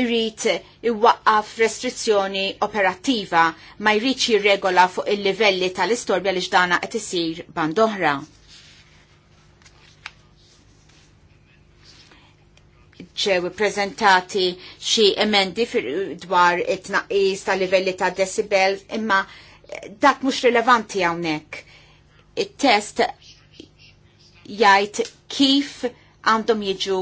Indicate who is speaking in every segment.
Speaker 1: irrit iwaqqaf restrizzjoni operattiva ma jrid jirregola fuq il-livelli tal-istorbja li ġdana qed isir bandoħra. ġew prezentati xi emendi dwar it-tnaqqis tal-livelli ta' decibel imma dak mhux rilevanti hawnhekk. It-test jgħid kif għandhom jiġu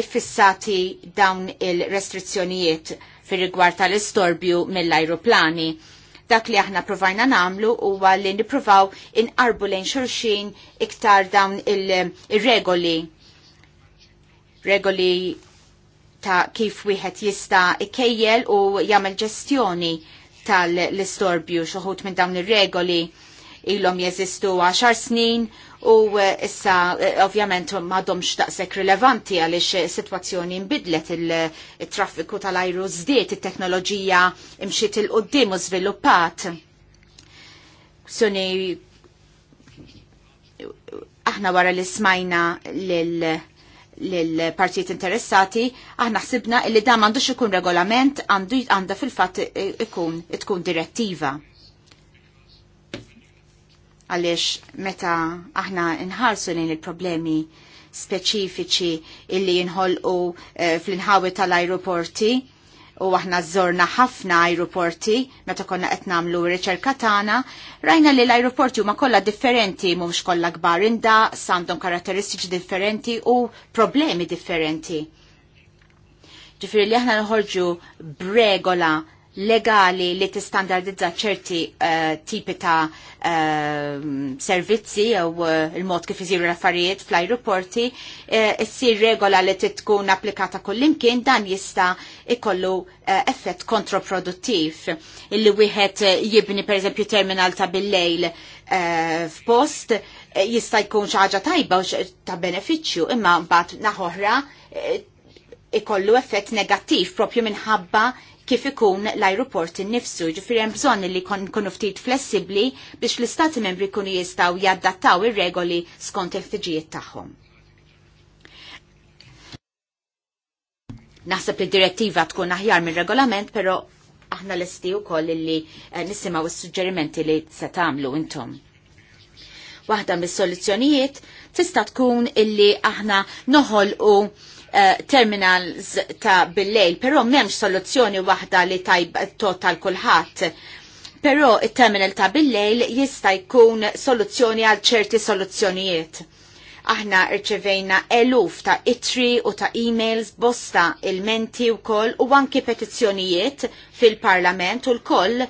Speaker 1: iffissati dawn il-restrizzjonijiet fir rigward tal-istorbju mill-ajruplani. Dak li aħna provajna namlu huwa li niprovaw inqarbu lejn xurxin iktar dawn il-regoli. regoli ta' kif wieħed jista' ikkejjel u jagħmel ġestjoni tal-istorbju xoħut minn dawn ir-regoli ilhom jeżistu 10 snin u eh, issa eh, ovvjament m'għadhomx daqshekk rilevanti għaliex eh, sitwazzjoni nbidlet il-traffiku tal-ajru żdiet, it-teknoloġija imxiet il-qoddim u żviluppat. Suni aħna wara li smajna lil l-partijiet interessati, aħna ħsibna li dan m'għandux ikun regolament, għandu għanda fil fat ikun tkun direttiva għaliex meta aħna nħarsu lejn il-problemi speċifiċi illi jinħolqu eh, fl-inħawi tal-aeroporti u aħna zorna ħafna aeroporti meta konna qed nagħmlu riċerka tagħna, rajna li l-aeroporti huma kollha differenti mhumx kollha kbar inda għandhom karatteristiċi differenti u problemi differenti. Ġifieri li aħna nħorġu bregola legali li tistandardizza ċerti uh, tipi ta' uh, servizzi jew uh, il-mod kif iżiru l-affarijiet fl-ajruporti, issir regola li tkun applikata kullimkien dan jista' ikollu effett kontroproduttiv. Illi wieħed jibni eżempju terminal ta' bil-lejl f'post jista' jkun xaġa ħaġa tajba u ta' benefiċċju, imma mbagħad naħoħra ikollu effett negattiv propju minħabba kif ikun l-ajruport innifsu, ġifiri hemm bżonn li kunu ftit flessibbli biex l-istati membri kunu jistgħu jaddattaw ir-regoli skont il-ħtiġijiet tagħhom. Naħseb li direttiva tkun aħjar minn regolament, pero aħna l-esti u koll li eh, nisimaw il-sugġerimenti li se tagħmlu intom. Waħda mis-soluzzjonijiet tista' tkun illi aħna noħolqu Eh, terminals ta' bil-lejl, pero memx soluzzjoni waħda li tajb total kulħadd. Pero il-terminal ta' bil-lejl jista' jkun soluzzjoni għal ċerti soluzzjonijiet. Aħna rċevejna eluf ta' itri u ta' emails bosta il-menti u koll u anki petizzjonijiet fil-parlament u l-koll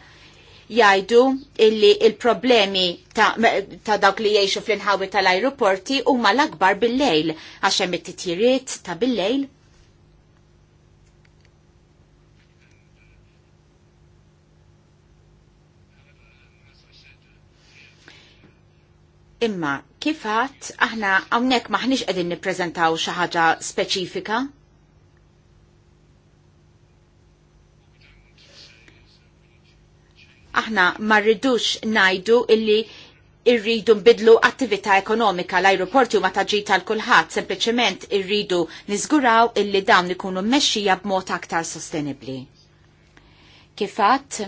Speaker 1: jajdu illi il-problemi ta', ta dawk li jiexu fl-inħawi tal-aeroporti huma l-akbar bil-lejl, għaxem it-titjiriet ta' bil-lejl. Imma kifat aħna hawnhekk maħniex qegħdin nippreżentaw xi ħaġa speċifika Aħna ma rridux najdu illi irridu nbidlu attività ekonomika l-aeroporti u mataġi tal-kulħadd, sempliċement irridu niżguraw illi dawn ikunu mmexxija b'mod aktar sostenibbli. Kifat,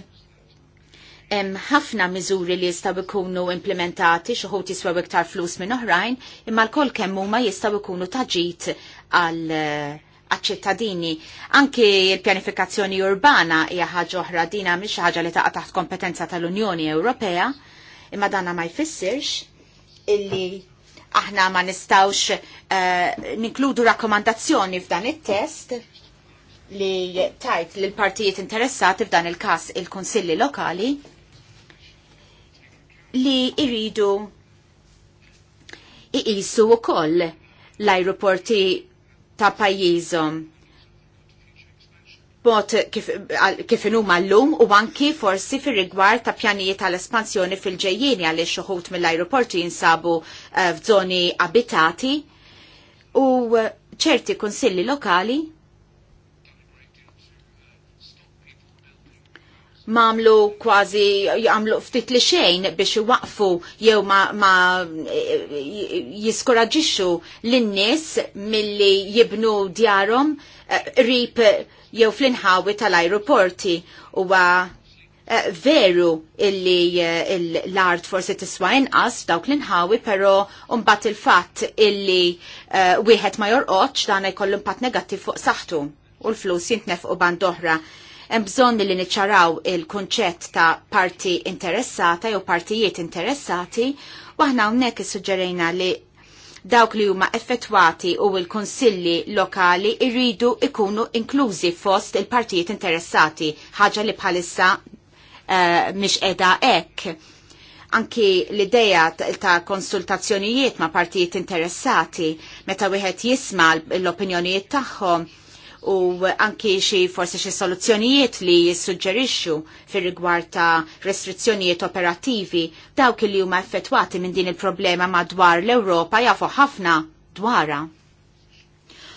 Speaker 1: hemm ħafna miżuri li jistgħu jkunu implementati xi ħut jiswew iktar flus minn oħrajn, imma l-kol kemm huma jistgħu jkunu taġit għal uh, għaċ-ċittadini. Anki l-pjanifikazzjoni urbana hija ħaġa oħra dina mhix ħaġa li taqa' taħt kompetenza tal-Unjoni Ewropea, imma danna ma jfissirx illi aħna ma nistawx uh, ninkludu rakkomandazzjoni f'dan it-test li tajt l partijiet interessati f'dan il-kas il kunsilli lokali li iridu iqisu u koll l-aeroporti ta' pajjiżhom bot kif inhuma llum u anki forsi fir rigward ta' pjanijiet tal-espansjoni fil ġejjini għaliex xoħut wħud mill aeroporti jinsabu eh, f'żoni abitati u eh, ċerti konsilli lokali mamlu kważi jagħmlu ftit li xejn biex iwaqfu jew ma, ma e, e, jiskoraġixxu lin-nies milli jibnu djarhom e, rip jew fl-inħawi tal-ajruporti huwa veru illi l-art forsi tiswa inqas dawk l-inħawi, pero mbagħad il-fatt illi wieħed ma jorqodx dan jkollu impatt negattiv fuq saħħtu u l-flus jintnefqu band oħra hemm bżonn li niċċaraw il-kunċett ta' parti interessata jew partijiet interessati u aħna hawnhekk issuġġerejna li dawk li huma effettwati u l-konsilli lokali irridu ikunu inklużi fost il-partijiet interessati, ħaġa li bħalissa uh, mhix qiegħda hekk. Anki l-ideja ta' konsultazzjonijiet ma' partijiet interessati, meta wieħed jisma' l-opinjonijiet tagħhom, u anki xi forsi xi soluzzjonijiet li jissuġġerixxu fir-rigward ta' restrizzjonijiet operattivi dawk li huma effettwati minn din il-problema madwar l-Ewropa jafu ħafna dwara.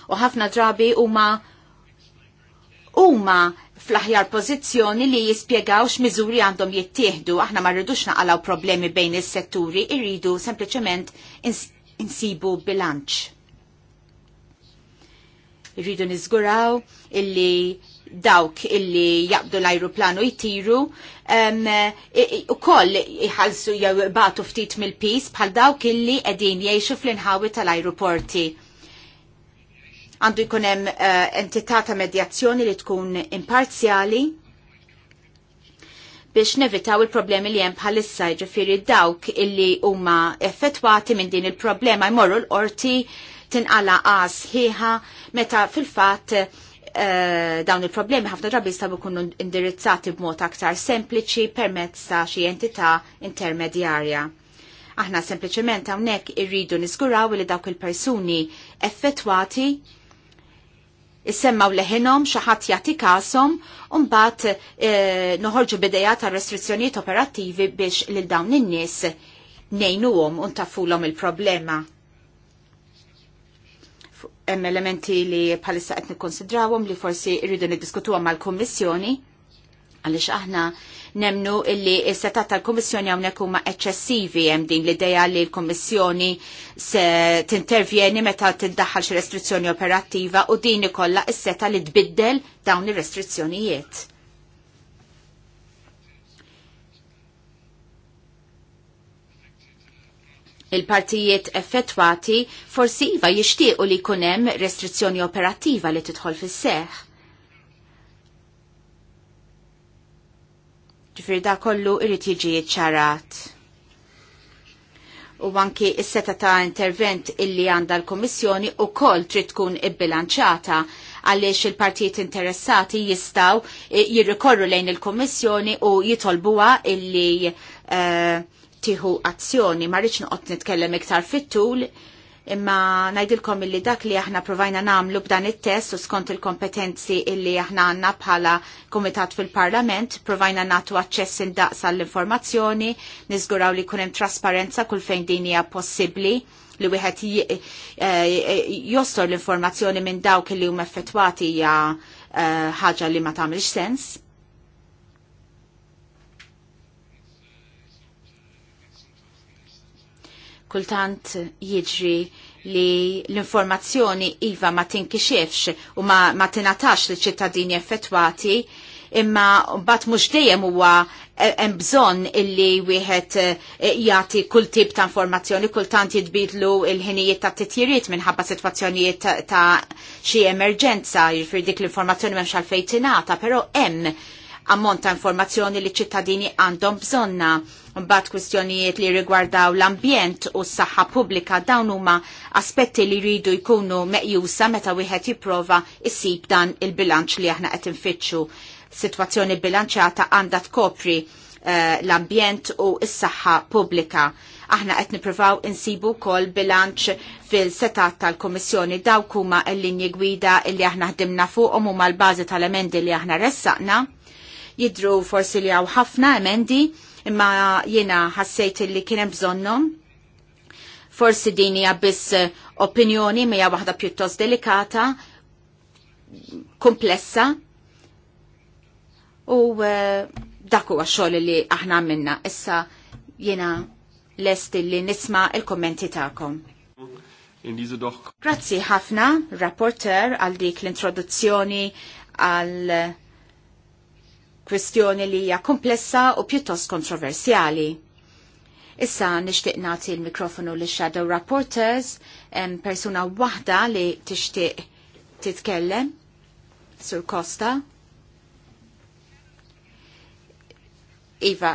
Speaker 1: U ħafna drabi huma huma fl-aħjar pożizzjoni li jispjegaw x'miżuri għandhom jittieħdu. Aħna ma rridux naqalaw problemi bejn is-setturi, irridu sempliċement insibu bilanċ. Irridu nizguraw illi dawk illi jaqbdu l-ajruplanu jtiru u koll jħalsu jew batu ftit mill-pis bħal dawk illi edin jiexu fl-inħawi tal-ajruporti għandu jkunem hemm eh, entità ta' medjazzjoni li tkun imparzjali biex nevitaw il-problemi li jem bħalissa ġifiri dawk illi huma effettwati minn din il-problema jmorru l-qorti tinqala qas ħieħa meta fil-fatt eh, dawn il-problemi ħafna drabi jistabu kunu indirizzati b'mod aktar sempliċi permezz ta' xi entità intermedjarja. Aħna sempliċement hawnhekk irridu niżguraw li dawk il-persuni effettwati issemmaw leħinom xaħat jati kasom unbat e, eh, noħorġu bidejja ta' restrizzjonijiet operattivi biex lil dawn in-nies nejnuhom un tafulhom il-problema hemm elementi li bħalissa qed nikkonsidrawhom li forsi rridu niddiskutuhom mal-Kummissjoni għaliex aħna nemnu illi s-setat tal-Kommissjoni hawnhekk huma eċċessivi hemm din l-idea li l-Kommissjoni se tintervjeni meta tiddaħħal xi restrizzjoni operattiva u din ikollha s-seta li tbiddel dawn ir-restrizzjonijiet. Il-partijiet effettwati forsi iva jixtiequ li kunem restrizzjoni operattiva li tidħol fis seħ Ġifir da kollu irrit jiġi ċarat. U anki is-seta ta' intervent illi għanda l-Komissjoni u koll trid tkun ibbilanċata għaliex il-partijiet interessati jistaw eh, jirrikorru lejn il komissjoni u jitolbuha illi uh, tieħu azzjoni, ma rridx noqgħod nitkellem iktar fit-tul, imma ngħidilkom illi dak li aħna provajna nagħmlu b'dan it-test u skont il-kompetenzi illi aħna għandna bħala kumitat fil-Parlament, provajna nagħtu aċċess indaqs għall-informazzjoni, niżguraw li jkun hemm trasparenza kull fejn din hija possibbli li wieħed eh, eh, jostor l-informazzjoni minn dawk li huma effettwati hija eh, ħaġa li ma tagħmilx sens kultant jiġri li l-informazzjoni iva ma tinkixifx, u ma, ma tinatax li ċittadini effettwati imma bat mux dejjem huwa eh, hemm bżonn illi wieħed eh, jagħti kull tip ta' informazzjoni kultant jitbidlu l ħinijiet ta' titjiriet minħabba sitwazzjonijiet ta' xi emerġenza jiġri dik l-informazzjoni m'hemmx għalfejn tingħata, però hemm ammont ta' informazzjoni li ċittadini għandhom bżonna. Mbagħad kwistjonijiet li rigwardaw l-ambjent u s-saħħa pubblika dawn huma aspetti li jridu jkunu meqjusa meta wieħed jipprova ssib dan il-bilanċ li aħna qed infittxu. Sitwazzjoni bilanċata għandha tkopri uh, l-ambjent u s-saħħa pubblika aħna qed nippruvaw insibu kol bilanċ fil-setat tal-Komissjoni dawk huma l-linji gwida li aħna ħdimna fuqhom huma l-bażi tal-emendi li aħna ressaqna jidru forsi li għaw ħafna emendi imma jena ħassejt li kienem bżonnom. Forsi din eh, hija biss opinjoni mija waħda pjuttost delikata, komplessa u eh, dak huwa xogħol li aħna minna. Issa jena lest li nisma il-kommenti tagħkom. Grazzi ħafna, rapporter, għal dik l-introduzzjoni għal kwestjoni li hija komplessa u pjuttost kontroversjali. Issa nixtieq nagħti l-mikrofonu li shadow rapporters hemm persuna waħda li tixtieq titkellem sur Costa. Iva,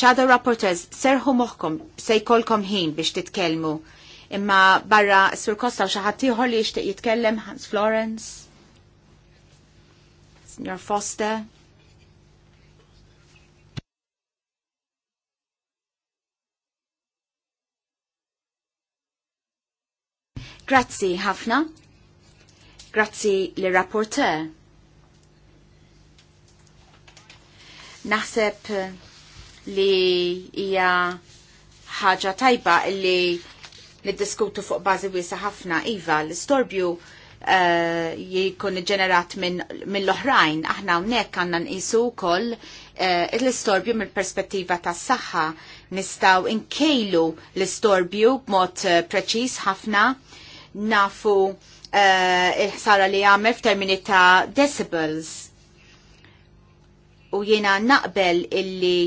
Speaker 1: shadow rapporters serħu moħħkom se jkollkom ħin biex titkellmu. Imma barra sur Costa u xi ħadd ieħor li jixtieq jitkellem Hans Florence,
Speaker 2: Signor Foster.
Speaker 1: Grazzi ħafna. Grazzi li rapporteur. Naħseb li hija ħaġa tajba li niddiskutu fuq bażi wiesa ħafna iva l-istorbju uh, jikun ġenerat minn min l-oħrajn. Aħna hawnhekk għandna nqisu wkoll uh, l-istorbju mill-perspettiva tas-saħħa nistgħu nkejlu l-istorbju b'mod eh, preċiż ħafna nafu uh, il-ħsara li għamel f'termini ta' decibels. U jiena naqbel illi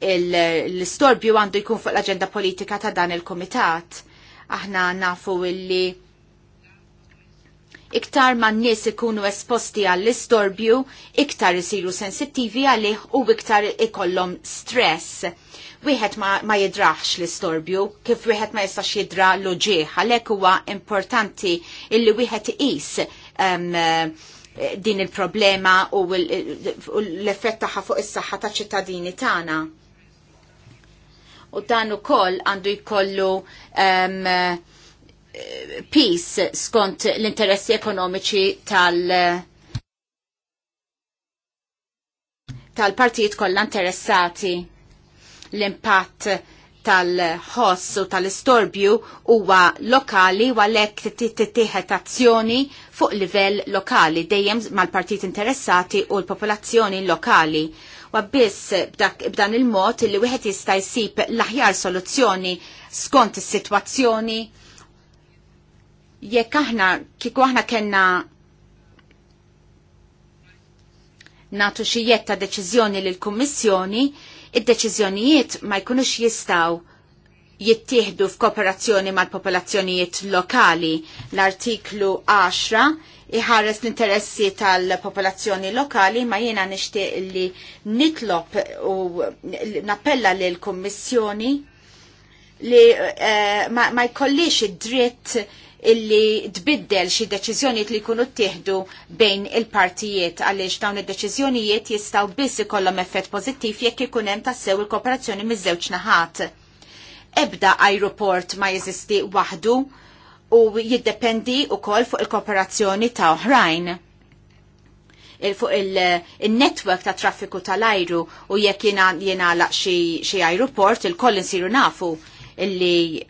Speaker 1: l-istorbju għandu jkun fuq l-agenda politika ta' dan il-komitat. Aħna nafu illi iktar ma n-nies ikunu esposti għall-istorbju, iktar isiru sensittivi għalih u iktar ikollhom stress wieħed ma, ma jidraħx l-istorbju, kif wieħed ma jistax jidra l-ġieħ, għalhekk huwa importanti illi wieħed iqis um, din il-problema u l-effett tagħha fuq is-saħħa taċ ċittadini tagħna. U dan ukoll għandu jkollu um, peace skont l-interessi ekonomiċi tal- tal-partijiet kollha interessati l-impatt tal-ħoss u tal-istorbju huwa lokali u għalhekk tittieħed azzjoni fuq livell lokali dejjem mal-partit interessati u l-popolazzjoni lokali. Wa biss b'dan il-mod li wieħed jista' jsib l-aħjar soluzzjoni skont is-sitwazzjoni jekk aħna kieku aħna kellna natu xi jetta deċiżjoni lill kummissjoni id-deċiżjonijiet ma jkunux jistaw jittieħdu f'kooperazzjoni mal-popolazzjonijiet lokali. L-artiklu 10 iħares l-interessi tal-popolazzjoni lokali ma jiena nixtieq li nitlob u nappella lil kummissjoni li uh, ma, ma jkollix id-dritt illi tbiddel xi deċiżjonijiet li jkunu ttieħdu bejn il-partijiet għaliex dawn id-deċiżjonijiet jistgħu biss ikollhom effett pożittiv jekk ikun hemm tassew il-kooperazzjoni miż-żewġ naħat. Ebda ajruport ma jeżisti waħdu u jiddependi wkoll fuq il-kooperazzjoni ta' oħrajn fuq il-network ta' traffiku tal-ajru u jekk jena laq xi ajruport il-koll insiru nafu illi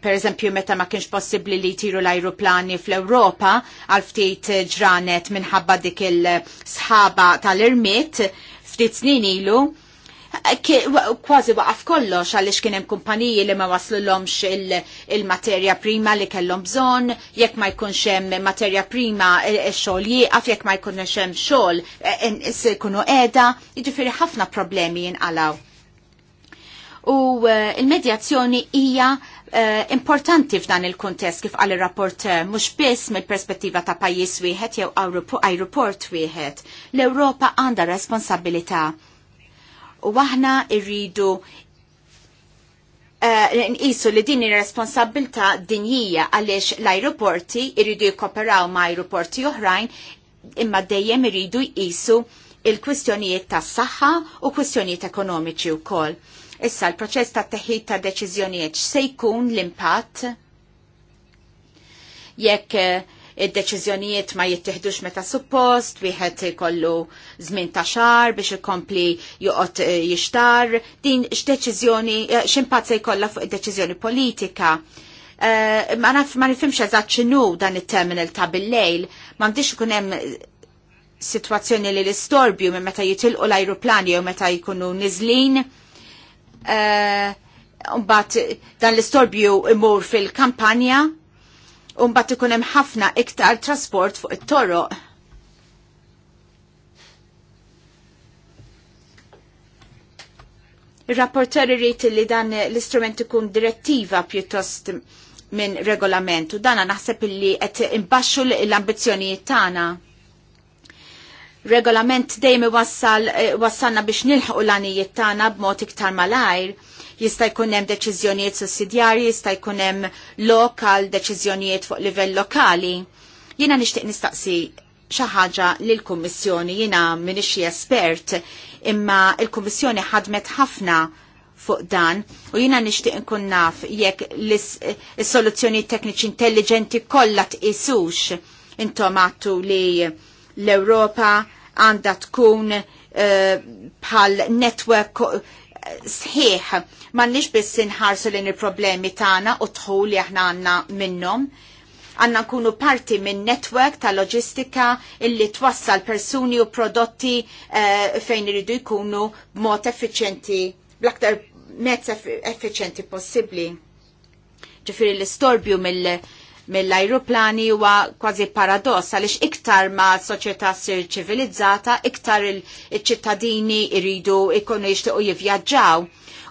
Speaker 1: per eżempju meta ma kienx possibbli li jtiru l-ajruplani fl-Ewropa għal ftit ġranet minħabba dik il-sħaba tal-irmit ftit snin ilu kważi waqaf kollox għaliex kien hemm kumpaniji li ma waslulhomx il-materja prima li kellhom bżonn, jekk ma jkunx hemm materja prima x-xogħol e, e, jieqaf, jekk ma jkunx hemm xogħol e, jkunu qiegħda, jiġifieri ħafna problemi jinqalaw. U l medjazzjoni hija uh, importanti f'dan il-kontest kif għal il-rapport mux biss mill-perspettiva ta' pajis wieħed jew aeroport wieħed. L-Ewropa għandha responsabilità u aħna irridu uh, eh, nqisu li din ir-responsabilità dinjija għaliex l-aeroporti irridu jikkoperaw ma' aeroporti oħrajn imma dejjem irridu jqisu il-kwistjonijiet tas saħħa u kwistjonijiet ekonomiċi wkoll Issa l-proċess ta' teħid ta' deċiżjonijiet se jkun l-impatt jekk eh, id-deċiżjonijiet ma jittieħdux meta suppost, wieħed ikollu żmien ta' xar biex ikompli joqgħod eh, jixtar, din x'deċiżjoni eh, x'impatt se jkollha fuq id-deċiżjoni politika. Uh, ma naf ma nifhimx eżatt x'inhu dan it-terminal ta' bil-lejl, m'għandix ikun hemm situazzjoni li l-istorbju minn meta jitilqu l-ajruplani jew meta jkunu niżlin Eh, umbat dan l-istorbju imur fil-kampanja, umbat ikunem ħafna iktar trasport fuq it-toroq. Il-rapporter irrit li dan l-istrument ikun direttiva pjuttost minn regolamentu. Dana naħseb li qed imbaxxu l-ambizzjonijiet tagħna regolament dejjem wassal, eh, wassalna biex nilħu l-għanijiet tagħna b'mod iktar malajr, jista' jkun hemm deċiżjonijiet sussidjarji, jista' jkun hemm lokal deċiżjonijiet fuq livell lokali. Jiena nixtieq nistaqsi xi ħaġa lill-Kummissjoni, jiena m'iniex espert, imma il-Kummissjoni ħadmet ħafna fuq dan u jina nishtiq nkun naf jekk is soluzzjonijiet tekniċi intelligenti kollha tqisux intom għattu li l-Europa għanda tkun eh, bħal network sħiħ ma nix biss inħarsu l il-problemi tagħna u tħul li aħna għandna minnhom. Għanna nkunu parti minn netwerk ta' loġistika illi twassal persuni u prodotti uh, fejn iridu jkunu b'mod effiċenti, bl-aktar mezz effiċenti possibbli. Ġifiri l-istorbju mill- mill-ajruplani huwa kważi paradoss għaliex iktar ma soċjetà sir ċivilizzata, iktar il-ċittadini iridu ikunu jixtiequ jivvjaġġaw.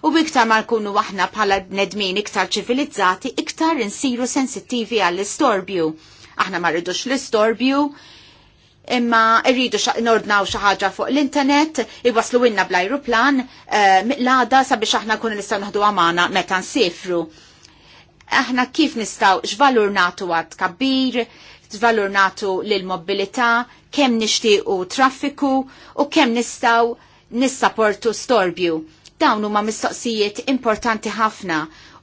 Speaker 1: U iktar ma nkunu aħna bħala nedmin iktar ċivilizzati, iktar insiru sensittivi għall-istorbju. Aħna ma rridux l-istorbju, imma rridu nordnaw xi ħaġa fuq l-internet, iwaslu inna bl ajruplan eh, mill-għada sabiex aħna nkunu nistgħu naħdu għamana meta nsifru aħna kif nistaw x'valur natu għad kabbir, x'valur natu lil-mobilità, kemm nixtiequ traffiku u kemm nistaw nissaportu storbju. Dawn huma mistoqsijiet importanti ħafna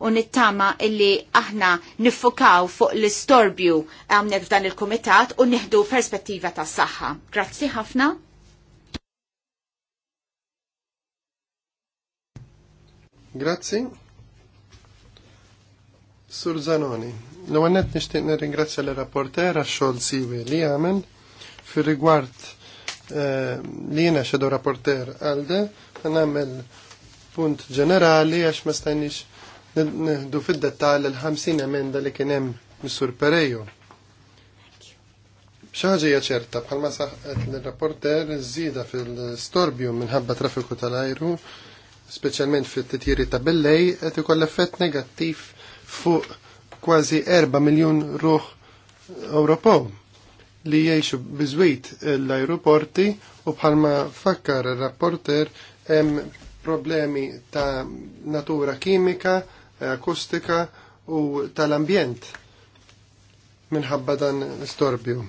Speaker 1: u nittama illi aħna niffukaw fuq l-istorbju għamnek f'dan il-komitat u nieħdu perspettiva ta' saħħa. Grazzi ħafna.
Speaker 3: Grazzi. Sur Zanoni, l-għannet nishtiq nirringrazzja l-rapporter għax-xogħol siwi li għamel fir-rigward eh, li jiena xedu rapporter għalde, għanamel punt ġenerali għax ma stajniex nħdu fid-dettal l-50 emenda li kien hemm Missur Perejo. ċaġija ċerta, bħalma saħqet l-rapporter zida fil-storbju minħabba traffiku tal-ajru, specialment fit titjiri ta' billej, qed ikoll effett negattiv fuq kważi 4 miljun ruħ Ewropew li jgħixu biżwit l-aeroporti u bħalma fakkar il-rapporter hemm problemi ta' natura kimika, akustika u tal-ambjent minħabba dan storbju.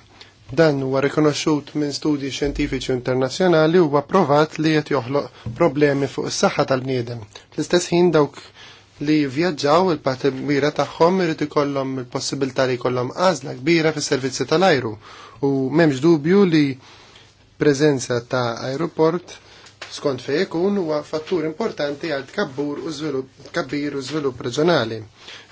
Speaker 3: Dan huwa rikonoxxut minn studji xjentifiċi internazzjonali u approvat li qed joħloq problemi fuq is-saħħa tal-bniedem. Fl-istess ħin dawk li vjaġġaw il-parti kbira tagħhom irid ikollhom il-possibilità li jkollhom għażla kbira fis-servizzi tal-ajru u m'hemmx dubju li preżenza ta' aeroport skont fejn ikun huwa fattur importanti għal tkabbur u żvilupp tkabbir u żvilupp reġjonali.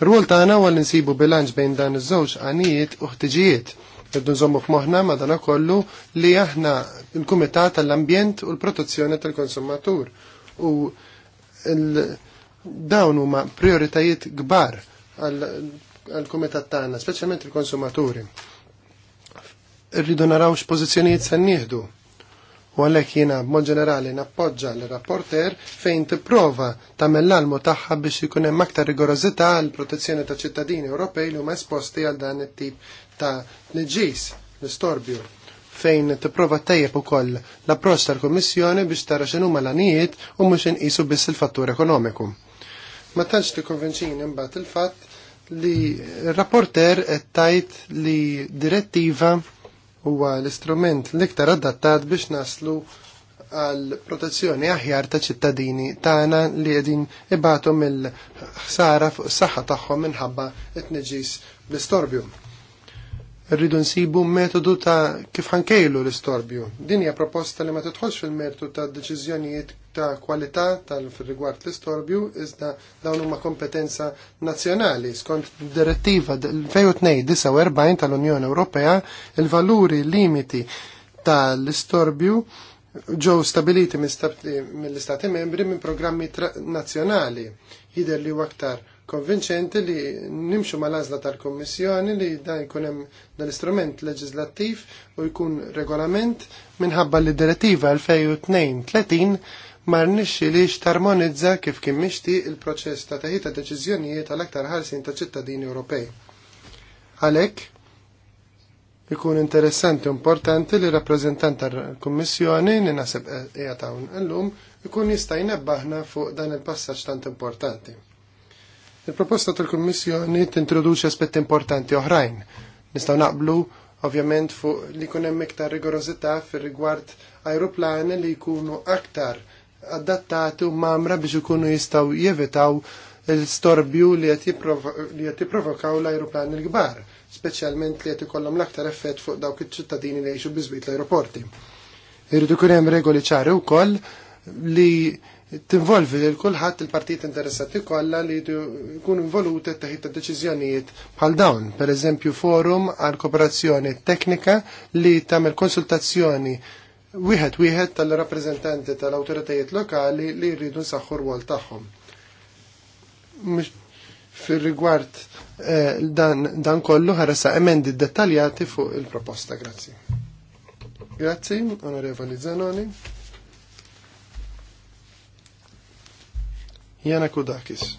Speaker 3: Ir-rwol tagħna huwa li nsibu bilanċ bejn dan iż-żewġ għanijiet u ħtiġijiet. Irdu nżommu f'moħħna madana kollu li aħna l-Kumitat tal-Ambjent u l-Protezzjoni tal-Konsumatur u l protezzjoni tal konsumatur u dawn huma prioritajiet kbar għal-kumitat tagħna, speċjalment il-konsumaturi. Rridu naraw x'pożizzjonijiet se nieħdu. U għalhekk jiena b'mod ġenerali nappoġġa l-rapporter fejn tipprova tagħmel l-almu tagħha biex ikun hemm aktar rigorożità għall protezzjoni ta' ċittadini Ewropej li huma esposti għal dan it-tip ta' liġis l-istorbju fejn tipprova tejjeb ukoll l-approċċ tal-Kummissjoni biex tara x'inhuma l-għanijiet u mhux inqisu biss il-fattur ekonomiku. Ma tantx tikkonvinċini konvenċin imbagħad il-fatt li rapporter qed tajt li direttiva huwa l-istrument l-iktar adattat biex naslu għal protezzjoni aħjar ta' ċittadini tagħna li qegħdin ibatu il ħsara fuq is-saħħa tagħhom minħabba t-tniġis l-istorbju. Rridu nsibu metodu ta' kif ħankejlu l-istorbju. Din hija proposta li ma tidħolx fil-mertu ta' deċiżjonijiet ta' kwalità tal-rigward l-istorbju iżda dawn huma kompetenza nazzjonali. Skont direttiva 2049 tal-Unjoni Ewropea, il-valuri limiti tal-istorbju ġew stabiliti mill-Istati membri minn programmi nazzjonali. Jider li waktar konvinċenti li nimxu mal-azla tal-Kommissjoni li dan jkun hemm dal-istrument leġislattiv u jkun regolament minħabba li direttiva 2032 ma rnixxi x-tarmonizza kif kien mixti il-proċess ta' taħita deċiżjonijiet għal-aktar ħarsin ta' ċittadini Ewropej. Għalhekk, ikun interessanti u importanti li rappresentant tal-Kummissjoni li nasib jgħatawn l-lum ikun jista' jnebbaħna fuq dan il-passaġġ tant importanti. Il-proposta tal-Kummissjoni tintroduċi aspetti importanti oħrajn. Nistgħu naqblu ovvjament fuq li jkun hemm iktar rigorożità fir-rigward ajruplani li jkunu aktar adattati u mamra biex ikunu jistaw jevitaw il-storbju li qed jipprovokaw l-ajruplan il-kbar, speċjalment li qed ikollhom l-aktar effett fuq dawk iċ-ċittadini li jgħixu bizbit l-ajruporti. Irridu kunem hemm regoli ċari wkoll li tinvolvi lil kulħadd il-partit interessati kollha li jkunu involuti t ta' deċiżjonijiet bħal dawn, pereżempju forum għal kooperazzjoni teknika li tagħmel konsultazzjoni wieħed wieħed tal-rappreżentanti tal-awtoritajiet lokali li jridu nsaħħu rwol tagħhom. Fir-rigward eh, dan, dan kollu sa emendi dettaljati fuq il-proposta, grazzi. Grazzi, onorevoli Zanoni. Jana Kudakis.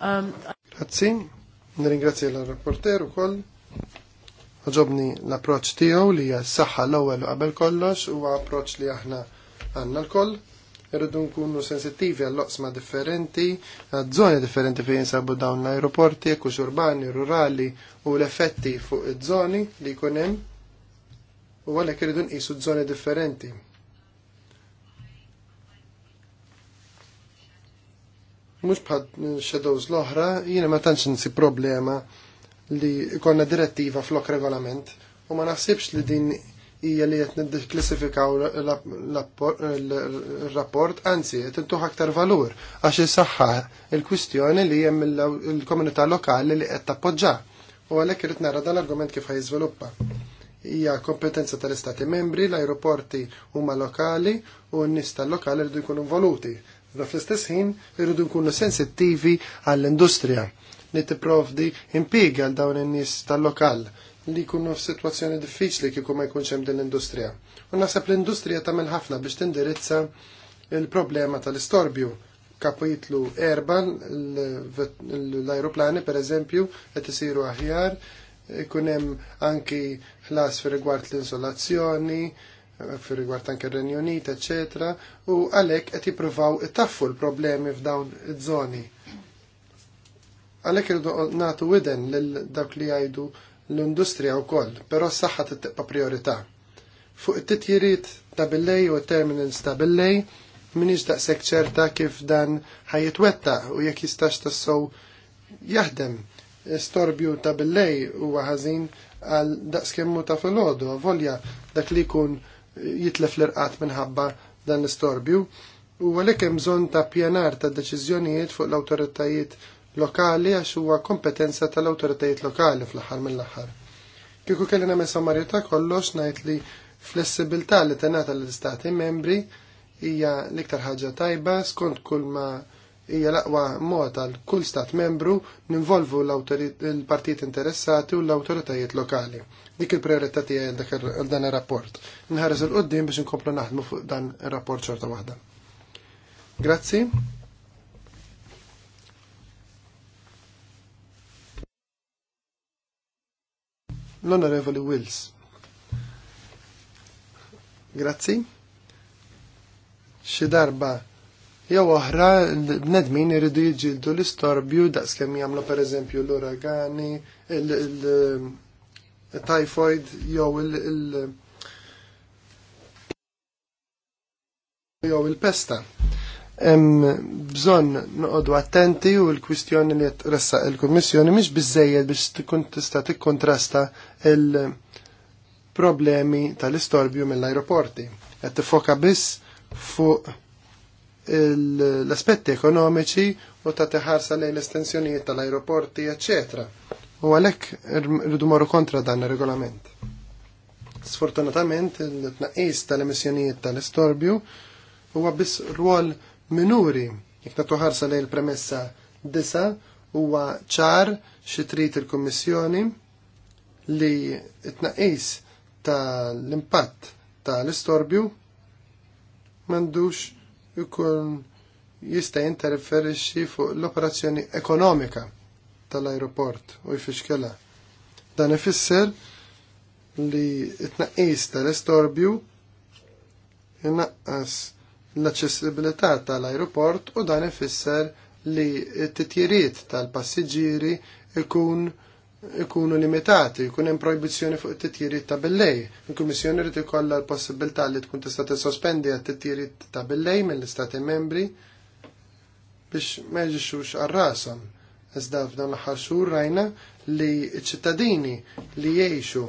Speaker 3: Um, Grazzi, nirringrazzi l-rapporter ukoll. Oġobni l-approċ tiegħu li hija s-saħħa l-ewwel qabel kollox huwa approċ li aħna għandna l-koll. Irridu nkunu sensittivi għall loqsma differenti, għadżoni żoni differenti fejn sabu dawn l-aeroporti, kux urbani, rurali u l-effetti fuq iż-żoni li jkun hemm. U għalhekk irridu nqisu żoni differenti. Mhux bħad shadows l-oħra, jiena ma tantx nsi problema li konna direttiva flok regolament u ma naħsibx li din hija li qed niddeklassifikaw l rapport anzi qed intuħ aktar valur għax is-saħħa il-kwistjoni li hemm il-komunità lokali li qed tappoġġa. U għalhekk irid nara dan l-argument kif ħajjiżviluppa. Hija kompetenza tal-Istati membri, l-ajruporti huma lokali u n-nies tal-lokali rridu jkunu involuti. Da fl-istess ħin irridu nkunu sensittivi għall-industrija li tipprovdi impiega għal dawn in-nies tal-lokal li jkunu f'sitwazzjoni diffiċli kieku ma jkunx hemm din l-industrija. U naħseb l-industrija tagħmel ħafna biex tindirizza il-problema tal-istorbju. Kapitlu erban, l-ajruplani per eżempju qed isiru aħjar, ikun hemm anki ħlas fir rigward l-insolazzjoni, fi rigward anke r-Renju Unit, eċetera, u għalhekk qed jippruvaw itaffu l-problemi f'dawn iż-żoni Għalhekk il nagħtu widen lil dawk li jgħidu l-industrija wkoll, però s-saħħa titteqpa' priorità. Fuq it-titjiriet ta' billej u terminals ta' billej, minix daqshekk ċerta kif dan wetta u jekk jistax tassow jaħdem. Storbju ta' billej huwa ħażin għal daqskemmu ta' filgħodu, volja dak li jkun jitlef l-irqat minħabba dan l-istorbju u għalhekk hemm bżonn ta' pjanar ta' deċiżjonijiet fuq l-awtoritajiet lokali għax huwa kompetenza tal-awtoritajiet lokali fl-aħħar mill-aħħar. Kieku kelli nagħmel sommarju ta' kollox ngħid li flessibilità li tenata l-istati membri hija l-iktar ħaġa tajba skont kull ma hija l-aqwa mod għal kull stat membru ninvolvu l partit interessati u l-awtoritajiet lokali. Dik il-priorità tiegħi għal dan ir-rapport. Nħares il-qudiem biex inkomplu naħdmu fuq dan ir-rapport xorta waħda. Grazzi. l-Onorevoli Wills. Grazzi. Xi darba jew oħra l-bnedmin iridu jiġildu l-istorbju daqskemm jagħmlu pereżempju l-uragani, il-typhoid jew il- jew il-pesta hemm bżonn noqogħdu attenti u l-kwistjoni li jtressa il-Kummissjoni mhix bizzejed biex tkun tista' tikkontrasta il-problemi tal-istorbju mill-ajruporti. Qed foka biss fuq l-aspetti ekonomiċi u ta' teħarsa lejn l-estensjonijiet tal-ajruporti, eccetera. U għalhekk rridu marru kontra dan ir-regolament. Sfortunatament, il tnaqis tal-emissjonijiet tal-istorbju huwa biss rwol minuri. Jek natu ħarsa lej il-premessa disa huwa ċar xi trid il-Kummissjoni li t-tnaqqis ta' l-impatt ta' l-istorbju m'għandux ikun jista' jinterferixxi fuq l-operazzjoni ekonomika tal-aeroport u jfixkela. Dan ifisser li t ta' tal-istorbju innaqqas l accessibilità tal-ajruport u dan ifisser li t-titjiriet tal-passiġġieri ikun ikunu limitati, ikun hemm proibizzjoni fuq it-titjiriet ta' billej. Il-Kummissjoni rid ikollha l-possibilità li tkun tista' tissospendi għat-titjiriet ta' billej mill-Istati membri biex ma jġixux għar-rashom. Iżda f'dan l-aħħar xhur rajna li ċ-ċittadini li jgħixu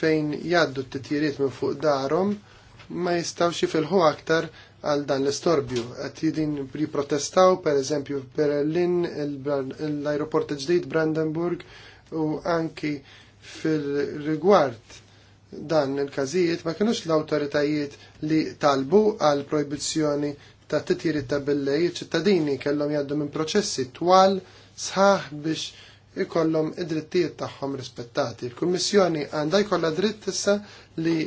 Speaker 3: fejn jgħaddu t-titjiriet minn fuq darhom ma jistawx jifilħu aktar għal dan l-istorbju. Għat jidin protestaw, per eżempju, Berlin, l-aeroport ġdijt Brandenburg u anki fil-rigward dan il-kazijiet ma kienux l-autoritajiet li talbu għal proibizjoni ta' titjiri ta' billej, ċittadini kellhom jaddu minn proċessi twal sħaħ biex ikollhom id-drittijiet tagħhom rispettati. Il-Kummissjoni għandha jkollha dritt issa li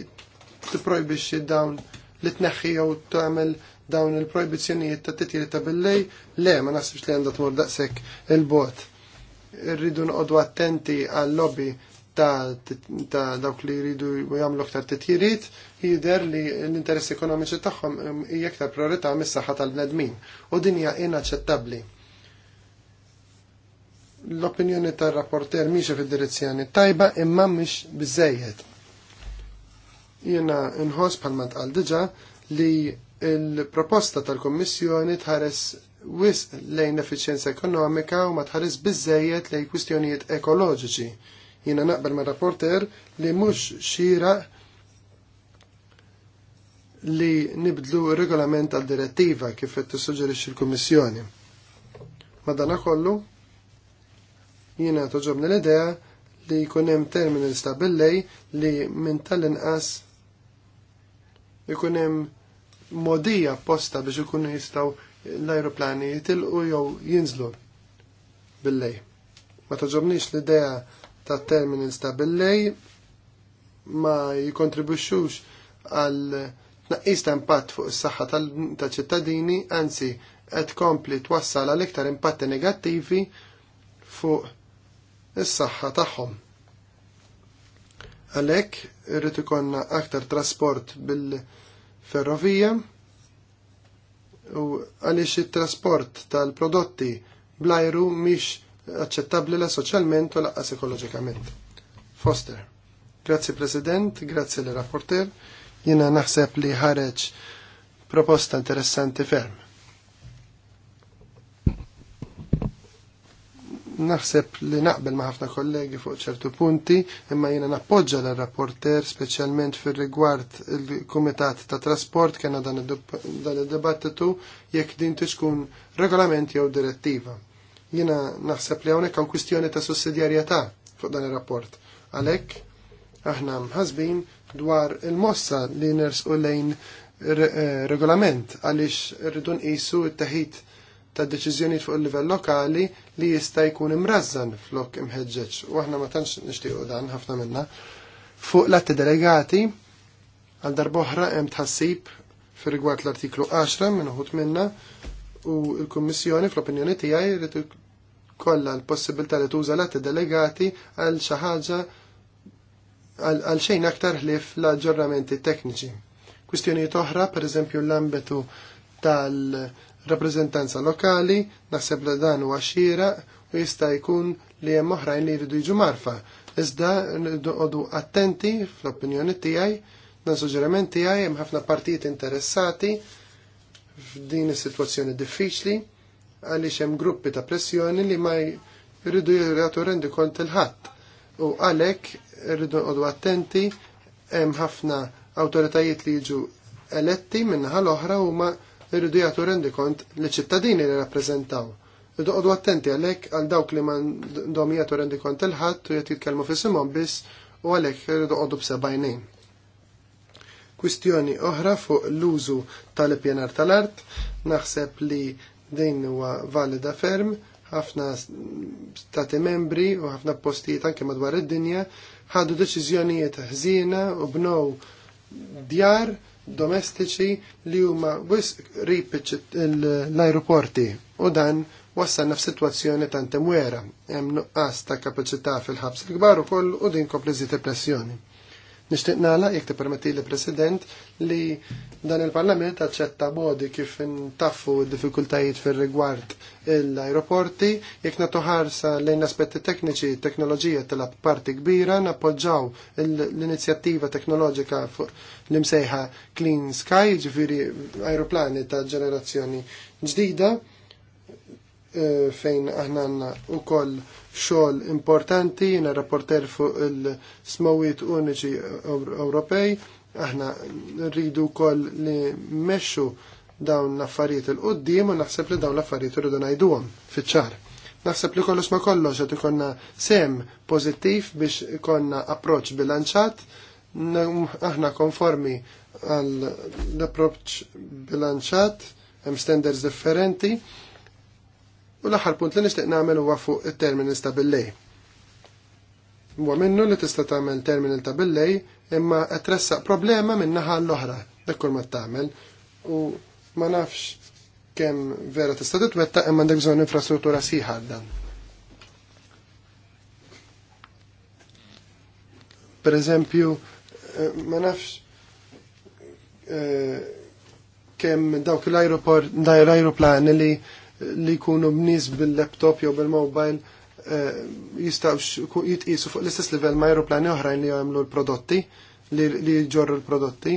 Speaker 3: tipprojbixxi dawn li tneħħi jew tagħmel dawn il-projbizzjonijiet ta' titjiri ta' billej, le, ma naħsibx li għandha tmur daqshekk il-bot. Irridu noqogħdu attenti għal lobby ta', dawk li jridu jagħmlu aktar titjiriet, jidher li l-interess ekonomiċi tagħhom hija aktar priorità mis-saħħa tal-bnedmin u din hija inaċċettabbli. L-opinjoni tar-rapporter miex fid-direzzjoni tajba imma mhix biżejjed Jiena nħoss bħalma għal diġà li il-proposta tal-Kommissjoni tħares wisq lejn effiċjenza ekonomika u ma tħares biżejjed lejn kwistjonijiet ekoloġiċi. Jiena naqbel ma' rapporter li mhux xira li nibdlu regolament għal direttiva kif qed tissuġġerixxi il kummissjoni Madana kollu jiena toġobni l-idea li jkun hemm termini stabillej li minn tal-inqas ikun hemm modija posta biex ikunu jistgħu l-ajruplani jitilqu jew jinżlu billej. Ma toġobniex l-idea ta' terminals ta' billej ma jikontribuxxux għal tnaqqis ta' impatt fuq is-saħħa ta' ċittadini, anzi qed kompli twassal għal iktar impatti negattivi fuq is-saħħa tagħhom. Għalhekk irrid ikonna aktar trasport bil-ferrovija u għaliex it-trasport tal-prodotti blajru mhix aċċettabbli la soċjalment u laqqas ekoloġikament. Foster. Grazzi President, grazie l rapporter Jiena naħseb li ħareġ proposta interessanti ferm naħseb li naqbel ma' ħafna kollegi fuq ċertu punti, imma jiena nappoġġa l rapporter speċjalment fir rigward il-Kumitat ta' Trasport kena dan id-dibattitu jekk din tkun regolament jew direttiva. Jiena naħseb li hawnhekk hawn kwistjoni ta' sussidjarjetà fuq dan ir-rapport. Għalhekk aħna mħasbin dwar il-mossa li nersqu lejn eh, regolament għaliex rridu nqisu t-teħid ta' deċiżjonijiet fuq il-livell lokali li jista' jkun imrażżan flok imħeġġeġ u aħna ma tantx nixtiequ dan ħafna minna. Fuq l-atti delegati għal darboħra hemm tħassib fir-rigward l-artiklu 10 minn uħut minna u l-Kummissjoni fl-opinjoni tiegħi jrid kollha l-possibilità li tuża l-atti delegati għal xi ħaġa għal xejn aktar ħlief l-aġġornamenti tekniċi. Kwistjonijiet oħra, per eżempju l-ambitu tal rappresentanza lokali, naħseb li dan huwa xieraq u jista' jkun li hemm oħrajn li jridu jiġu marfa. Iżda nqogħdu attenti fl-opinjoni tiegħi, dan suġġerament tiegħi hemm ħafna partijiet interessati f'din is-sitwazzjoni diffiċli għaliex hemm gruppi ta' pressjoni li ma jridu jagħtu rendi kont il-ħadd. U għalhekk irridu nqogħdu attenti hemm ħafna awtoritajiet li jiġu eletti minnaħa l-oħra huma irridu jagħtu rendikont li ċittadini li rappreżentaw. Idoqgħodu attenti għalhekk għal dawk li m'għandhom jagħtu rendikont il-ħadd u qed jitkellmu fisimhom biss u għalhekk irridu qogħdu b'sebajnejn. Kwistjoni oħra fuq l-użu tal-ippjanar tal-art, naħseb li din huwa valida ferm, ħafna stati membri u ħafna postijiet anke madwar id-dinja ħadu deċiżjonijiet ħżiena u bnow djar domestiċi li huma wisq rip l-ajruporti u dan wassalna f'sitwazzjoni tant imwera hemm nuqqas ta' kapaċità fil-ħabs il-kbar ukoll u din kompliżi pressjoni. Nixtieq nagħlaq jekk tippermetti li President li dan il-Parlament aċċetta bodi kif intaffu d-diffikultajiet fir-rigward l-aeroporti, jekk natuħarsa ħarsa lejn aspetti tekniċi teknoloġija tal parti kbira, nappoġġaw l-inizjattiva teknoloġika l-imsejħa Clean Sky, ġifiri aeroplani ta' ġenerazzjoni ġdida Eh, fejn aħna għanna u koll xol importanti, jena rapporter fuq il-smawit uniċi Ewropej, aħna rridu koll li meċu dawn l-affarijiet il-qoddim u naħseb li dawn l-affarijiet rridu najdu għom ċar Naħseb li kollox ma kollox qed ikonna sem pożittiv biex ikonna approċċ bilanċat, aħna konformi għall approċċ bilanċat, hemm standards differenti, U l-aħħar punt li nixtieq nagħmel huwa fuq it-terminals ta' billej. Huwa minnu li tista' tagħmel terminal ta' billej imma qed tressaq problema minn naħa l-oħra dak kull ma tagħmel u ma nafx kemm vera tista' titwetta imma għandek bżonn infrastruttura sieħa dan. per eżempju, eh, ma nafx eh, kemm dawk l-aeroport, l-aeroplani li li jkunu b'nies bil-laptop jew bil-mobile eh, jistawx jitqisu fuq l-istess livell ma' aeroplani oħrajn li jagħmlu l-prodotti li jġorru l-prodotti.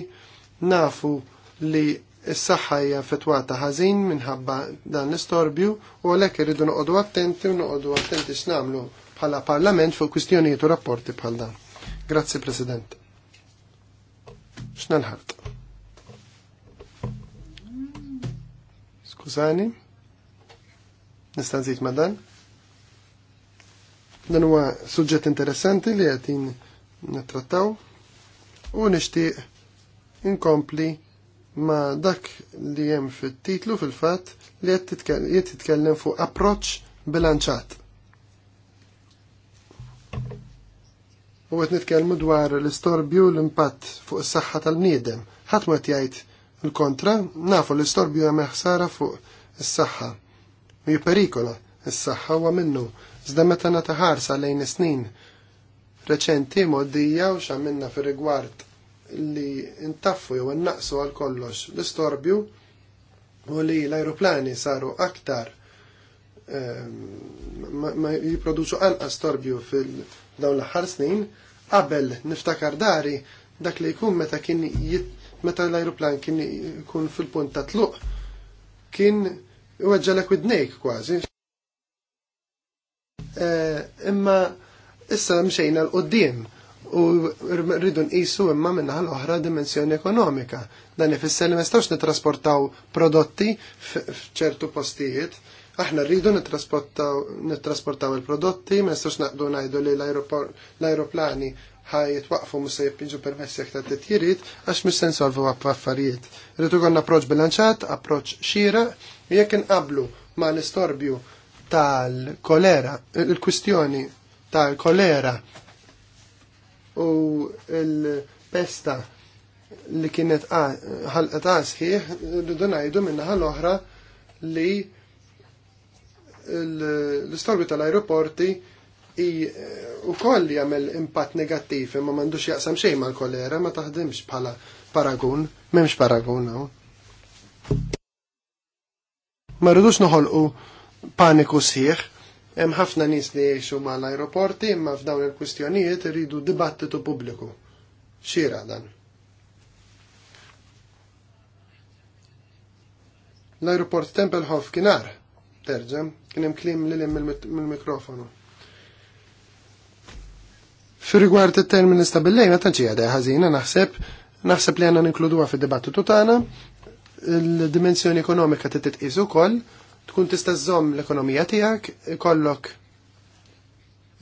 Speaker 3: Nafu li s-saħħa hija fetwata ħażin minħabba dan l-istorbju u għalhekk irridu noqogħdu attenti u noqogħdu attenti x'namlu bħala parlament fuq kwistjonijiet u rapporti bħal dan. Grazzi President. X'nalħart. Skużani. Nista' nżid ma' dan. Dan huwa suġġett interessanti li qed nittrattaw u nixtieq inkompli ma' dak li hemm fit-titlu fil-fatt li qed titkellem fuq approċċ bilanċat. U qed nitkellmu dwar l-istorbju l-impatt fuq is-saħħa tal-bniedem. Ħadd ma jgħid il-kontra, nafu l-istorbju hemm ħsara fuq is-saħħa u perikola, is-saħħa huwa minnu. Iżda meta nagħta ħarsa lejn is-snin reċenti moddi u x'għamilna fir-rigward li intaffu jew innaqsu għal kollox l-istorbju u li l-ajruplani saru aktar ehm, ma jiproduċu anqas storbju fil-dawn l-aħħar snin, qabel niftakar dari dak li jkun meta kien meta l-ajruplan kien jkun fil-punt ta' tluq kien iweġġalek widnejk kważi. Eh, imma issa mxejna l-qoddim u rridu nqisu imma minnaħa l-oħra dimensjoni ekonomika. Dan ifisser li mistgħux nittrasportaw prodotti f'ċertu postijiet. Aħna rridu nittrasportaw il-prodotti, ma naqdu ngħidu li l-ajruplani ħaj jitwaqfu musa jibbiġu permessi jek ta' t tjirit għax mis-sensolvu għaffarijiet. Rritu għanna approċ bilanċat, approċ xira, Jekk inqablu ma l-istorbju tal-kolera, il-kwistjoni tal-kolera u l-pesta li kienet ħalqet għasħiħ, rridu ngħidu minna l-oħra li l-istorbju tal-aeroporti u koll jagħmel impatt negattiv imma m'għandux jaqsam xejn mal-kolera ma taħdimx bħala paragun, m'hemmx paragun hawn. Ma rridux noħolqu paniku sħiħ. Hemm ħafna nies li jgħixu mal ajruporti imma f'dawn il-kwistjonijiet iridu dibattitu pubbliku. Xira dan. L-ajroport Tempelhof kienar, terġem, kien hemm klim li mill-mikrofonu. Fir-rigward it-termini stabilejna ta' hija ħażina naħseb naħseb li għandna ninkluduha fid-dibattitu tagħna, il-dimensjoni ekonomika t titqisu kol, tkun tista' żomm l-ekonomija tiegħek, ikollok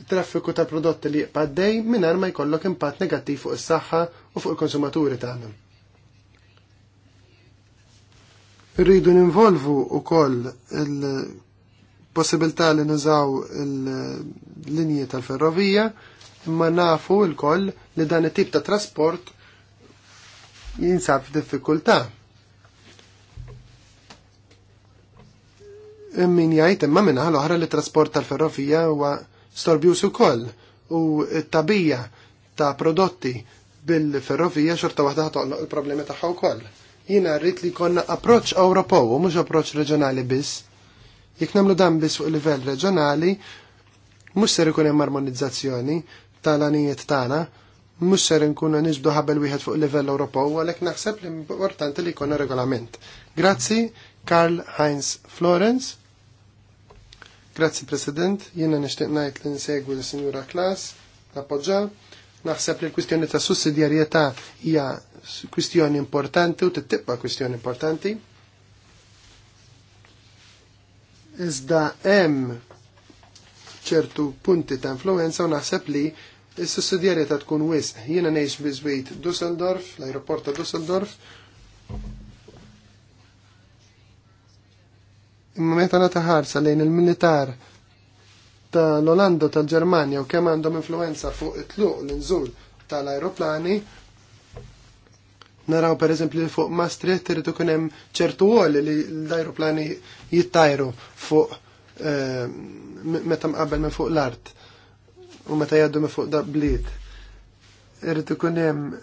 Speaker 3: traffiku ta' prodotti li jibqaddej mingħajr ma jkollok impatt negattiv fuq is-saħħa u fuq il-konsumaturi tagħna. Irridu ninvolvu wkoll il-possibilità li nużaw il-linji tal-ferrovija imma nafu il koll li dan it-tip ta' trasport jinsab f'diffikultà min jgħid imma minna l-oħra li trasport tal-ferrovija huwa storbjus ukoll u t-tabija ta' prodotti bil-ferrovija xorta waħda ħatoqloq il-problemi tagħha wkoll. Jiena rrid li jkollna approċċ Ewropew u mhux approċċ reġjonali biss. Jekk nagħmlu dan biss fuq livell reġjonali, mhux ser ikun hemm armonizzazzjoni tal-għanijiet tagħna, mhux ser nkunu niġbdu ħabel wieħed fuq livell Ewropew għalhekk naħseb li importanti li jkollna regolament. Grazzi Karl Heinz Florence. Grazzi President, jiena nishtiq najt li nsegwi l sinjura Klas, nappoġġa. Naħseb li l-kwistjoni ta' sussidjarjetà hija kwistjoni importanti u tittibqa kwistjoni importanti. Iżda hemm ċertu punti ta' influenza u naħseb li s sussidjarjetà tkun wisq. Jiena ngħix biżwejt Düsseldorf, l-ajruport ta' Düsseldorf, Imma meta nagħta ħarsa lejn il-militar tal-Olanda tal-Ġermanja u kemm għandhom influenza fuq it-tluq l-inżul tal-ajruplani, naraw per eżempju li fuq Maastricht irridu kien hemm ċertu għol li l-ajruplani jittajru fuq eh, meta mqabbel minn fuq l-art u meta jgħaddu minn fuq da' bliet. Irridu kien hemm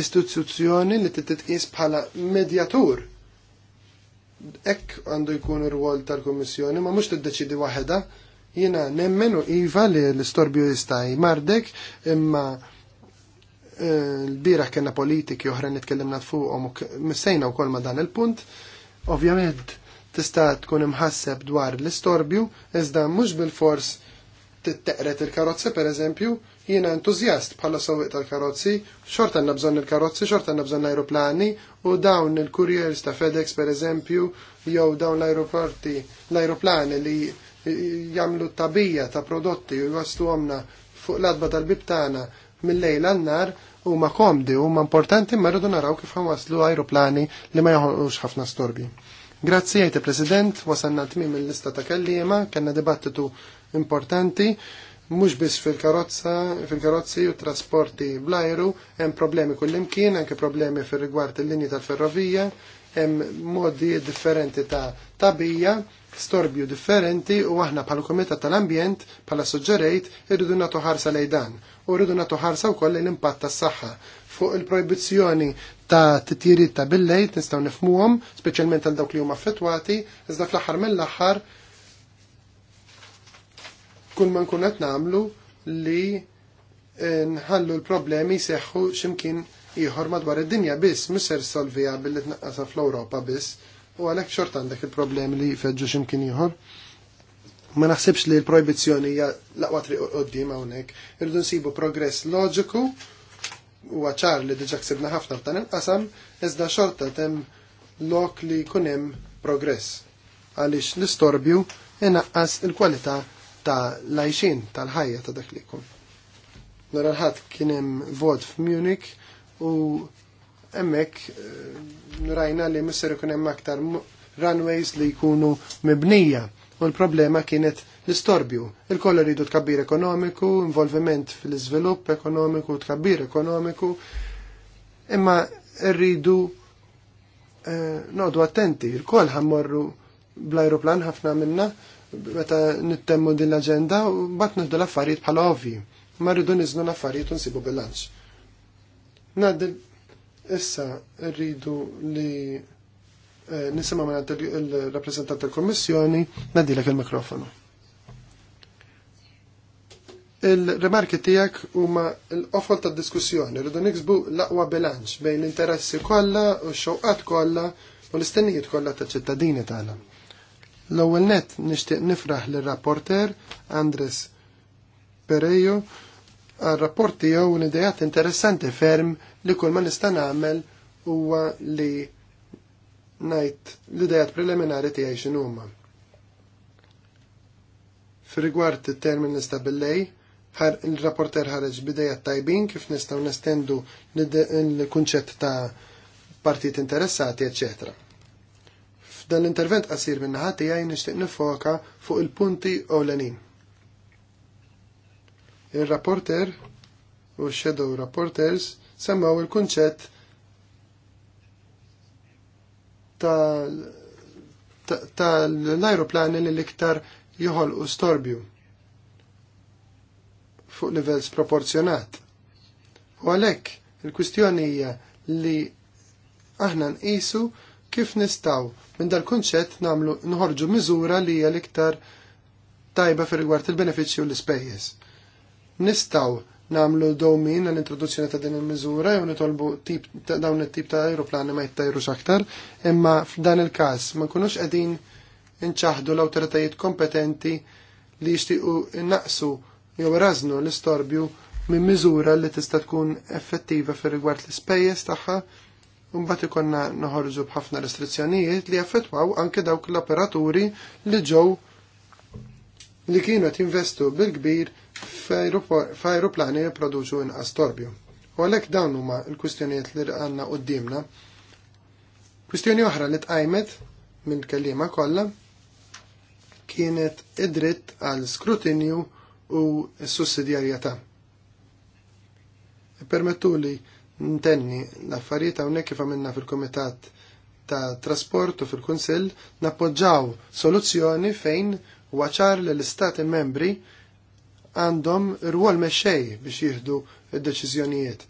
Speaker 3: istituzzjoni li titqis bħala medjatur Ek għandu jkun ir-rwol tal-Kummissjoni, ma mhux tiddeċidi waħedha. Jiena nemmenu iva li l-istorbju jista' jmardek, imma eh, l-biraħ kena politiki oħra nitkellimna fuqhom missejna wkoll ma dan il-punt. Ovvjament tista' tkun imħasseb dwar l-istorbju, iżda mhux bil-fors titteqret il-karozza pereżempju, Jiena entuzjast bħala sewwieq tal-karozzi, xort għandna bżonn il-karozzi, xort għandna bżonn l-ajruplani u dawn il-kurjers ta' FedEx pereżempju jew dawn l-ajruporti, l-ajruplani li jagħmlu tabija ta' prodotti u jwaslu għomna fuq l-adba tal-bibtana mill l għannar u ma komdi u ma importanti ma rridu naraw kif waslu ajruplani li ma joħolqux ħafna storbi. Grazzi għajte President, wasanna t-mim il-lista ta' kellima, kanna dibattitu importanti mhux biss fil-karozza, fil-karozzi u trasporti bl-ajru, hemm problemi kullimkien, anke problemi fir-rigward il-linji tal-ferrovija, hemm modi differenti ta' tabija, storbju differenti u aħna bħal Kumitat tal-Ambjent bħala suġġerejt irridu nagħtu ħarsa lejn dan u rridu nagħtu ħarsa wkoll l impatt tas-saħħa fuq il-projbizzjoni ta' titjiriet ta' billejt nistgħu nifhmuhom, speċjalment għal dawk li huma affettwati, iżda fl-aħħar mill-aħħar kull ma nkun qed nagħmlu li eh, nħallu l-problemi seħħu ximkien ieħor madwar id-dinja biss mhux ser solvija billi tnaqqasha fl-Ewropa biss u għalhekk xort għandek il-problemi li jfeġġu ximkien ieħor. Ma naħsibx li l-projbizzjoni hija laqwa triq qudiem hawnhekk. Irridu nsibu progress loġiku u ċar li diġà ksibna ħafna f'dan il-qasam, iżda xorta tem lok li kunem progress għaliex l-istorbju inaqqas il-kwalità ta' lajxin tal-ħajja ta' dak li jkun. Nara l ħat kien hemm vot f'Munich u hemmhekk eh, rajna li misser ikun hemm aktar runways li jkunu mibnija u l-problema kienet l-istorbju. Il-koll rridu tkabbir ekonomiku, involviment fil-iżvilupp ekonomiku, tkabbir ekonomiku, imma rridu eh, noqdu attenti, il-koll ħammorru bl-aeroplan ħafna minna meta nittemmu din l-aġenda u bat nħdu l-affarijiet bħala ovvi. Ma rridu niżnu l-affarijiet u nsibu bilanċ. Nadil issa rridu li eh, nisimma ma il-rappresentant tal-Kommissjoni, nadilek il-mikrofonu. Il-remarki tijak huma l-offol ta' diskussjoni, rridu niksbu l-aqwa bilanċ bejn l-interessi kollha u x-xewqat kollha u l-istennijiet kollha ta' ċittadini tagħna. L-ewwel net nixtieq nifraħ lir-rapporter Andres Perejo għar rapport tiegħu idejat interessanti ferm li kull ma nista' nagħmel huwa li ngħid l-idejat preliminari tiegħi x'in huma. rigward it-termin nista' billej, il-rapporter ħareġ bidejat tajbin kif nistgħu nestendu l-kunċett ta' partit interessati, eccetera F'dan l-intervent qasir minn ħati għaj nishtiq nifoka fuq il-punti ewlenin. Il-rapporter u shadow rapporters semmaw il-kunċett tal-aeroplani li l-iktar joħol u storbju fuq livell sproporzjonat. U għalek, il-kwistjoni hija li aħna nqisu Kif nistaw minn dal-kunċett namlu nħorġu miżura li hija l-iktar tajba fir rigward il benefiċċji u l-ispejjeż. Nistaw namlu domin għall-introduzzjoni ta' din il-miżura jew nitolbu tip ta' dawn it-tip ta' aeroplani ma jittajrux aktar, imma f'dan il-każ ma nkunux qegħdin inċaħdu l-awtoritajiet kompetenti li jixtiequ naqsu jew raznu l-istorbju minn miżura li tista' tkun effettiva fir rigward l-ispejjeż tagħha mbagħad ikonna noħorġu b'ħafna restrizzjonijiet li jaffettwaw anke dawk l-operaturi li ġew li kienu qed jinvestu bil-kbir f'ajruplani jipproduċu inqas torbju. U għalhekk dawn huma l-kwistjonijiet li għandna qudiemna. Kwistjoni oħra li tqajmet mill kelliema kollha kienet id-dritt għal skrutinju u s sussidjarjetà. Permettuli li Ntenni, l-affarijiet hawnhekk kif għamilna fil-Kumitat ta' Trasport u fil-Kunsill nappoġġaw soluzzjoni fejn waċar li l-Istati membri għandhom rwol mexxej biex jieħdu d-deċiżjonijiet.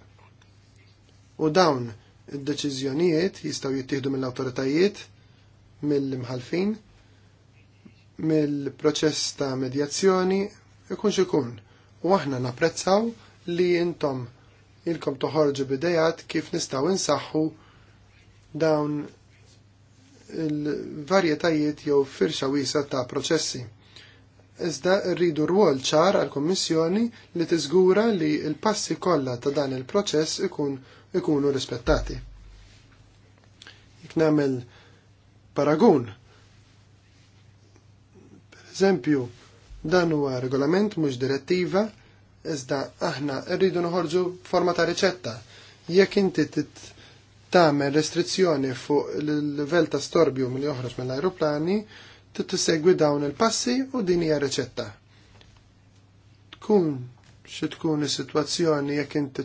Speaker 3: U dawn id-deċiżjonijiet jistgħu jittieħdu mill-awtoritajiet, mill-imħalfin, mill-proċess ta' medjazzjoni, ikunx ikun. U aħna napprezzaw li intom ilkom toħorġu bidejat kif nistaw insaħħu dawn il-varjetajiet jew firxa wisa ta' proċessi. Iżda rridu rwol ċar għal kommissjoni li tiżgura li l-passi kollha ta' dan il-proċess ikun ikunu rispettati. Jek nagħmel paragun. Per eżempju, dan huwa regolament mhux direttiva iżda aħna rridu nħorġu forma ta' riċetta. Jekk inti tagħmel restrizzjoni fuq il-livell ta' storbju mill joħroġ mill-ajruplani, tissegwi dawn il-passi u din hija riċetta. Tkun xi tkun is-sitwazzjoni jekk inti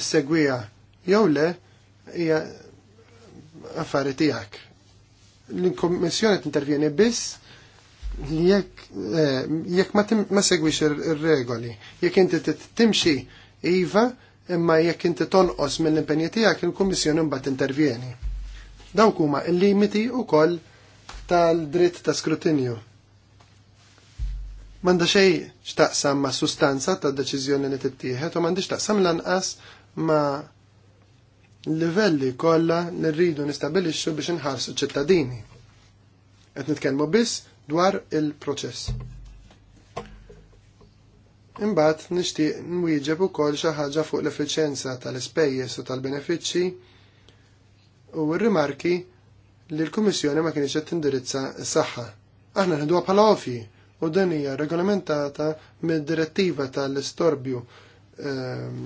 Speaker 3: issegwiha jew le hija affarijiet tiegħek. L-Kummissjoni tintervjeni biss Eh, jekk ma segwix ir-regoli, jekk inti timxi iva, imma jekk inti tonqos mill-impenji tiegħek il-Kummissjoni mbagħad intervjeni. Dawk huma il limiti wkoll tal-dritt ta' skrutinju. M'għandha xejn x'taqsam ma' sustanza ta' deċiżjoni li tittieħed u m'għandix taqsam lanqas ma' livelli kollha li rridu nistabilixxu biex inħarsu ċittadini. Qed nitkellmu biss dwar il-proċess. Imbagħad nixtieq nwieġeb ukoll xi ħaġa fuq l-effiċjenza tal-ispejjeż u tal-benefiċċji u r-rimarki li l-Kummissjoni ma kienx qed tindirizza s-saħħa. Aħna nħeduha bħala ofji u din hija regolamentata mid-direttiva tal-istorbju ehm,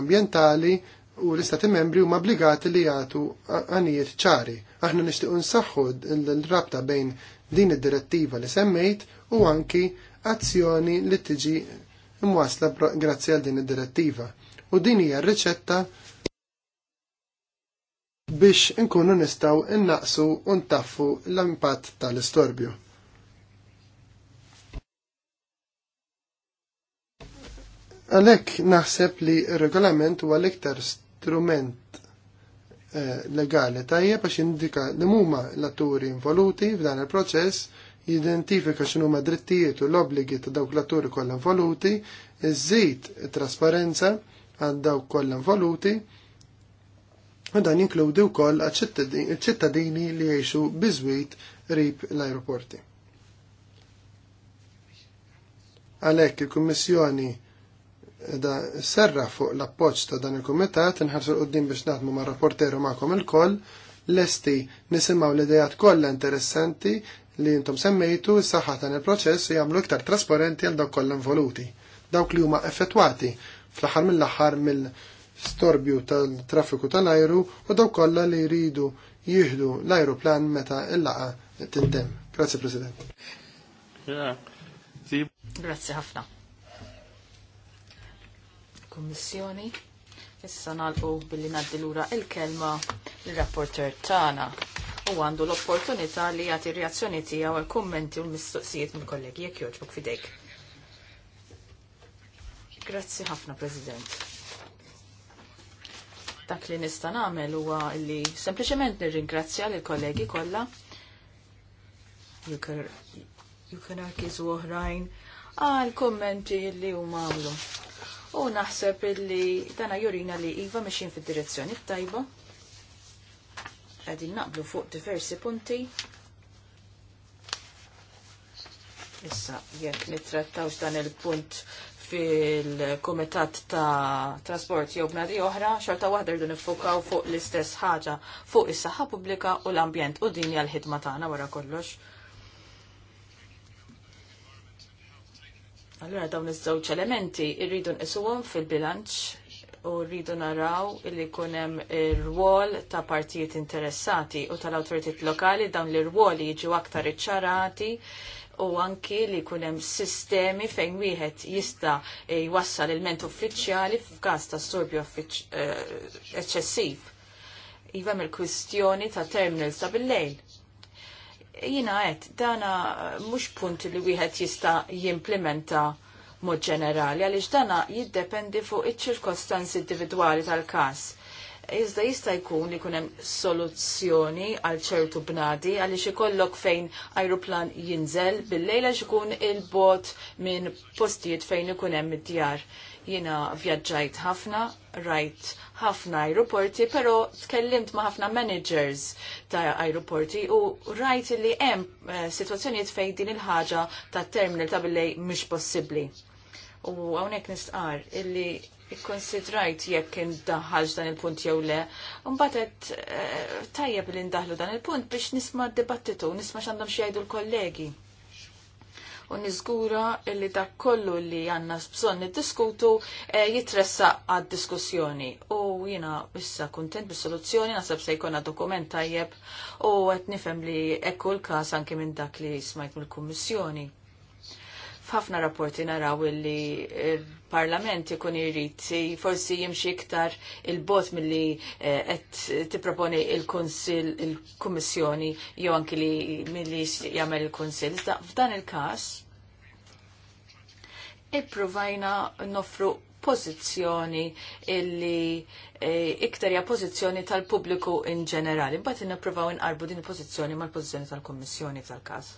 Speaker 3: ambjentali u l-istati membri huma obbligati li jagħtu għanijiet ċari. Aħna nixtiequ nsaħħu l-rabta bejn din id-direttiva li semmejt u anki azzjoni li tiġi imwasla grazzi għal din id-direttiva. U din hija r-riċetta biex nkunu nistaw innaqsu u ntaffu l-impatt tal-istorbju. Għalek naħseb li regolament huwa l-iktar strument Eh, legali tajjeb għax indika li huma l-atturi involuti f'dan il-proċess, jidentifika x'inhu ma drittijiet u l-obbligi ta' dawk l-atturi kollha involuti, iżżid trasparenza għal dawk kollha involuti, u dan jinkludi wkoll ċittadini li jgħixu biżwit rib l-ajruporti. Għalhekk il-Kummissjoni da serra fuq l-appoċ ta' dan il-komitat, nħarsu l-qoddim biex naħdmu ma' rapporteru ma'kom il-koll, lesti nisimaw l-idejat kollha interessanti li jintom semmejtu saħħa tan il-proċess jgħamlu jagħmlu iktar trasparenti għal dawk kollha involuti. Dawk li huma effettwati fl-aħħar mill-aħħar mill-storbju tal-traffiku tal-ajru u dawk kollha li jridu jieħdu l-ajruplan meta il-laqa tintemm. Grazie President.
Speaker 2: Grazie ħafna l-Kommissjoni. Issa nalqu billi naddi lura il-kelma l-rapporter tana u għandu l-opportunità li jagħti reazzjoni tiegħu għall kummenti u l-mistoqsijiet mill-kollegi jekk jogħġbok fidejk. Grazzi ħafna, President. Dak li nista' nagħmel huwa li sempliċement nirringrazzja lill kollegi kollha jukar u oħrajn għal kommenti li huma għamlu u naħseb illi dana jurina li Iva mexin fil-direzzjoni tajba. Għadin naqblu fuq diversi punti. Issa, jekk nittrattawx dan il-punt fil-Kumitat ta' Trasport jew bnadi oħra, xorta waħda rridu nifukaw fuq l-istess ħaġa fuq is-saħħa pubblika u l-ambjent u dinja l-ħidma tagħna wara kollox. Allora dawn iż-żewġ elementi rridu nqisuhom fil-bilanċ u rridu naraw li jkun hemm ir-rwol ta' partijiet interessati u tal-awtoritajiet lokali dawn l rwoli jiġu aktar iċċarati u anki li jkun hemm sistemi fejn wieħed jista' jwassal il-ment uffiċjali f'każ ta' storbju eh, eċċessiv. Iva mill-kwistjoni ta' terminals ta' bil-lejl jina għed, dana mux punt li wieħed jista jimplementa mod ġenerali, għalix dana jiddependi fuq iċ-ċirkostanzi individuali tal-kas. Iżda jista jkun li kunem soluzzjoni għal ċertu bnadi għalix ikollok fejn aeroplan jinżel bil-lejla xikun il-bot minn postijiet fejn ikunem id-djar. Jina vjaġġajt ħafna rajt ħafna aeroporti, pero tkellimt ma' ħafna managers ta' aeroporti u rajt li hemm eh, situazzjonijiet fejn din il-ħaġa ta' terminal ta' billej mhux possibbli. U hawnhekk nistqar illi ikkonsidrajt jekk indaħħaġ dan il-punt jew le, mbagħad eh, tajjeb li ndaħlu dan il-punt biex nisma' dibattitu, nisma' x'għandhom x'jgħidu jgħidu l-kollegi u niżgura li dak kollu li għandna bżonn niddiskutu eh, jitressa għad diskussjoni. U jiena issa kuntent bis-soluzzjoni naħseb se jkollna dokument tajjeb u qed nifhem li ekkul kas każ minn dak li smajt mill-Kummissjoni f'ħafna rapporti naraw illi il-parlament ikun irrit forsi jimxi iktar il-bot milli eh, qed tipproponi il-Kunsill il-Kummissjoni jew anki li milli jagħmel il-Kunsill. F'dan il-każ ippruvajna nofru pożizzjoni illi eh, iktar hija pożizzjoni tal-pubbliku in ġenerali. Mbagħad nippruvaw inqarbu din il-pożizzjoni mal-pożizzjoni tal-Kummissjoni tal każ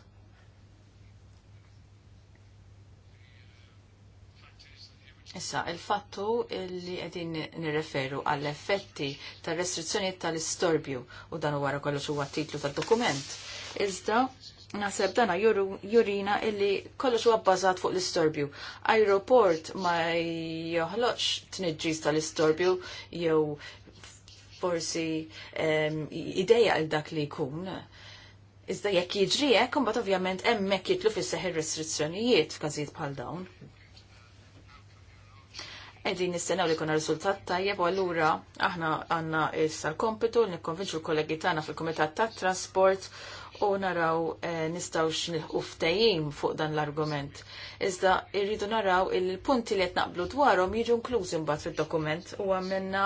Speaker 2: Issa, il-fattu li għedin nirreferu għall-effetti tal restrizzjonijiet tal-istorbju u dan wara kollox huwa titlu tad-dokument. Iżda, naħseb dana jurina illi kollox huwa bbażat fuq l-istorbju. Aeroport ma t tniġġis tal-istorbju jew forsi um, ideja għal dak li jkun. Iżda jekk jiġri kumbat ovvjament hemmhekk jitlu fis-seħħ restrizzjonijiet f'każijiet bħal dawn. Edin nistennaw li kuna rizultat tajjeb u allura aħna għanna issa l-kompitu nikkonvinċu l-kollegi tagħna fil-Kumitat tat Trasport u naraw eh, nistaw fuq dan l-argument. Iżda irridu naraw il-punti li qed naqblu dwarhom jiġu inklużi mbagħad fid-dokument u għamilna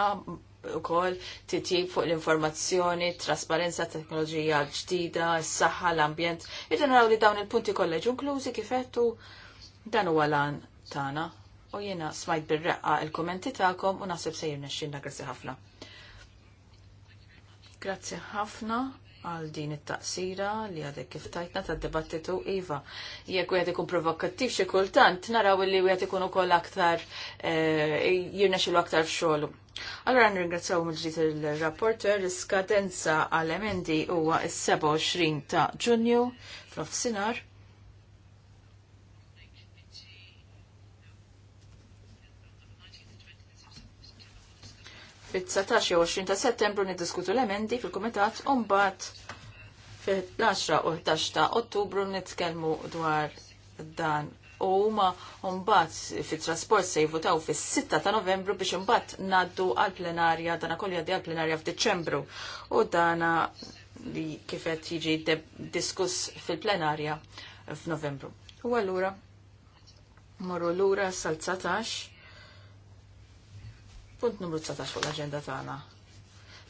Speaker 2: kol titjib fuq l-informazzjoni, trasparenza, teknoloġija ġdida, s-saħħa, l-ambjent. Irridu naraw li dawn il-punti kollha jiġu kifettu kif dan huwa lan tagħna u jena smajt bil-reqqa il-kommenti ta'kom u nasib se jirna xinna grazzi ħafna. Grazzi ħafna għal din it-taqsira li għadek kif tajtna ta' dibattitu Iva. Jekk għadek ikun provokattiv xi kultant, naraw li għed ikun ukoll aktar eh, jirna xilu aktar f'xogħlu. Allora nringrazzaw mill-ġdid il-rapporter, skadenza għal emendi huwa s-27 ta' Ġunju fl-ofsinhar fit-19 jew 20 ta' settembru niddiskutu l-emendi fil-Kumitat u mbagħad fil-10 u 11 ta' Ottubru nitkellmu dwar dan u huma mbagħad fit-trasport se jivutaw fis-6 ta' Novembru biex imbagħad ngħaddu għall plenarja dana kollu jgħaddi għall plenarja f'Diċembru u dana li kifet jiġi diskuss fil-plenarja f'Novembru. U allura morru lura sal-19 Punt numru 19 fuq l-agenda tagħna.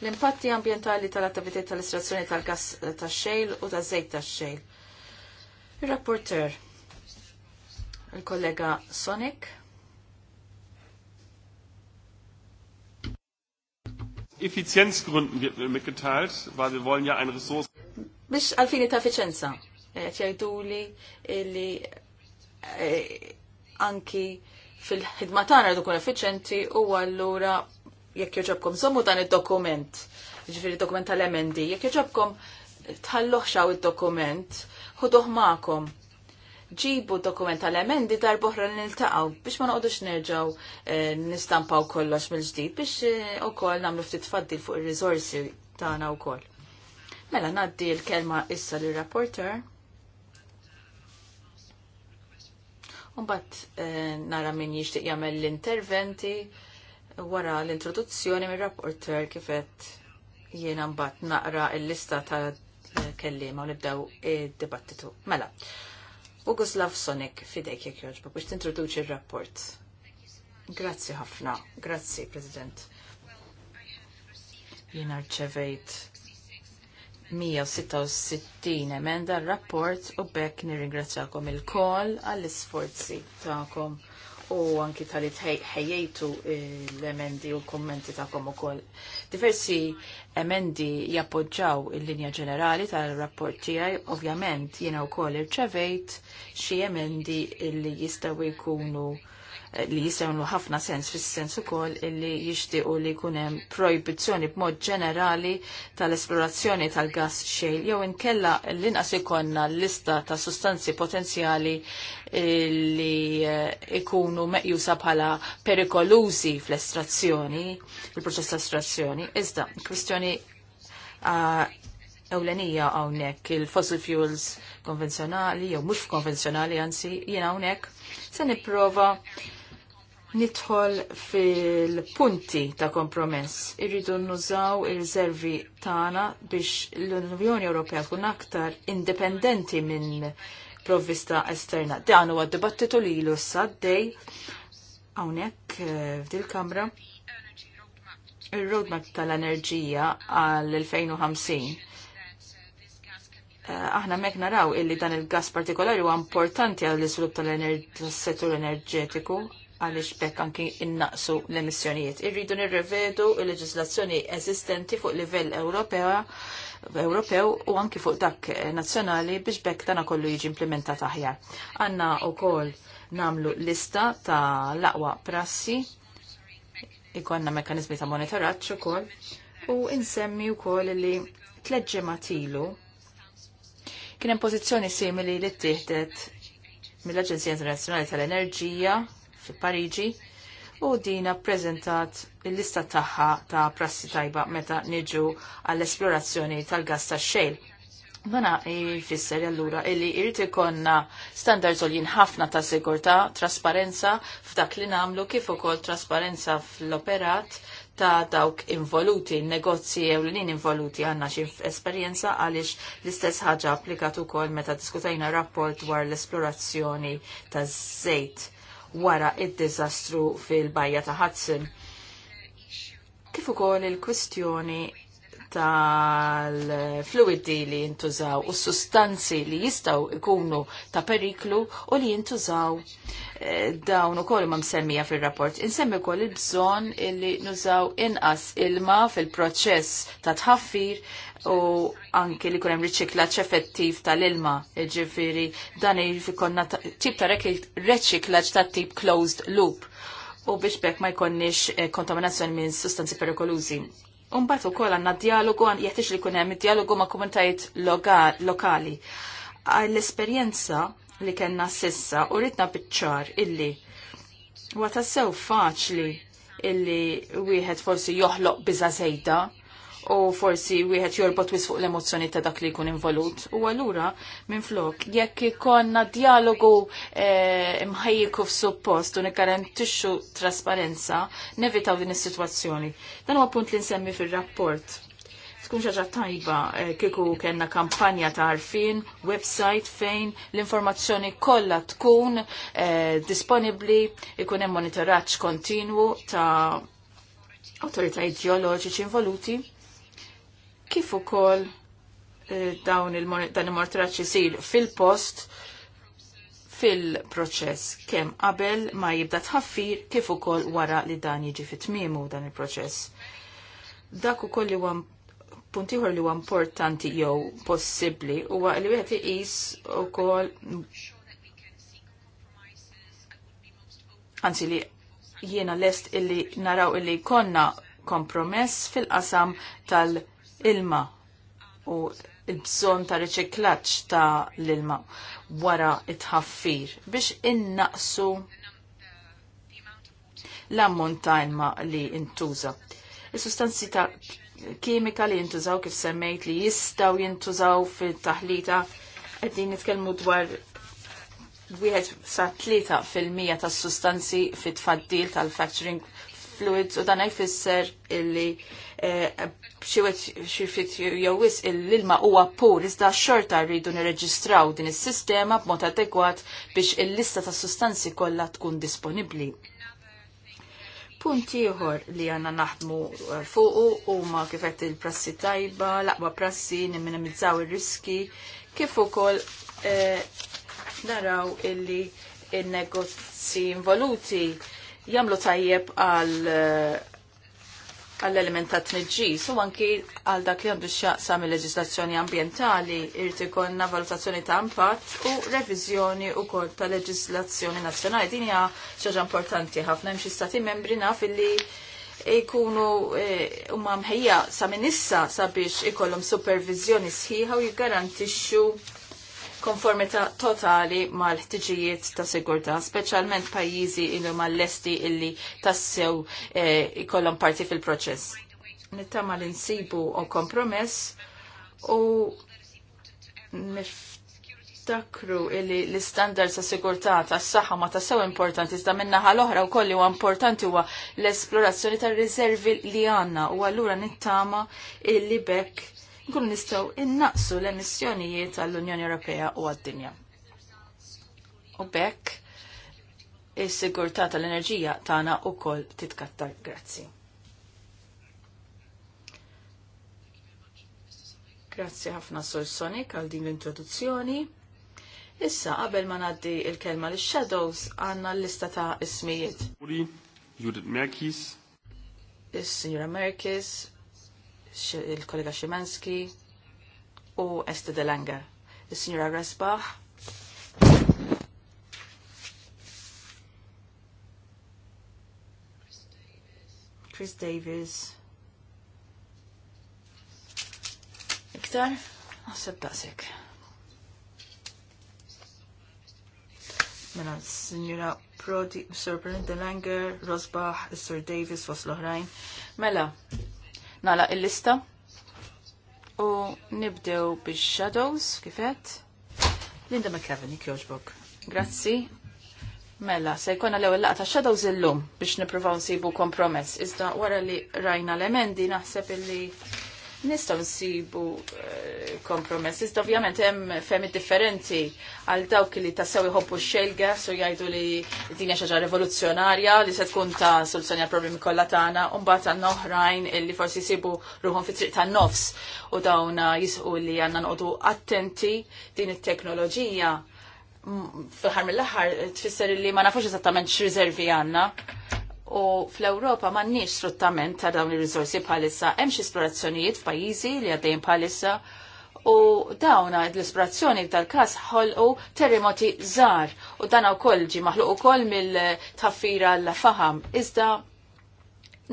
Speaker 2: L-impatti ambientali tal-attività tal-istrazzjoni tal-gas tax-xejl u taż-żejt tax-xejl. Il-rapporter, il-kollega Sonic.
Speaker 3: Effizienzgründen wird mir mitgeteilt, weil wir wollen ja ein Ressource.
Speaker 2: Biex għalfini ta' effizienza. efficienza, ċajdu eh, li li eh, anki fil-ħidma tagħna rridu kun effiċenti u allura jekk joġobkom sommu dan id-dokument, ġifiri dokument tal-emendi, jekk joġobkom tħalloħxaw id-dokument, ħuduh ma'kom Ġibu dokument tal-emendi darboħra li niltaqgħu biex ma noqogħdux nerġgħu eh, nistampaw kollox mill-ġdid biex eh, ukoll nagħmlu ftit tfaddil fuq ir-riżorsi tagħna wkoll. Mela ngħaddi l-kelma issa l rapporter Mbagħad eh, nara min jixtieq jagħmel l-interventi wara l-introduzzjoni mir rapporter kifet jiena mbagħad naqra l-lista ta' eh, kellima u nibdew id-dibattitu. Mela, Boguslav Sonik fidejk jekk joġba, biex tintroduċi r-rapport. Grazzi ħafna, grazzi President. Jiena rċevejt 166 emenda r-rapport u bekk nirringrazzjakom il-kol għall-isforzi ta'kom u anki tal ħejjejtu l-emendi u l-kommenti ta'kom u kol. Diversi emendi jappoġġaw il-linja ġenerali tal-rapport tijaj, ovvjament jena u kol irċevejt xie emendi li jistawi jkunu li jisemlu ħafna sens fis sens ukoll illi jixtiequ li jkun hemm projbizzjoni b'mod ġenerali tal-esplorazzjoni tal-gas xejl jew inkella l-inqas ikonna lista ta' sustanzi potenzjali eh, li eh, ikunu meqjusa bħala perikolużi fl-estrazzjoni, fil proċess ta' estrazzjoni. Iżda, kwistjoni ah, ewlenija hawnhekk il-fossil fuels konvenzjonali jew mhux konvenzjonali anzi jien hawnhekk se nipprova nidħol fil-punti ta' kompromess. Irridu nużaw ir-riservi tagħna biex l-Unjoni Ewropea tkun aktar indipendenti minn provvista esterna. Dan huwa dibattitu li ilu s-saddej hawnhekk eh, f'dil kamra il-roadmap tal-enerġija għal-2050. Eh, aħna mek naraw illi dan il-gas partikolari huwa importanti għall iżvilupp tal-settur enerġetiku għaliex bekk anki innaqsu l-emissjonijiet. Irridu nirrevedu il-leġislazzjoni eżistenti fuq livell Ewropea Ewropew u anki fuq dak nazzjonali biex bekk dana kollu jiġi implementat aħjar. Għanna u koll namlu lista ta' laqwa prassi, ikonna mekanizmi ta' monitoraċ u koll, u insemmi u koll li tleġġe kien hemm pożizzjoni simili li ttieħdet mill-Aġenzija Internazzjonali tal-Enerġija fi Pariġi u dina prezentat il-lista tagħha ta' prassi tajba meta niġu għall-esplorazzjoni tal-gas tax xejl. Dana jfisser allura illi irrid ikonna standards għoljin ħafna ta' sigurta, trasparenza f'dak li nagħmlu kif ukoll trasparenza fl-operat ta' dawk involuti, negozji u l-nin involuti għanna xi esperjenza għalix l-istess ħaġa applikat ukoll kol meta diskutajna rapport dwar l-esplorazzjoni ta' zejt wara id-diżastru fil-bajja ta' Hudson. Kif ukoll il-kwistjoni tal-fluidi li jintużaw u sustanzi li jistaw ikunu ta' periklu u li jintużaw eh, dawn u koll ma' msemmija fil-rapport. Insemmi koll il-bżon li nużaw inqas ilma fil-proċess ta' tħaffir u anki li kunem riċiklaċ effettiv tal-ilma, ġifiri dan konna tip ta' riċiklaċ ta' tip closed loop u biex bekk ma jkonnix eh, kontaminazzjoni minn sustanzi perikolużi. Umbat u koll għanna dialogu għan jgħetix li kunem dialogu ma' komunitajiet lokali. L-esperienza li kena sissa u ritna bitċar illi Wata sew faċli illi wieħed forsi joħloq biża zejda u forsi wieħed jorbot wis fuq l-emozzjoni ta' dak li jkun involut. U allura minn flok, jekk ikonna dialogu eh, u f f'suppost u tixxu trasparenza, nevitaw din is-sitwazzjoni. Dan huwa punt li nsemmi fir-rapport tkun xaġa tajba eh, kiku kena kampanja ta' arfin, website fejn l-informazzjoni kollha tkun eh, disponibli, ikun hemm monitoraġġ kontinwu ta' autoritajiet ġeoloġiċi involuti kif ukoll eh, dawn il-dan il-mortraċ isir fil-post fil-proċess kemm qabel ma jibda tħaffir kif ukoll wara li dan jiġi fit-tmiemu dan il-proċess. Dak ukoll li huwa punt ieħor li huwa importanti jew possibbli huwa li wieħed iqis ukoll anzi li jiena lest illi naraw illi konna kompromess fil-qasam tal- ilma u il-bżon ta' riċiklaċ ta' l-ilma wara it-ħaffir biex innaqsu l-ammont ta' ilma li intuża. Il-sustanzi ta' kimika li jintużaw kif semmejt li jistaw jintużaw fil-taħlita għeddin nitkellmu dwar wieħed sa' tlieta fil-mija tas sustanzi fit-tfaddil tal-facturing fluids u dan jfisser illi eh, xifit jowis l-ilma huwa pur iżda xorta rridu nirreġistraw din is-sistema b'mod adegwat biex il-lista ta' sustanzi kollha tkun disponibbli. Punti ieħor li għanna naħdmu eh, fuqu huma kifet il-prassi tajba, laqba prassi, nimminimizzaw ir-riski, kif ukoll eh, naraw illi il-negozzi involuti jamlu tajjeb għal eh, għall-element ta' tniġġis u anki għal dak li għandu xaqsa mill leġislazzjoni ambientali irti konna valutazzjoni ta' impatt u revizjoni u kol ta' leġislazzjoni nazzjonali. Din hija xaġa importanti ħafna hemm xi stati membri naf illi jkunu eh, huma mħejja sa minn issa sabiex ikollhom supervizjoni sħiħa u jiggarantixxu konformità totali mal-ħtiġijiet ta' sigurtà, speċjalment pajjiżi illi ma' lesti illi tassew eh, ikollhom eh, parti fil-proċess. Nittama li insibu u kompromess u niftakru illi l-standards ta' sigurtà tas saħħa ma tassew importanti iżda minnaħa l-oħra wkoll u importanti huwa l-esplorazzjoni tar-riservi li għandna u allura nittama illi bekk nkunu nistgħu innaqsu l-emissjonijiet għall-Unjoni Ewropea u għad-dinja. U bekk is-sigurtà tal-enerġija tagħna wkoll titkattar. Grazzi. Grazzi ħafna Sur Sonic għal din l-introduzzjoni. Issa qabel ma ngħaddi l kelma li shadows għandna l-lista ta' ismijiet.
Speaker 3: Judith Merkis.
Speaker 2: Is-Sinjura Merkis, il-kollega Szymanski u Esther de Lange. Il-Signora Resbach. Chris Davis. Iktar? Għasab daqsek. Mela, Signora Prodi, Sir Brendan Langer, Rosbach, Sir Davis, fos l Mela, nala il-lista u nibdew bix shadows kifet Linda McKevin jogħġbok. Grazzi. Mela, se jkun l ewwel laqta shadows illum biex nippruvaw nsibu kompromess. Iżda wara li rajna l-emendi naħseb illi Nistgħu nsibu eh, kompromess. Iżda ovvjament hemm femi differenti għal dawk li tassew jħobbu x-xejl gas u jgħidu li din hija xi ħaġa rivoluzzjonarja li se tkun ta' soluzzjoni għal problemi kollha tagħna u mbagħad għandna oħrajn li forsi jsibu ruħhom fi triq tan-nofs u dawn jisqu li għandna noqogħdu attenti din it-teknoloġija fl-ħar mill-ħar tfisser li ma nafux eżattament x'riservi għandna u fl-Ewropa m'għandniex sfruttament ta' dawn ir rizorsi bħalissa. Hemmx esplorazzjonijiet f'pajjiżi li għaddejn bħalissa u dawn l-esplorazzjoni tal-każ ħolqu terremoti żgħar u dan wkoll ġi maħluq ukoll mill-taffira l faham Iżda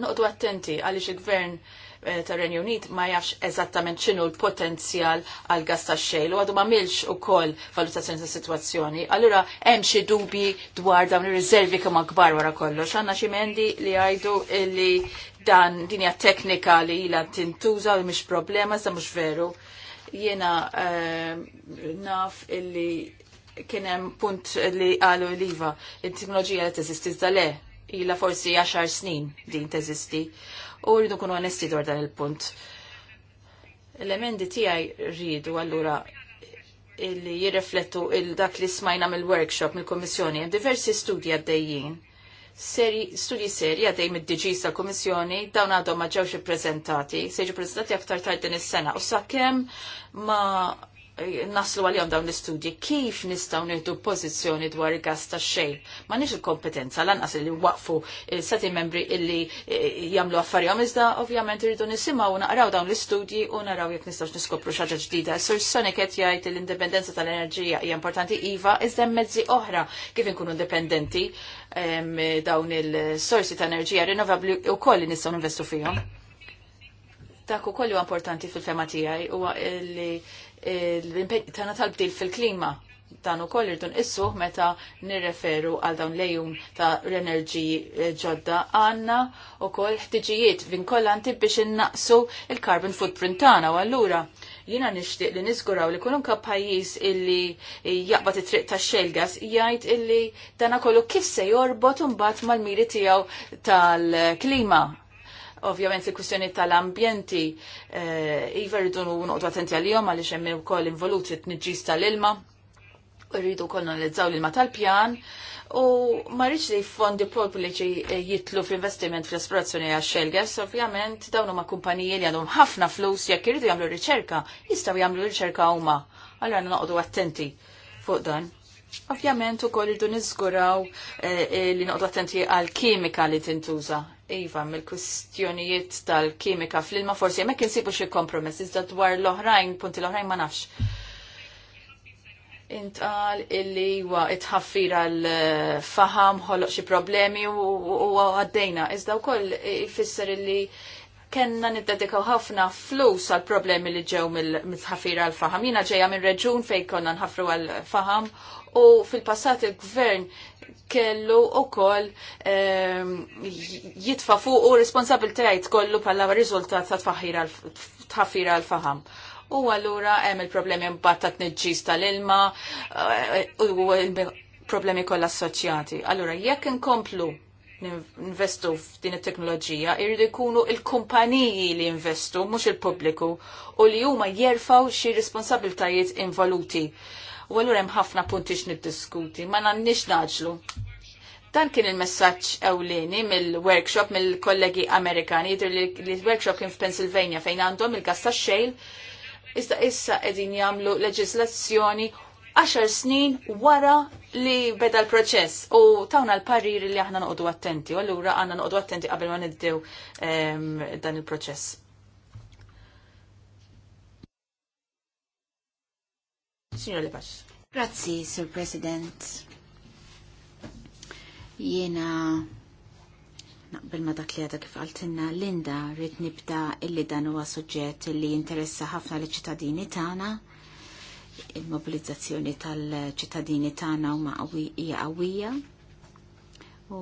Speaker 2: noqtu attenti għaliex il-gvern Eh, tar-Renju Unit ma jafx eżattament x'inhu l-potenzjal għal gas tax-xejl u għadu ma milx ukoll valutazzjoni ta' sitwazzjoni. Allura hemm xi dubi dwar dawn ir-riservi kemm akbar wara kollox. Għandna xi mendi li jgħidu li dan dinja teknika li ilha tintuża u mhix problema sa mhux veru. Jiena eh, naf illi kien hemm punt li qalu l-iva, it-teknoloġija li teżisti iżda le, ilha forsi 10 snin din teżisti u rridu kunu onesti dwar dan il-punt. L-emendi tiegħi rridu allura illi jirreflettu il-dak li smajna mill-workshop mill komissjoni hemm diversi studji għaddejjin. Seri, studji seri għaddej mid-DGs tal komissjoni dawn għadhom ma ġewx ippreżentati, se prezentati preżentati aktar tard din is-sena. U sakemm ma naslu għalihom dawn l-istudji kif nistgħu nieħdu pożizzjoni dwar il-gas ta' xejn. nix il-kompetenza lanqas li waqfu seti membri illi eh, jagħmlu affarijhom iżda ovvjament irridu nisimgħu naqraw dawn l-istudji u naraw jekk nistgħux niskopru xaġa ġdida. Sur Sonic qed jgħid l-indipendenza tal-enerġija hija importanti iva iżda hemm mezzi oħra kif inkunu indipendenti ehm, dawn il-sorsi ta' enerġija rinnovabbli wkoll li nistgħu investu fihom dak u kollu importanti fil-fema tiegħi u li l-impegni tagħna tal-bdil fil-klima dan ukoll irdun issu meta nirreferu għal dawn lejum ta' l-enerġiji eh, ġodda għandna koll ħtiġijiet vinkolanti biex innaqsu il-carbon footprint tagħna u allura jina nishtiq li nizguraw li kulunka pajjiż illi jaqbat it-triq ta' xelgas jgħid illi dana kollu kif se jorbot bat mal-miri tiegħu tal-klima Ovvjament il-kwistjoni tal-ambjenti eh, iva rridu nuqdu attenti għalihom għaliex hemm ukoll involuti t nġis tal-ilma. u Rridu wkoll analizzaw l-ilma tal-pjan u ma rridx li fondi pubbliċi eh, jitlu fl-investiment fl-esplorazzjoni għax xell ovvjament dawn huma kumpaniji li għandhom ħafna flus jekk iridu jagħmlu riċerka, jistgħu jagħmlu riċerka huma. Allora noqogħdu attenti fuq dan. Ovvjament u koll irdu nizguraw eh, eh, li noqdu attenti għal kimika li tintuża. Iva, mill-kwistjonijiet tal-kimika fl-ilma forsi jemmek insibu xie kompromess, iżda dwar l-oħrajn, punti l-oħrajn ma nafx. Intqal illi wa itħaffir għal faham ħoloq xi problemi u għaddejna. Iżda wkoll ifisser illi kenna niddedikaw ħafna flus għal problemi li ġew mill-ħafira għal-faham. Jina ġeja minn reġun fej konna nħafru għal-faham u fil-passat il-gvern kellu u koll ehm, jitfa fuq u trajt kollu pala rizultat ta' tħafira għal-faham. U għallura hemm il-problemi mbagħad ta' tniġġis tal-ilma eh, u problemi kollha assoċjati. Allura jekk inkomplu ninvestu f'din it-teknoloġija irridu jkunu il-kumpaniji li investu mhux il-pubbliku u li huma jerfaw xi responsabiltajiet involuti u għallur hemm ħafna punti x'niddiskuti, ma nannix naġlu. Dan kien il-messaġġ ewlieni mill-workshop mill-kollegi Amerikani, jidher li l-workshop kien f'Pennsylvania fejn għandhom il-gas tax-xejl, iżda issa qegħdin jagħmlu leġislazzjoni 10 snin wara li beda l-proċess u tawna l-parriri li aħna noqdu attenti, u allura għanna noqdu attenti qabel ma niddew ehm, dan il-proċess. Signor Lepax.
Speaker 1: Grazzi, Sir President. Jena naqbel ma dak li għadha kif għaltinna Linda rrid nibda illi dan huwa suġġett li jinteressa ħafna li ċittadini tagħna il-mobilizzazzjoni tal-ċittadini tagħna huma hija qawwija u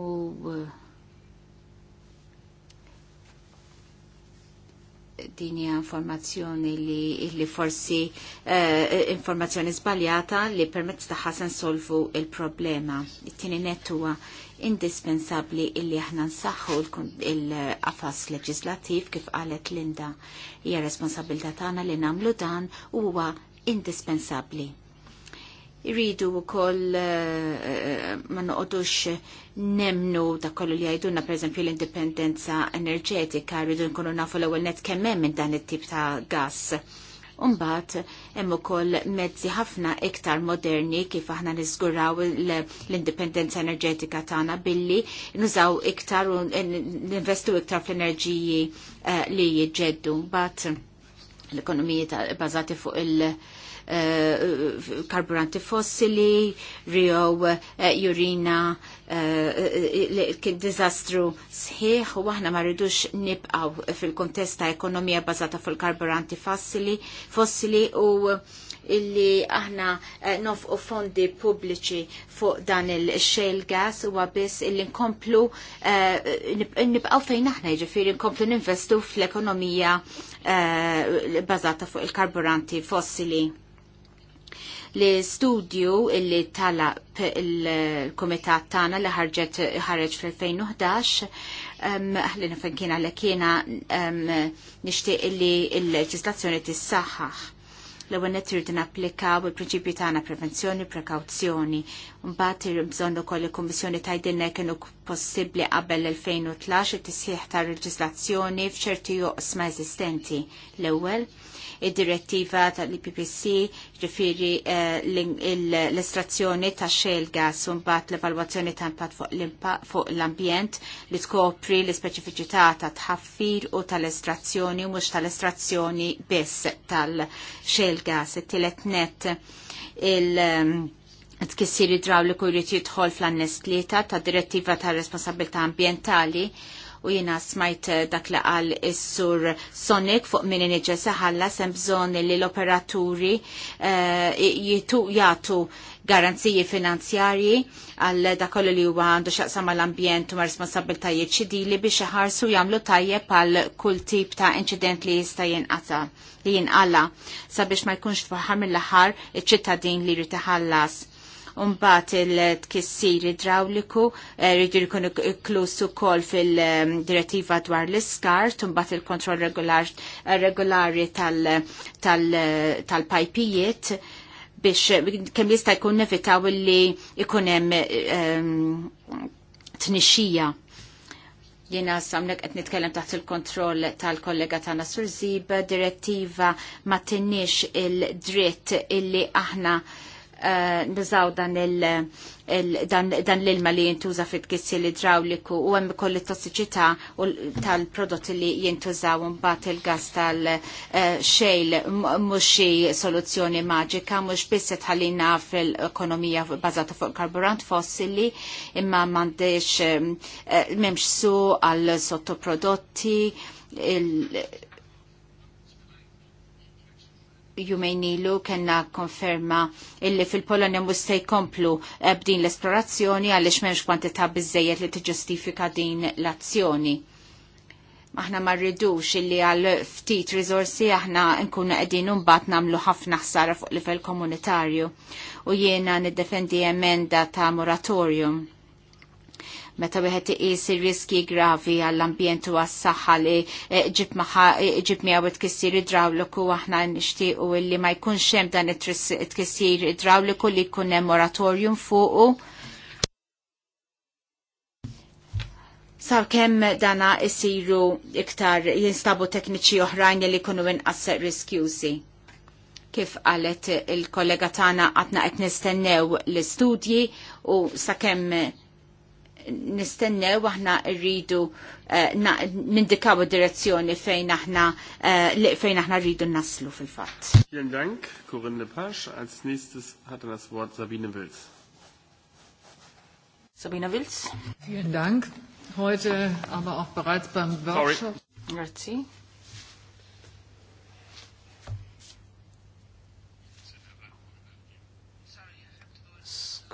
Speaker 1: hija informazzjoni li, li forsi uh, informazzjoni sbaljata li permezz se solvu il-problema. It-tieni huwa indispensabli illi aħna nsaħħu il-qafas leġislattiv kif qalet Linda hija responsabilità tagħna li nagħmlu dan huwa indispensabbli. Iridu wkoll eh, eh, ma noqodux nemnu ta' kollu li għajdunna per eżempju l-indipendenza enerġetika jridu nkunu nafu l-ewwel net kemm hemm minn dan it-tip ta' gass. Umbat, hemm ukoll mezzi ħafna iktar moderni kif aħna niżguraw l-indipendenza enerġetika tagħna billi nużaw iktar u ninvestu iktar fl-enerġiji eh, li jiġġeddu. Mbagħad l-ekonomiji bażati fuq il- Eh, karburanti fossili, Rio Jurina eh, l eh, dizastru sħiħ u aħna ma rridux nibqaw fil-kontesta ekonomija bazata fil-karburanti fossili, u illi aħna u fondi pubbliċi fuq dan il-shale gas u għabis illi nkomplu nibqaw fejn aħna ġifiri nkomplu ninvestu fl-ekonomija bazata fuq il-karburanti fossili li studju illi tala il-komitat tana li ħarġet ħarġ fil 2011 li nifankina li kiena nishtiq illi il-leġislazzjoni tissaħħaħ l-ewwel qed irid napplikaw il-prinċipju tagħna prevenzjoni, prekawzjoni. Mbagħad irid bżonn ukoll il-Kummissjoni tgħidilna kienu possibbli qabel l-2012 it-tisħiħ ta' reġislazzjoni f'ċerti joqsma eżistenti. L-ewwel id-direttiva tal-IPPC ġifiri eh, l-estrazzjoni ta' xel gas un bat l-evalwazzjoni ta' impatt fuq l-ambjent li tkopri l-speċifiċità ta' tħaffir u tal-estrazzjoni u mux tal-estrazzjoni biss tal xel gas. It-tielet net il- eh, tkissir idrawliku jrid jidħol fl annest tlieta ta' direttiva ta' responsabilità ambientali u jina smajt eh, dak li qal is-sur Sonic fuq minn inġe saħalla sem bżon li l-operaturi eh, jitu jatu garanziji finanzjarji għal dakollu li huwa għandu xaqsa mal-ambjent u ma' responsabiltajiet ċidili biex iħarsu jagħmlu tajjeb għal kull tip ta' inċident li jista' jinqata' li jinqalla sabiex ma jkunx tfaħar mill-aħħar iċ-ċittadin li jrid iħallas Umbat il-tkissir idrawliku eh, rridu jkun klusu kol fil-direttiva dwar l-iskart, umbat il-kontroll eh, regolari tal-pajpijiet biex kemm jista' jkun nevitaw li jkun hemm ehm, tnixxija jena samnek qed nitkellem taħt il-kontroll tal-kollega tagħna Sur Zib, direttiva ma tinnix il-dritt illi aħna Eh, nizaw dan il dan l-ilma li jintuża fit-kissi l-idrawliku u hemm ukoll it-tossiċità tal-prodotti li jintużaw mbagħad il-gas tal-xejl mhux xi soluzzjoni maġika mhux biss ħallina fil-ekonomija bażata fuq karburant fossili imma m'għandix eh, memx su għal sottoprodotti jumejn ilu kena konferma illi fil-Polonja mhux se jkomplu eh, b'din l-esplorazzjoni għaliex m'hemmx kwantità biżejjed li tiġġustifika din l-azzjoni. Aħna ma rridux illi għal ftit rizorsi aħna nkunu qegħdin imbagħad nagħmlu ħafna ħsara fuq l livell komunitarju u jiena niddefendi emenda ta' moratorium meta wieħed iqis ir-riski gravi għall-ambjent u għas-saħħa li eh, ġib maħa eh, ġib miegħu tkissir idrawliku aħna nixtiequ li ma jkunx hemm dan it-tkissir idrawliku li jkun hemm moratorium fuqu. Saw kemm dana isiru iktar jinstabu tekniċi oħrajn li jkunu inqas riskjużi kif qalet il-kollega tagħna għatna qed nistennew l-istudji u sakemm nistennew aħna rridu eh, nindikaw id-direzzjoni fejn aħna eh, fejn aħna rridu naslu fil-fatt.
Speaker 3: Vielen Dank, Corinne Pasch. Als nächstes hat er das Wort Sabine Wils.
Speaker 2: Sabine Wils. Vielen Dank. Heute aber auch bereits beim Workshop. Sorry. Grazie.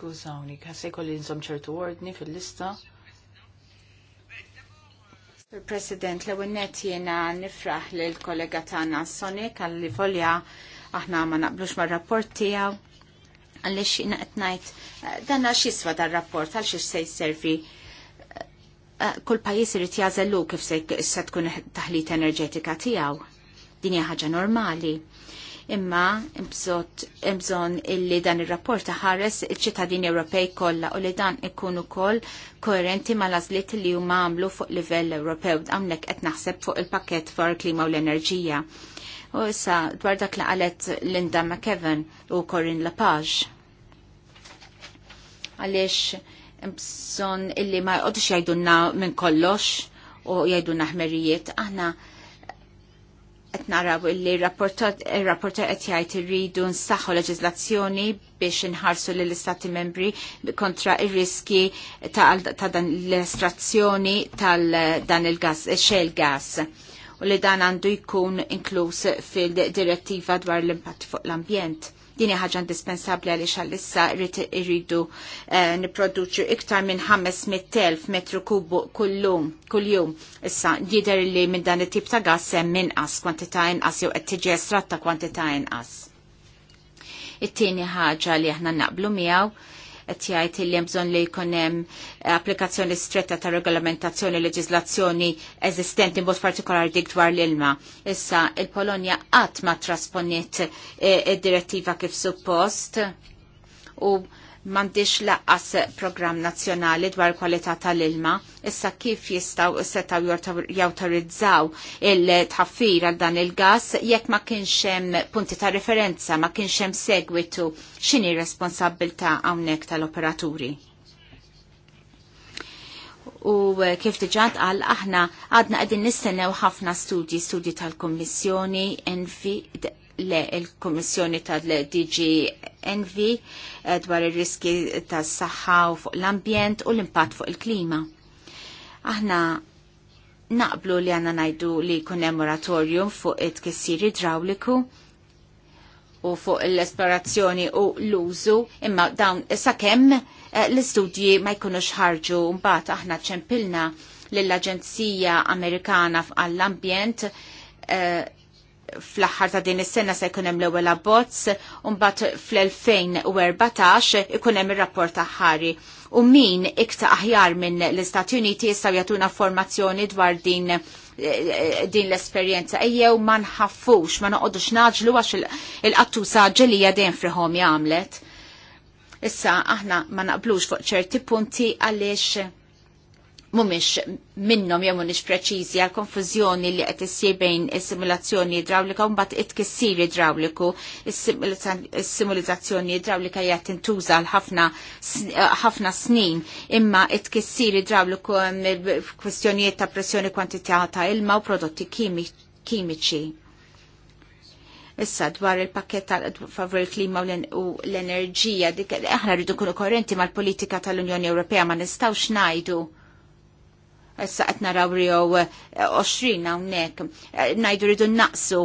Speaker 2: Skużawni, se jkolli nżom ċertu ordni fil-lista.
Speaker 1: President, l net jena nifraħ li l-kollega tana Sonic għalli folja aħna ma naqblux ma' rapport tijaw għalli xina etnajt eh, għax xiswa dal-rapport għal xiex sej servi eh, eh, kull pajis irid jazellu kif se tkun taħlit enerġetika tijaw. hija ħaġa normali imma bżonn illi dan ir-rapport ħares il ċittadini Ewropej kollha u li dan ikun ukoll koerenti ma' lażliet li huma għamlu fuq livell Ewropew hawnhekk qed naħseb fuq il pakket fuq il-klima u l-enerġija. U issa dwar dak li qalet Linda McKevin u Corinne Lepage. Għaliex imbżon illi ma jqodux jajdunna minn kollox u jajdunna ħmerijiet. Aħna qed naraw li r rapporta qed jgħid irridu nsaħħu leġiżlazzjoni biex inħarsu lill istati membri kontra ir-riski ta' dan l-estrazzjoni tal dan il-gas, xel gas u li dan għandu jkun inkluż fil-direttiva dwar l-impatt fuq l-ambjent. Dini ħaġa indispensabli għaliex xallissa irridu eh, niproduċu iktar minn 500.000 metru kubu kullum, kuljum. Issa, jider li minn dan it-tip ta' gas hemm inqas kwantita' inqas jew qed tiġi ta' kwantita inqas. It-tieni ħaġa li aħna naqblu miegħu qed jgħid li hemm bżonn li jkun hemm applikazzjoni stretta ta' regolamentazzjoni leġizlazzjoni eżistenti b'mod partikolari dik dwar l-ilma. Issa il-Polonja qatt ma trasponiet eh, id-direttiva kif suppost u mandiċ laqqas program nazjonali dwar kwalità tal-ilma, issa kif jistaw setaw jawtorizzaw il-tħaffir għal dan il-gas jekk ma kienxem punti ta' referenza, ma kienxem segwitu xini responsabilta għawnek tal-operaturi. U eh, kif diġat għal aħna għadna għedin nistennew ħafna studji, studji tal-Kommissjoni, Envi, le il-Kommissjoni tal-DG Envi eh, dwar ir-riski tas-saħħa u fuq l-ambjent u l-impatt fuq il-klima. Aħna naqblu li għanna najdu li kunem moratorium fuq it-kessir idrawliku u fuq l-esplorazzjoni u l-użu imma dawn sakemm eh, l-istudji ma jkunux ħarġu mbagħad aħna ċempilna lill-Aġenzija Amerikana għall-Ambjent eh, fl-aħħar ta' din is-sena se jkun hemm l-ewwel abbozz u mbagħad fl-2014 ikun hemm ir-rapport aħħari. U min ikta aħjar minn l-Istati Uniti jistgħu jagħtuna formazzjoni dwar din eh, eh, din l esperjenza ejjew ma nħaffux, ma noqodux naġlu għax il-qattusa ġelija dejjem friħom jagħmlet. Issa aħna ma naqblux fuq ċerti punti għaliex mumiex minnom jew mhumiex preċiżi għal konfużjoni li qed issir bejn is-simulazzjoni idrawlika u mbagħad it idrawliku. Is-simulizzazzjoni idrawlika hija tintuża għal ħafna eh, snin, imma it idrawliku kwestjonijiet ta' pressjoni kwantità ta' ilma u prodotti kimiċi. Issa dwar il-pakket tal-favor il-klima u l-enerġija, aħna rridu kunu korrenti mal-politika tal-Unjoni Ewropea ma nistawx najdu issa qed naraw rjow 20 eh, hawnhekk eh, ngħidu rridu naqsu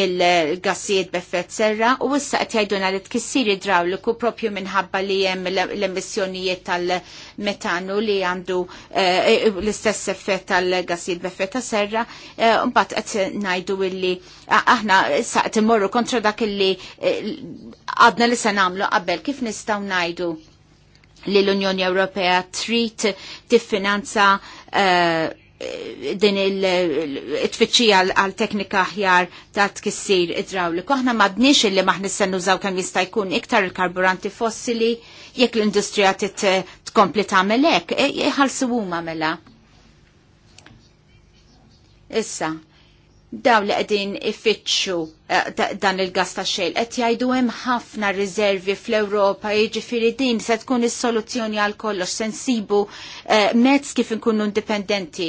Speaker 1: il-gassijiet b'effett serra u issa qed jgħiduna li tkissir idrawliku propju minħabba li hemm l-emissjonijiet tal-metanu li għandu eh, l-istess effett tal-gassijiet b'effett ta' serra mbagħad qed ngħidu illi aħna issa qed immorru kontra dak illi għadna li se nagħmlu qabel kif nistgħu ngħidu li l-Unjoni Ewropea trid tiffinanza eh, din il-tfittxija għal teknika ħjar ta' tkissir idrawliku. Aħna ma bnix illi maħni se nużaw kemm jista' jkun iktar il-karburanti fossili jekk l-industrija tkompli tagħmel hekk, e, e, ħalsu huma mela. Issa, daw li qegħdin ifittxu eh, dan il-gas ta' xejl qed jgħidu hemm ħafna riservi fl-Ewropa jiġifieri din se tkun is-soluzzjoni għal kollox se nsibu eh, mezz kif inkunu indipendenti.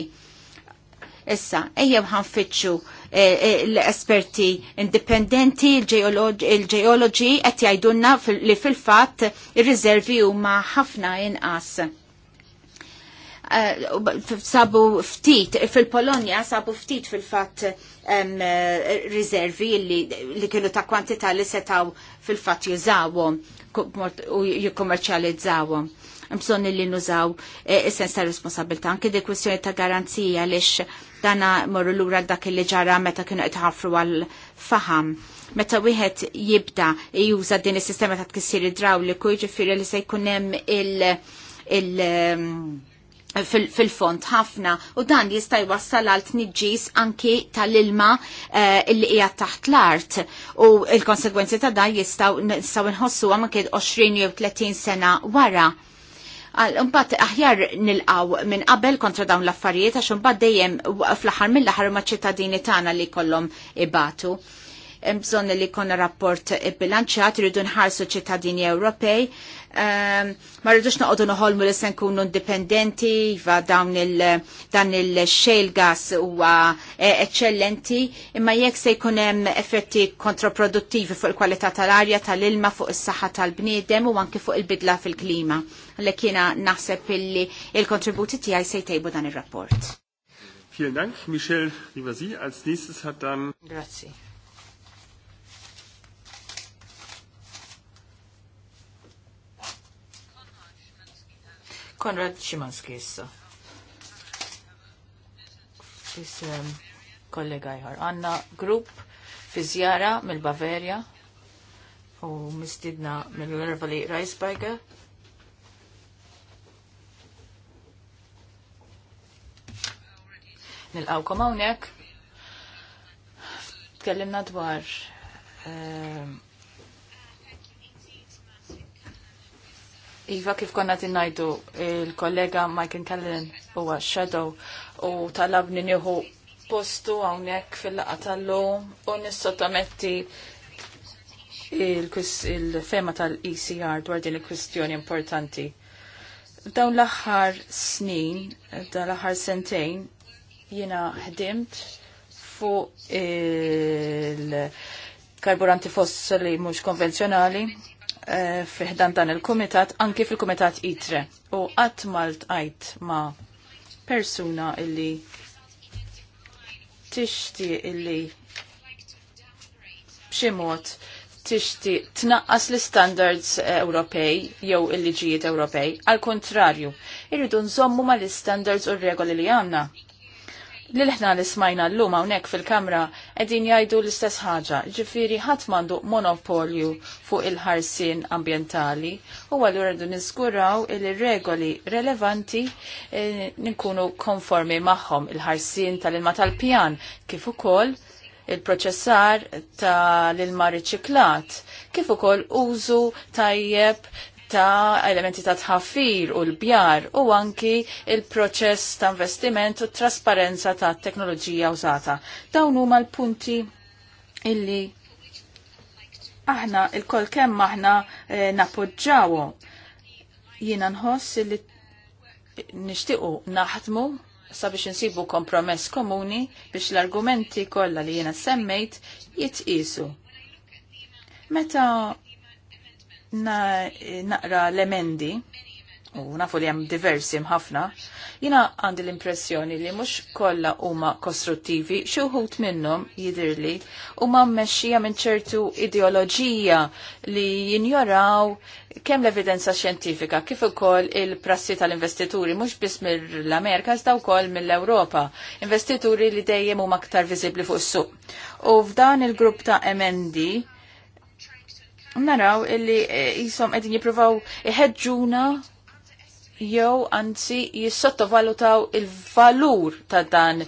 Speaker 1: Issa, ejjew fitxu eh, l-esperti indipendenti, il-ġeologi, qed jgħidulna li fil-fatt ir-riservi huma ħafna inqas Eh, sabu ftit, fil-Polonja sabu ftit fil-fat eh, riservi li kienu ta' kwantita li setaw fil-fat jużawhom u jikkommerċjalizzawhom bżon li nużaw eh, is-sens ta' responsabilta' Anki di kwestjoni ta' garanzija lix dana morru lura dak li ġara meta kienu qed għal faham. Meta wieħed jibda juża din is-sistema ta' tkissir idrawliku jiġifieri li se jkun hemm il- il- Eh, fil-font ħafna u dan jista' jwassal għalt nidġis anki tal-ilma eh, il-li hija taħt l-art u l-konsegwenzi ta' dan jistgħu nistgħu nħossu kied 20 jew 30 sena wara. Unbat aħjar nilqaw minn qabel kontra dawn l-affarijiet għax imbagħad dejjem fl-aħħar mill-aħħar ma' ċittadini tagħna li jkollhom ibatu. E bżonn li jkollna rapport bilanċjat, irridu nħarsu ċittadini Ewropej. Um, ma rridux noqogħdu noħolmu li se nkunu indipendenti, iva dawn il dan il-xejl gas huwa e, eċċellenti, imma jekk se jkun hemm effetti kontraproduttivi fuq il-kwalità tal-arja, tal-ilma, fuq is-saħħa tal-bniedem u anke fuq il-bidla fil-klima. Għalhekk jiena naħseb illi il-kontributi tiegħi se jtejbu dan ir-rapport. Vielen Dank, Michelle Rivasi. Als nächstes hat dann... Grazie.
Speaker 2: Konrad Szymanski issa. Isem kollega jħar. Għanna grupp fi zjara mill bavaria u mistidna mill-Nervali Reisberger. nil għaw komawnek. Tkellimna dwar ehm, Iva kif konna tinnajdu il-kollega Michael Callen huwa Shadow u talabni nieħu postu hawnhekk fil-laqa tal-lum u nissottometti il-fema tal-ECR dwar din il-kwistjoni importanti. Dawn l-aħħar snin, dawn l-aħħar sentejn, jiena ħdimt fuq il-karburanti fossili mhux konvenzjonali Eh, fiħdan dan il-komitat, anki fil-komitat ITRE. U għat malt għajt ma persuna illi tixti illi bximot tixti tnaqqas l-standards eh, Ewropej jew il-liġijiet Ewropej. Al kontrarju, irridu nżommu ma li standards u r-regoli li għanna li l-ħna li smajna l-lum hawnhekk fil-kamra qegħdin jgħidu l-istess ħaġa, ġifiri ħadd m'għandu monopolju fuq il-ħarsien ambjentali u għallu rridu niżguraw li regoli relevanti ninkunu eh, konformi magħhom il-ħarsien tal-ilma tal-pjan kif ukoll il-proċessar tal-ilma riċiklat, kif ukoll użu tajjeb ta' elementi ta' tħafir u l-bjar u anki il-proċess ta' investiment u trasparenza ta' teknoloġija użata. Dawn huma l-punti illi aħna il-kol kemm aħna eh, napoġġawo. Jiena nħoss illi nixtiequ naħdmu sabiex insibu kompromess komuni biex l-argumenti kollha li jiena semmejt jitqisu. Meta na, naqra l-emendi, u nafu li hemm diversi mħafna, jina għandi l-impressjoni li mhux kollha huma kostruttivi, xi wħud minnhom jidhirli huma mmexxija minn ċertu ideoloġija li jinjoraw kemm l-evidenza xjentifika kif ukoll il-prassi tal-investituri mhux biss mill-Amerika iżda wkoll mill-Ewropa, investituri li dejjem huma aktar viżibbli fuq is-suq. U f'dan il-grupp ta' emendi naraw illi eh, jisom għedin jipruvaw iħedġuna jew anzi jissottovalutaw il-valur ta' dan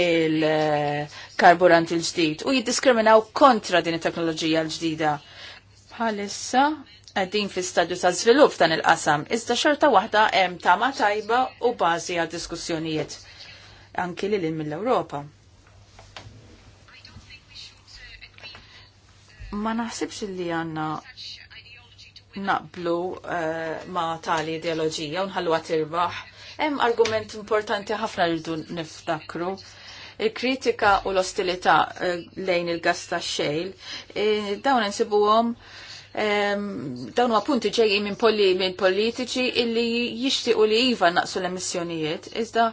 Speaker 2: il-karburant il-ġdid u jiddiskriminaw kontra din it-teknoloġija l-ġdida. Bħalissa għedin fi stadju ta' zvilup dan il-qasam, iżda xorta waħda hemm tama tajba u bażi għal diskussjonijiet anki li l-in mill-Ewropa. ma naħsibx li għanna naqblu uh, ma tali ideologija unħallu tirbaħ. Hemm argument importanti ħafna li niftakru. Il-kritika u l-ostilità uh, lejn il-gas ta' xejl, uh, dawn insibuhom um, dawn huwa punti ġejjin minn poli, min politiċi illi jixtiequ li iva naqsu l-emissjonijiet, iżda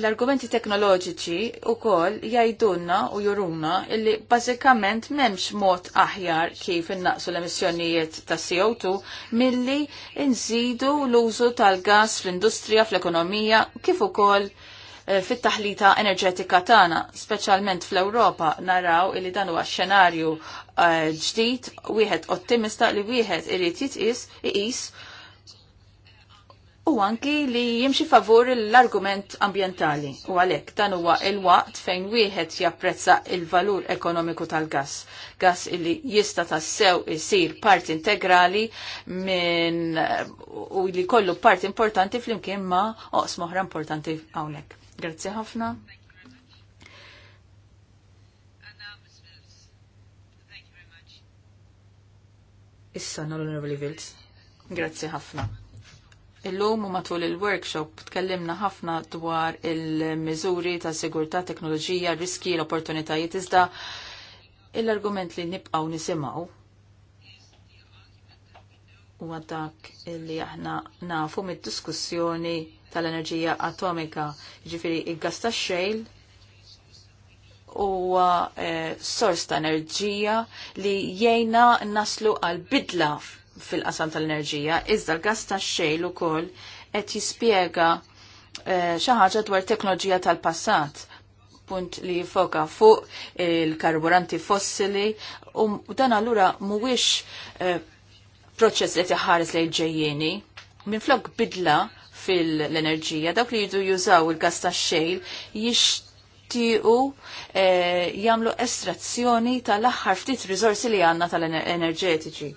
Speaker 2: l-argumenti teknoloġiċi u kol jajdunna u juruna illi bazikament memx mod aħjar kif innaqsu l-emissjonijiet ta' CO2 milli nżidu l-użu tal-gas fl-industrija, fl-ekonomija, kif u kol eh, fit-taħlita enerġetika tagħna, speċjalment fl-Ewropa naraw illi dan huwa xenarju eh, ġdid wieħed ottimista li wieħed irid jitqis iqis u anki li jimxi favur l-argument ambientali u għalek dan huwa il-waqt fejn wieħed japprezza il-valur ekonomiku tal-gas. Gas li jista tassew isir part integrali minn eh, u li kollu part importanti fl-imkien ma oqs moħra importanti hawnhekk. Grazzi ħafna. Issa, l-Onorevoli Vils. Grazzi ħafna. Illum u matul il-workshop tkellimna ħafna dwar il-miżuri ta' sigurtà teknoloġija, riski, l-opportunitajiet iżda l-argument li nibqaw nisimaw u dak li aħna nafu mid-diskussjoni tal-enerġija atomika, ġifiri il-gas ta' xejl u eh, sors ta' enerġija li jgħina naslu għal bidla fil-qasam tal-enerġija, iżda l-gas tax-xejl ukoll qed jispjega eh, xi ħaġa dwar teknoloġija tal-passat punt li jifoka fuq il-karburanti fossili u dan allura mhuwiex eh, proċess li tiħares lejn ġejjieni minflok bidla fil-enerġija dawk li jidu jużaw il-gas tax-xejl jix jixtiequ eh, jagħmlu estrazzjoni tal-aħħar ftit riżorsi li għandna tal-enerġetiċi.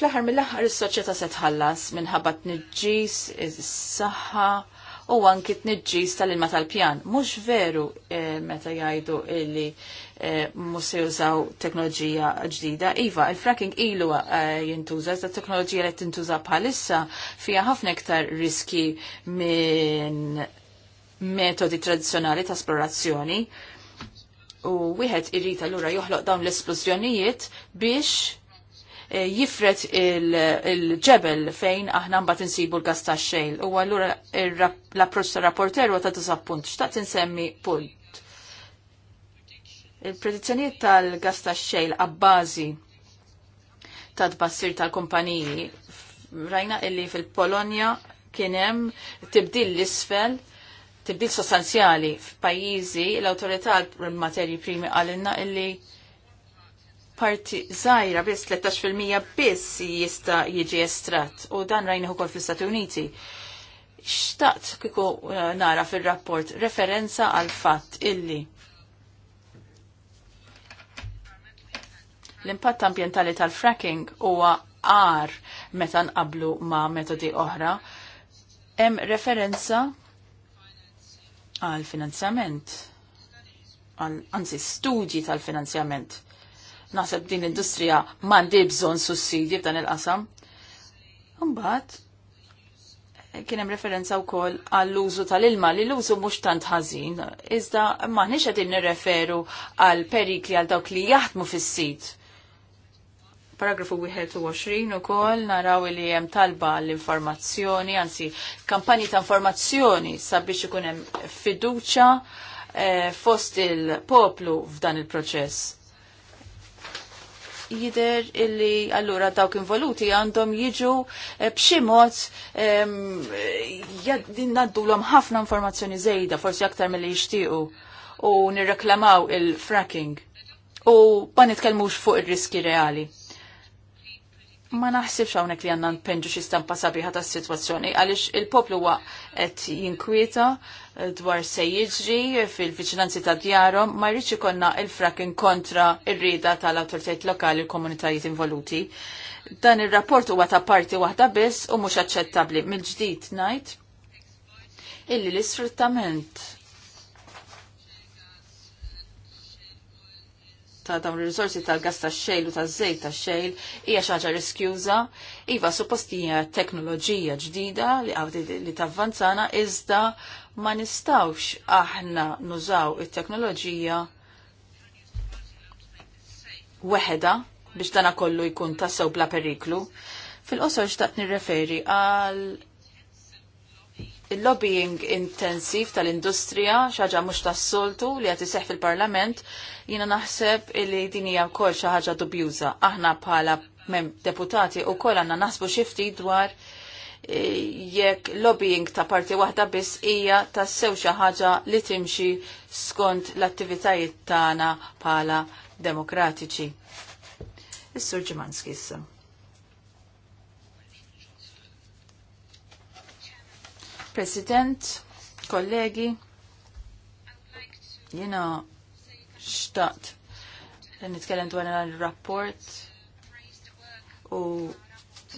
Speaker 2: Fl-aħħar mill-aħħar is soċieta se tħallas minħabba tniġġis, is-saħħa u anki tniġġis tal-ilma tal-pjan. Mhux veru eh, meta jgħidu illi eh, mhux se jużaw teknoloġija ġdida. Iva, il-fracking ilu eh, jintuża, iżda teknoloġija li tintuża bħalissa fiha ħafna iktar riski minn metodi tradizzjonali ta' esplorazzjoni u wieħed l allura joħloq dawn l-esplużjonijiet biex jifret il-ġebel fejn aħna mbagħad insibu l-gas tax-xejl. U allura l-approċċ ta' rapporter ta' disappunt x'taqt insemmi punt. Il-predizzjonijiet tal-gas tax-xejl abbażi ta' tbassir tal-kumpaniji rajna illi fil-Polonja kien hemm tibdil l-isfel tibdil sostanzjali f'pajjiżi l-awtorità l-materji primi għalinna illi parti zaħira biss 13% biss jista jiġi estrat u dan rajni ukoll fl-Istati Uniti. Xtaqt kiku eh, nara fil-rapport referenza għal fatt illi l-impatt ambientali tal-fracking huwa għar meta nqablu ma' metodi oħra. Hemm referenza għal finanzjament, għal anzi studji tal-finanzjament naħseb din l-industrija mandi bżon sussidji f'dan il-qasam. Umbat, kien hemm referenza wkoll għall-użu tal-ilma li l-użu mhux tant ħażin, iżda m'aħniex qegħdin nirreferu għal perikli għal dawk li jaħdmu fis-sit. Paragrafu 21 ukoll naraw li hemm talba l-informazzjoni, anzi kampanji ta' informazzjoni sabiex ikun hemm fiduċja eh, fost il-poplu f'dan il-proċess jider illi allura dawk involuti għandhom jiġu eh, b'xi l jaddinnadulhom ħafna informazzjoni żejda forsi aktar mill-li jixtiequ u nirreklamaw il-fracking. U ma nitkellmux fuq ir-riski reali ma naħsibx hawnhekk li għandna npenġu xi stampa sabiħa tas-sitwazzjoni għaliex il-poplu huwa qed jinkwieta eh, dwar se jiġri fil-viċinanzi ta' djarhom ma jridx ikollna il-fracking kontra ir-rieda tal-awtoritajiet lokali u komunitajiet involuti. Dan ir-rapport huwa ta' parti waħda biss u mhux aċċettabbli mill-ġdid ngħid illi l-isfruttament ta' dawn il-rizorsi tal-gas ta' xejl u ta' zejt ta' xejl hija xi ħaġa riskjuża. Iva suppost hija teknoloġija ġdida li għawdi li tavvanzana iżda ma nistawx aħna nużaw it-teknoloġija weħeda biex dana kollu jkun tassew bla periklu. Fil-qosor xtaqt nirreferi għal il-lobbying intensiv tal-industrija, xaġa mux tas-soltu li għati seħ fil-parlament, jina naħseb li dinija kol xaħġa dubjuża. Aħna bħala deputati u kol għanna naħsbu xifti dwar eh, jekk lobbying ta' parti waħda biss hija ta' sew ħaġa li timxi skont l-attivitajiet tagħna bħala demokratiċi. Is-Sur Ġimanski issa. President, kollegi, jena xtaqt nitkellem dwar il-rapport u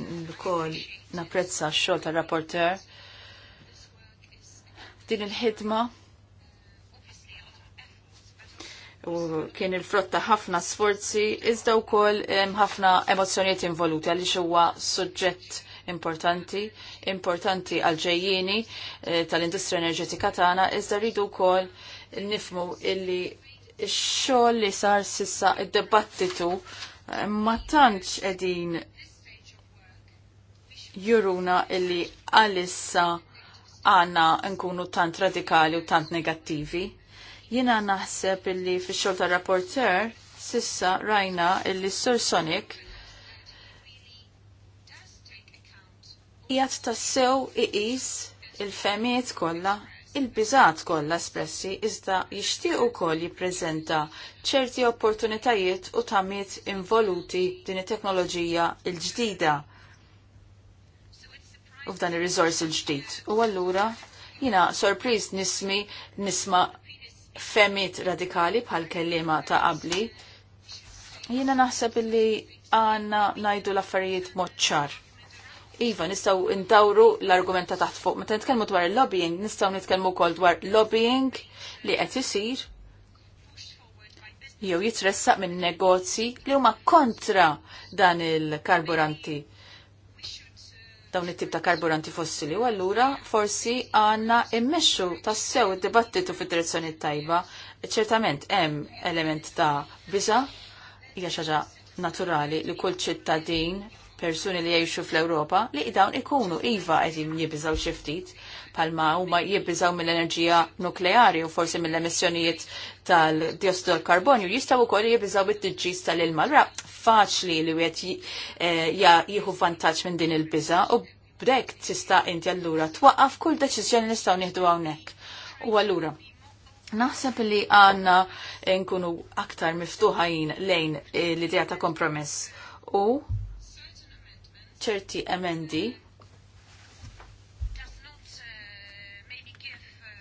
Speaker 2: l-kol naprezza xol tar rapporter din il-ħidma u kien il-frotta ħafna sforzi iżda wkoll ħafna emozzjonijiet involuti għaliex huwa suġġett importanti importanti għal-ġejjini eh, tal-industrija enerġetika tagħna, iżda rridu wkoll nifmu illi x-xogħol li sar sissa id-dibattitu eh, ma tantx qegħdin juruna illi għalissa għanna nkunu tant radikali u tant negattivi. Jina naħseb illi fi xol ta' rapporter sissa rajna illi Sur Sonic jgħat tassew iqis il-femiet kolla, il-bizat kolla espressi, iżda jishtiq u koll jiprezenta ċerti opportunitajiet u tamiet involuti din it-teknoloġija il-ġdida u f'dan il-rizors il-ġdid. U għallura jina sorpriz nismi nisma femiet radikali bħal kellima ta' qabli. Jina naħseb illi għanna najdu l-affarijiet moċċar Iva, nistaw ndawru l-argument ta' taħt fuq. Meta nitkellmu dwar il-lobbying, nistaw nitkellmu wkoll dwar lobbying li qed isir jew jitressaq minn negozji li huma kontra dan il-karburanti dawn it-tip ta' karburanti fossili. U allura forsi għandna immexxu tassew id-dibattitu fid-direzzjoni tajba. Ċertament hemm element ta' biża hija xaġa naturali li kull ċittadin persuni li jgħixu fl-Ewropa li dawn ikunu iva qed jibbiżaw xi ftit u huma jibbiżaw mill-enerġija nukleari u forsi mill-emissjonijiet tal-diossidu tal-karbonju jistgħu wkoll jibbiżaw bit-tiġġis tal-ilma. Ra faċli li wieħed eh, jieħu vantaġġ minn din il-biża u b'dek tista' inti allura twaqqaf kull deċiżjoni nistgħu nieħdu hawnhekk. U allura Naħseb li għanna nkunu aktar miftuħajn lejn eh, l-idea ta' kompromess u ċerti emendi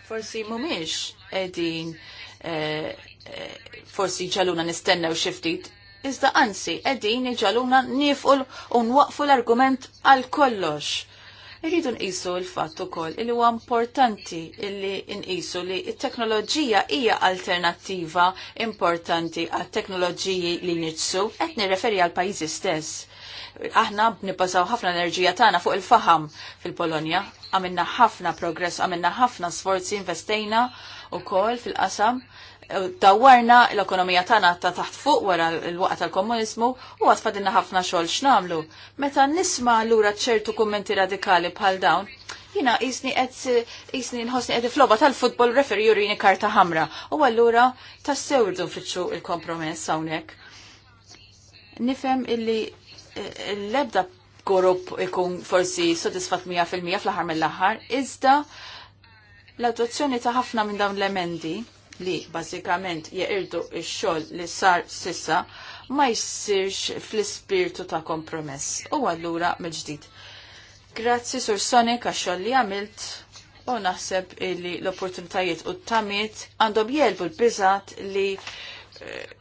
Speaker 2: forsi mumiex edin eh, eh, forsi ġaluna nistennew xiftit iżda għansi, edin ġaluna nifqul u nwaqfu l-argument għal kollox. Irridu nqisu l-fatt ukoll li huwa importanti illi nqisu li t-teknoloġija hija alternattiva importanti għat teknoloġiji li nitsu qed nirreferi għal pajjiżi stess. Aħna nibbażaw ħafna enerġija tagħna fuq il-faham fil-Polonja. Għamilna ħafna progress, għamilna ħafna sforzi investejna wkoll fil-qasam e, dawarna l-ekonomija tagħna ta' taħt fuq wara l-waqt tal-komuniżmu u għatfadilna ħafna xogħol x'namlu. Meta nisma' lura ċertu kummenti radikali bħal dawn, jina jisni qed jisni nħossni qed floba tal-futbol referi jurini karta ħamra u allura tassewrdu fitxu il-kompromess hawnhekk. Nifhem illi l-ebda korup ikun forsi sodisfat 100% fl-aħħar mill-aħħar, iżda l-adozzjoni ta' ħafna minn dawn l-emendi li bażikament jeqirdu il xogħol li sar sissa ma jsirx fl-ispirtu ta' kompromess. U allura mill-ġdid. Grazzi Sur Sonic għax-xogħol li għamilt u naħseb li l-opportunitajiet u t-tamiet għandhom jelbu l bizat li eh,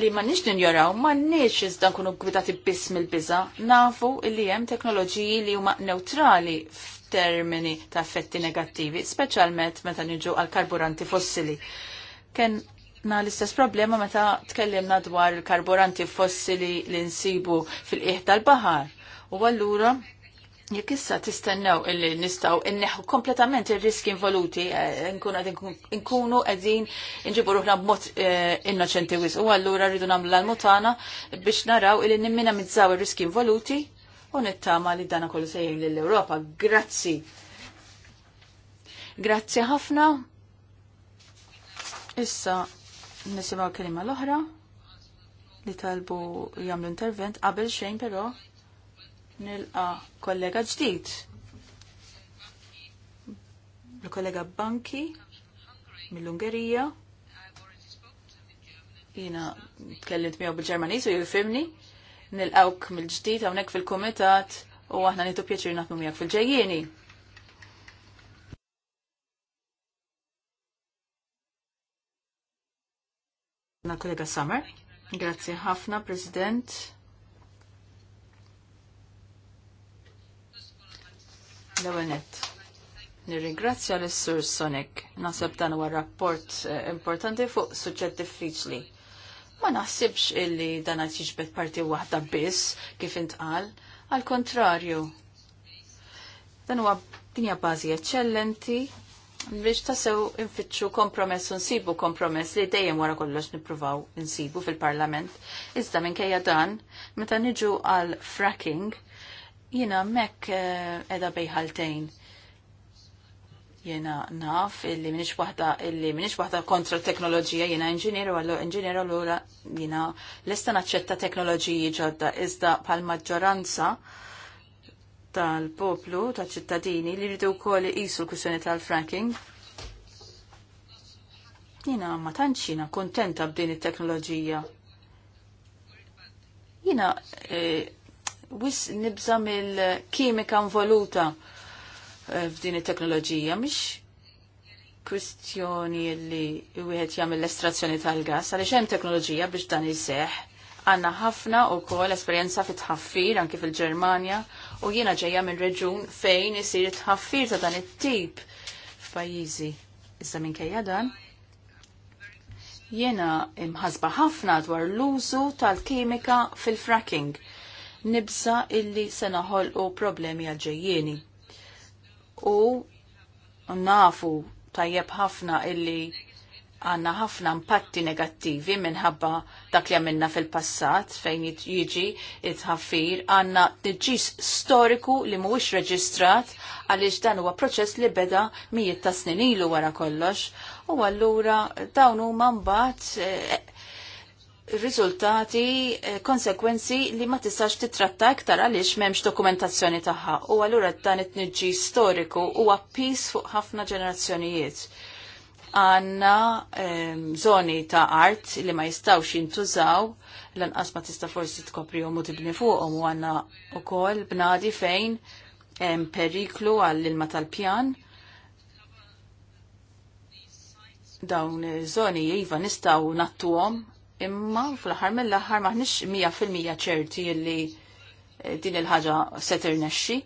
Speaker 2: li ma nix ninjoraw, ma nix iżda nkunu gwidati biss mill-biża, nafu li hemm teknoloġiji li huma neutrali f'termini ta' effetti negattivi, speċjalment meta niġu għal karburanti fossili. Ken na l-istess problema meta tkellimna dwar il-karburanti fossili li nsibu fil-qiegħ tal-baħar. U allura Jek issa tistennew illi nistaw inneħu kompletament il-riski involuti, eh, nkunu għedin nġibu ruħna b'mod eh, innoċenti wis. U għallura rridu namlu l-mutana biex naraw illi nimmina mizzaw il-riski involuti u nittama li dana kollu sejjim l-Europa. Grazzi. Grazzi ħafna. Issa nisimaw kelima l-oħra li talbu jamlu intervent qabel xejn però nilqa kollega ġdid. Il-kollega Banki mill-Ungerija. Jina tkellimt miegħu bil-Ġermaniż u jifhimni. Nilqawk mill-ġdid hawnhekk fil-kumitat u aħna nitu pjaċir naħdmu miegħek fil-ġejjieni. kollega Summer. Grazie ħafna, President. L-ewwel nett. Nirringrazzja l sur Sonic. Naħseb dan huwa rapport eh, importanti fuq suġġett diffiċli. Ma naħsibx illi dan qed jiġbed parti waħda biss kif intqal, għal kontrarju. Dan huwa dinja bażi eċċellenti biex tasew infittxu kompromess u nsibu kompromess li dejjem wara kollox nippruvaw insibu fil-Parlament. Iżda minkejja dan, meta niġu għal fracking, jina mekk eh, edha bejħaltejn. Jena naf illi minix wahda illi minix wahda kontra teknoloġija jena inġinier u għallu inġinier u l jena lista naċċetta teknoloġiji ġodda iżda pal maġġoranza tal-poplu, tal-ċittadini li rridu wkoll iqisu l kussjoni tal-franking. Jena ma tantx jiena kontenta b'din it-teknoloġija. Jena eh, wis nibza mill-kimika involuta eh, f'din it-teknoloġija, mhix kwistjoni li wieħed jagħmel l-estrazzjoni tal-gas, għaliex hemm teknoloġija biex dan iseħħ. Għandna ħafna wkoll esperjenza fit tħaffir anke fil-Ġermanja u jiena ġejja minn reġun fejn isir tħaffir ta' dan it-tip f'pajjiżi. Issa minkejja dan. Jiena imħasba ħafna dwar l-użu tal-kimika fil-fracking nibsa illi se naħolqu problemi għalġejjeni. U nafu tajjeb ħafna illi għanna ħafna impatti negattivi minħabba dak li għamilna fil-passat fejn jiġi it-ħaffir għanna tġis storiku li mhuwiex reġistrat għaliex dan huwa proċess li beda mijiet ta' snin ilu wara kollox u allura dawn huma mbagħad eh, riżultati, eh, konsekwenzi li ma tistax titratta iktar għaliex m'hemmx dokumentazzjoni tagħha. U allura dan it nġi storiku huwa għappis fuq ħafna ġenerazzjonijiet. Għanna ehm, zoni ta' art li ma jistawx jintużaw, lanqas ma tista' forsi tkoprihom u tibni fuqhom u għandna wkoll bnadi fejn periklu għall-ilma tal-pjan. dawn eh, zoni żoni jiva nistaw nattuhom Imma fl-aħħar mill-aħħar maħniex 100% ċerti li eh, din il-ħaġa setter nesċi.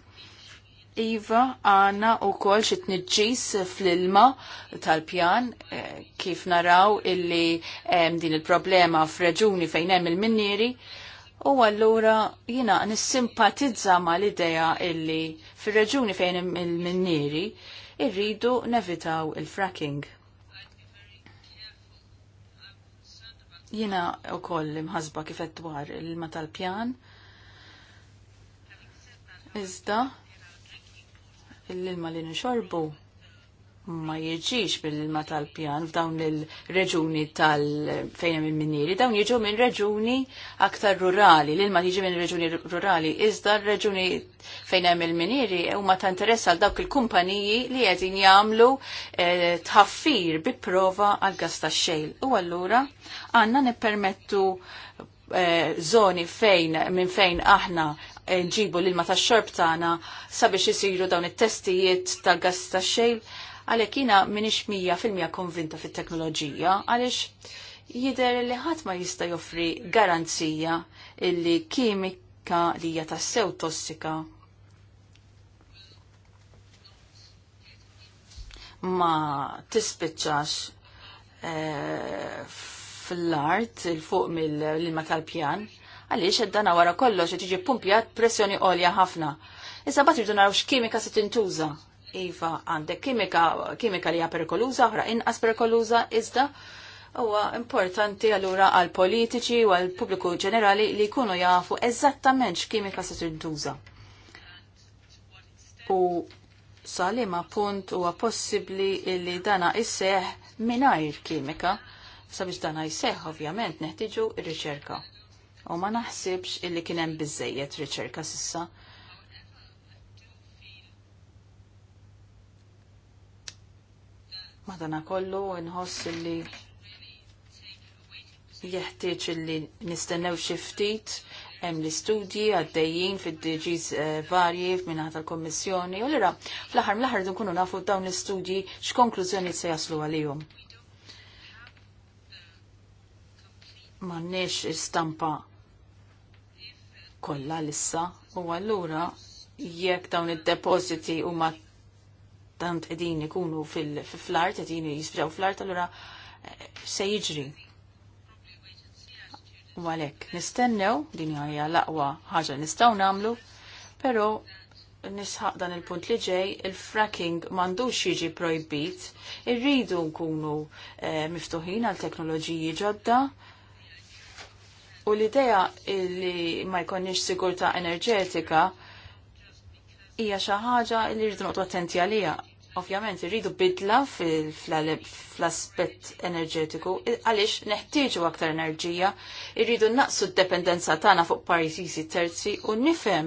Speaker 2: Iva, għana u kol xit nġis fl-ilma tal-pjan eh, kif naraw illi eh, din il-problema f'reġuni fejn hemm il minniri U allura jina nissimpatizza ma l-idea illi f reġuni fejn hemm il-minnieri irridu nevitaw il-fracking. Jina u koll imħazba kifet dwar il-ma tal-pjan. Iżda, l-ilma li nxorbu ma jieġiġ bil-ilma tal-pjan f'dawn il-reġuni tal-fejn minn miniri, dawn jiġu minn reġuni aktar rurali, l-ilma jieġi minn reġuni rurali, iżda reġuni fejn hemm il-miniri huma ta' interess għal dawk il-kumpaniji li qegħdin jagħmlu eh, tħaffir bi prova għal gas tax-xejl. U allura għandna nippermettu eh, zoni fejn minn fejn aħna nġibu l-ilma tax-xorb tagħna sabiex isiru dawn it-testijiet tal-gas tax-xejl Għalhekk jiena minix mija fil-mija konvinta fit-teknoloġija għaliex jidher li ħadd ma jista' joffri garanzija illi kimika li hija tassew tossika ma tispiċċax eh, fl-art il-fuq mill-ilma tal-pjan għaliex id wara kollox qed pumpjat pressjoni għolja ħafna. Issa bat irdu naraw x'kimika se tintuża. Iva għandek kimika, kimika li hija perikoluża, oħra inqas perikoluża, iżda huwa importanti allura għal politiċi u għal pubbliku ġenerali li jkunu jafu eżattament x'kimika se tintuża. U salima punt huwa possibbli li dana isseħ mingħajr kimika sabiex dana jseħ ovvjament neħtiġu r-riċerka. U ma naħsibx illi kien hemm biżejjed riċerka sissa Madana kollu nħoss li jeħtieġ li nistennew xi ftit hemm l-istudji għaddejjin fid-DGs eh, varji minnaħat tal-Kommissjoni u lura. fl-aħħar mill-aħħar nkunu nafu dawn l-istudji x'konklużjoni se jaslu għalihom. M'għandniex istampa kollha lissa u allura jekk dawn id-depożiti huma tant edin ikunu fil-flart, edin jisbġaw flart, allura eh, se jiġri. U għalek, nistennew, din jgħajja l-aqwa ħaġa nistaw namlu, pero nisħaq dan il-punt li ġej, il-fracking mandux jiġi projbit, irridu nkunu eh, miftuħin għal teknoloġiji ġodda, u l-idea li ma jkonniex sigurta enerġetika hija xi ħaġa li rridu noqgħdu attenti għaliha. Ovvjament irridu bidla fl-aspett enerġetiku għaliex neħtieġu aktar enerġija, irridu naqsu d-dependenza tagħna fuq pajjiżi terzi u nifhem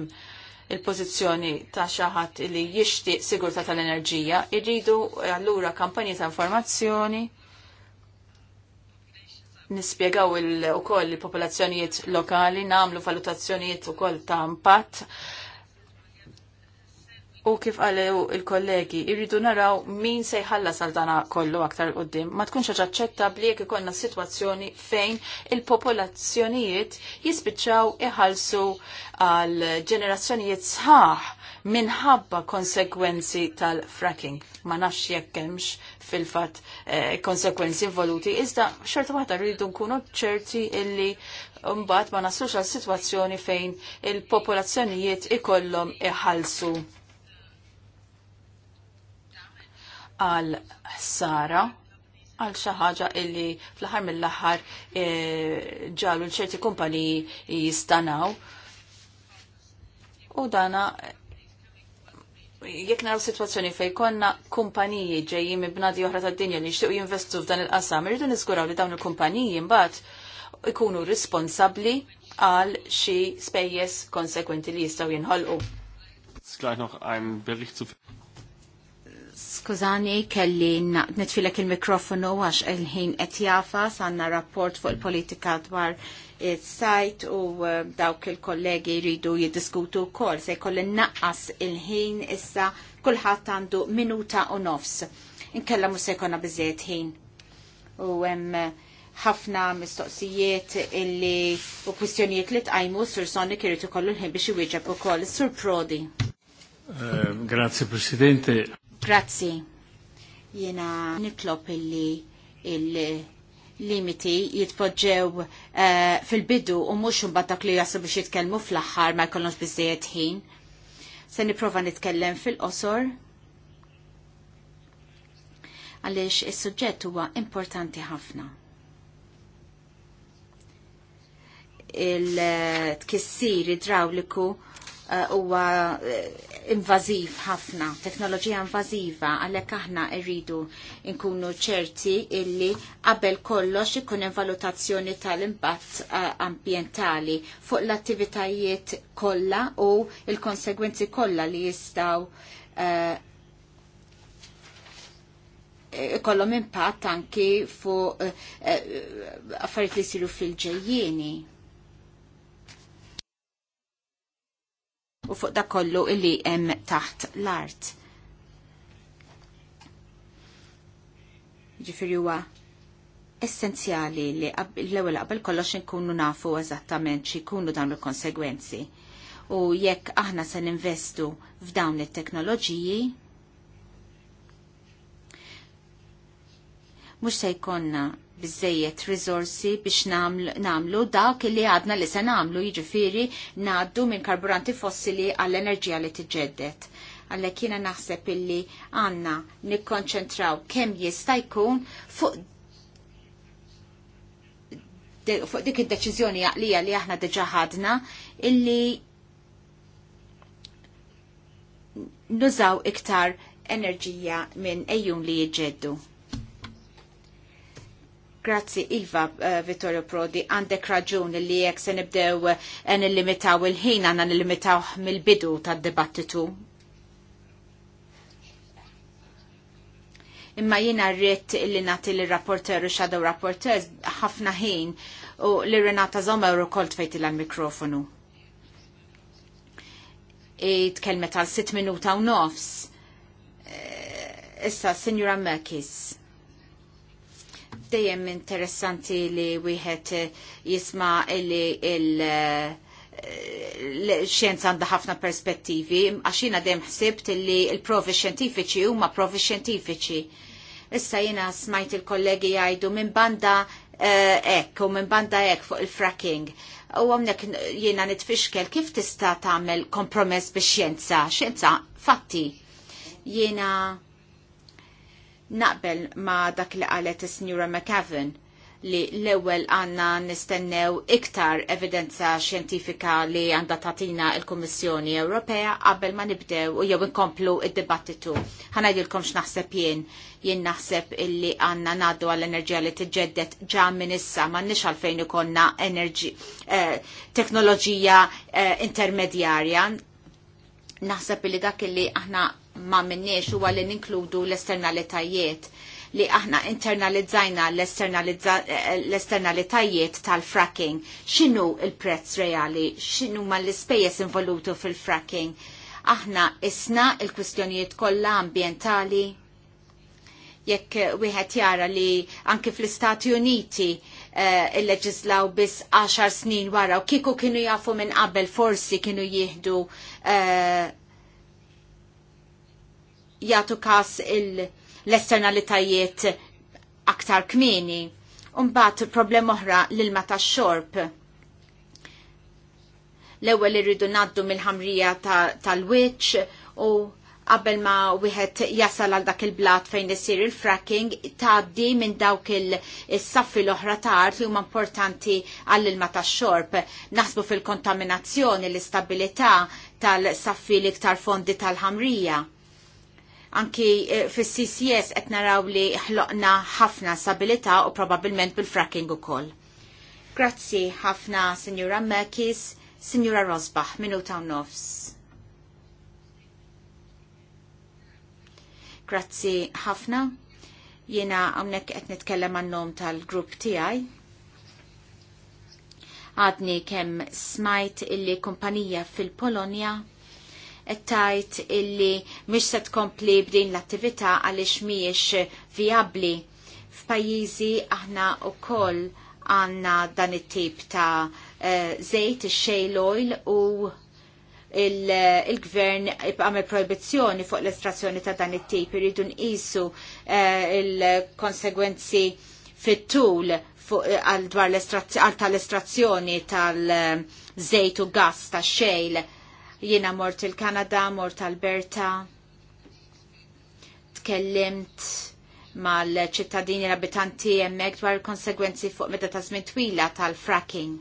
Speaker 2: il-pożizzjoni ta' xi ħadd li jixtieq sigurtà tal-enerġija, irridu allura kampanji ta' informazzjoni nispjegaw il-ukoll il-popolazzjonijiet lokali, namlu valutazzjonijiet ukoll ta' impatt U kif għalew il-kollegi, irridu naraw min se jħallas għal dana kollu aktar qoddim. Ma tkunx ċaċċettabli jekk ikollna situazzjoni fejn il-popolazzjonijiet jispiċċaw iħallsu għal ġenerazzjonijiet sħaħ minħabba konsegwenzi tal-fracking. Ma nafx jekk hemmx fil-fatt eh, konsekwenzi involuti, iżda xorta waħda rridu nkunu ċerti illi mbagħad ma naslux għal situazzjoni fejn il-popolazzjonijiet ikollhom iħallsu għal ħsara għal xi ħaġa illi fl-aħħar mill-aħħar e, ġalu l-ċerti kumpani jistanaw. U dana jekk naraw situazzjoni fej konna kumpaniji ġejjin minn bnadi oħra tad-dinja li jixtiequ jinvestu f'dan il-qasam, irridu niżguraw li dawn il-kumpaniji mbagħad ikunu responsabbli għal xi spejjeż konsekwenti li jistgħu jinħolqu.
Speaker 1: Skużani, kelli nitfilek il-mikrofonu għax il-ħin qed jafas għandna rapport fuq il-politika dwar il-sajt u eh, dawk il-kollegi jridu jiddiskutu wkoll se kolli naqqas il-ħin issa kulħadd għandu minuta u nofs. Inkella mhux se jkollna biżejjed ħin. U hemm eh, ħafna mistoqsijiet illi u kwistjonijiet li tqajmu sur Sonic irid ikollu l-ħin biex iwieġeb ukoll. Sur Prodi.
Speaker 3: Eh, grazie Presidente.
Speaker 1: Grazzi. Jena nitlob illi il-limiti jitpoġġew eh, fil-bidu u mux dak li jassu biex jitkellmu fl-axħar ma jkollhomx biżejjed ħin. Se niprofa nitkellem fil-qosor għaliex is-suġġett huwa importanti ħafna. Il-tkissir idrawliku Eh, huwa eh, invaziv ħafna, teknoloġija invaziva, għalhekk aħna rridu nkunu ċerti illi qabel kollox ikun hemm valutazzjoni tal-impatt eh, ambjentali fuq l-attivitajiet kollha u l-konsegwenzi kollha li jistgħu ikollhom impatt anki fuq affarijiet li jsiru fil-ġejjieni u fuq da kollu illi hemm taħt l-art. Ġifiri huwa essenzjali li l-ewwel qabel kollox inkunu nafu eżattament jkunu dawn il-konsegwenzi. U jekk aħna se ninvestu f'dawn it-teknoloġiji, mhux se jkollna bizzejiet rizorsi biex namlu dak li għadna li se namlu jiġifieri ngħaddu minn karburanti fossili għall-enerġija li tiġġedded. Għallek jiena naħseb illi għandna nikkonċentraw kemm jista' jkun fuq fuq dik id-deċiżjoni għaqlija li aħna diġà ħadna illi nużaw iktar enerġija minn ejjum li jġeddu. Grazzi, Iva, eh, Vittorio Prodi, għandek raġun li jek se nibdew eh, nillimitaw il-ħin għanna nillimitaw mill-bidu tad dibattitu Imma jina rrit li nati li rapporter u shadow rapporters ħafna ħin u li Renata Zoma u kolt fejti l-mikrofonu. Itkelmet għal 6 minuta u nofs. Eh, issa, Signora Merkis. Dejjem interessanti li wieħed eh, jisma' li il-, eh, l-xienza għandha ħafna perspettivi, għax jiena dejjem ħsibt li l-provi xjentifiċi huma provi xjentifiċi. Issa jiena smajt il-kollegi jgħidu minn banda eh, hekk u minn banda hekk fuq il-fracking. U għamnek jiena nitfixkel kif tista' tagħmel kompromess bix xjenza, xjenza fatti. Jiena naqbel ma dak li qalet is-Sinjura McAvan li l-ewwel għandna nistennew iktar evidenza xjentifika li għandha tatina l-Kummissjoni Ewropea qabel ma nibdew u jew inkomplu id-dibattitu. Ħanajdilkom x'naħseb jien jien naħseb illi għandna ngħaddu għall-enerġija li tiġġedded ġa minn issa m'għandniex għalfejn ikollna enerġi eh, teknoloġija eh, intermedjarja. Naħseb illi dak illi aħna ma minniex huwa li ninkludu l-esternalitajiet li aħna internalizzajna l-esternalitajiet tal-fracking. X'inhu il-prezz reali? X'inhu ma l-ispejjeż involutu fil-fracking? Aħna isna il-kwistjonijiet kollha ambjentali? Jekk wieħed jara li anke fl-Istati Uniti uh, il-leġislaw bis 10 snin wara u kieku kienu jafu minn qabel forsi kienu jieħdu uh, jgħatu każ l-esternalitajiet aktar kmieni. Umbat problem oħra l-ilma tax-xorb l-ewwel irridu naddu mill-ħamrija tal-wiċċ u qabel ma wieħed jasal għal dak il-blat fejn isir il-fracking tgħaddi minn dawk il-saffi l-oħra ta' art li huma importanti għall ilma tax-xorb. Naħsbu fil-kontaminazzjoni l-istabilità tal-saffi l-iktar fondi tal-ħamrija. Anki eh, fis-CCS qed naraw li ħloqna ħafna stabilità u probabbilment bil-fracking ukoll. Grazzi ħafna, senjura Merkis, Sinjura Rosbach, minuta u nofs. Grazzi ħafna. Jiena għamnek qed nitkellem għannom tal-grupp tiegħi. Għadni kemm smajt illi kumpanija fil-Polonja tajt illi mish se tkompli b'din l-attività għaliex mhijiex viabli F'pajjiżi aħna wkoll għandna dan it-tip ta' eh, żejt, il shale oil u il-gvern għamel proibizjoni fuq l-estrazzjoni ta' dan it-tip, irridu nqisu eh, il-konsegwenzi fit-tul eh, għal dwar tal-estrazzjoni tal-żejt u gas ta' xejl Jiena mort il-Kanada, mort Alberta, tkellimt mal-ċittadini l-abitanti hemmhekk dwar konsegwenzi fuq meta ta' żmien twila tal-fracking.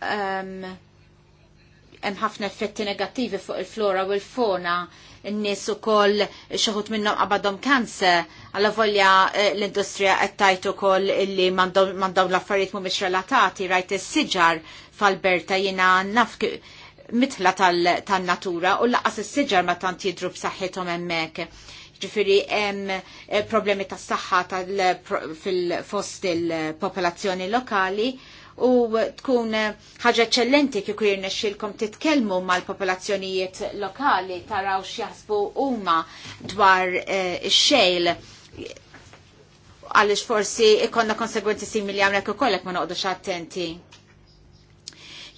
Speaker 1: Um, hemm ħafna effetti negattivi fuq il-flora u l-fona n-nies ukoll xi minnhom qabadhom kanser alla volja eh, l-industrija qed tajt ukoll illi m'għandhom l-affarijiet mhumiex relatati rajt is-siġar berta jiena naf mitla tal-natura u laqas is-siġar ma tant jidru b'saħħithom hemmhekk ġifiri hemm eh, problemi tas saħħa fil-fost il-popolazzjoni lokali u tkun ħaġa eccellenti kieku jirnexxilkom titkellmu mal-popolazzjonijiet lokali taraw x'jaħsbu huma dwar eh, ix-xejl għaliex forsi ikonna konsegwenzi simili għamlek u kollek ma noqdux attenti.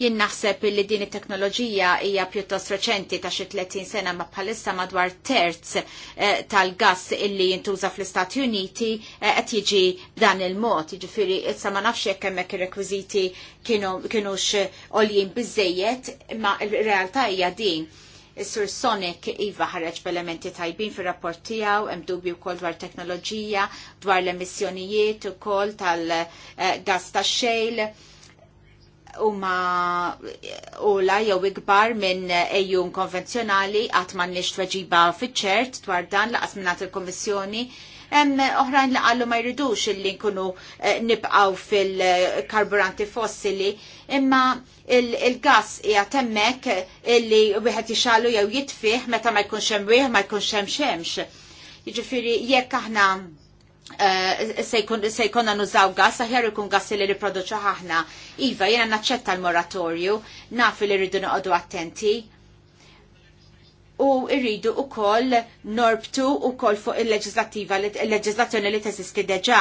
Speaker 1: Jien naħseb li din it-teknoloġija hija pjuttost reċenti ta' xi 30 sena ma bħalissa madwar terz eh, tal-gass illi jintuża fl-Istati Uniti eh, qed jiġi b'dan il-mod. Jiġifieri issa ma nafx jekk hemmhekk ir-rekwiżiti kienux għoljin biżejjed, ma r-realtà hija din. Is-Sur Sonic iva ħareġ b'elementi tajbin fir rapport tiegħu hemm dubju wkoll dwar teknoloġija, dwar l-emissjonijiet ukoll tal-gas eh, tax-xejl huma ula jew ikbar minn ejjun konvenzjonali qatt m'għandniex tweġiba fiċ-ċert dwar dan laqas mingħand il-Kummissjoni hemm oħrajn li qalu ma jridux illi nkunu eh, nibqgħu fil-karburanti fossili imma il-gas il hija temmek illi wieħed jixalu jew jitfih meta ma jkunx hemm wieħ ma jkunx hemm xemx. Jiġifieri jekk aħna Eh, se jkonna nużaw gas, aħjar ikun gas li riproduċa ħahna. Iva, jena naċċetta l-moratorju, nafu li rridu noqodu attenti. U irridu u koll norbtu u koll fuq il-leġizlazzjoni li teżisti deġa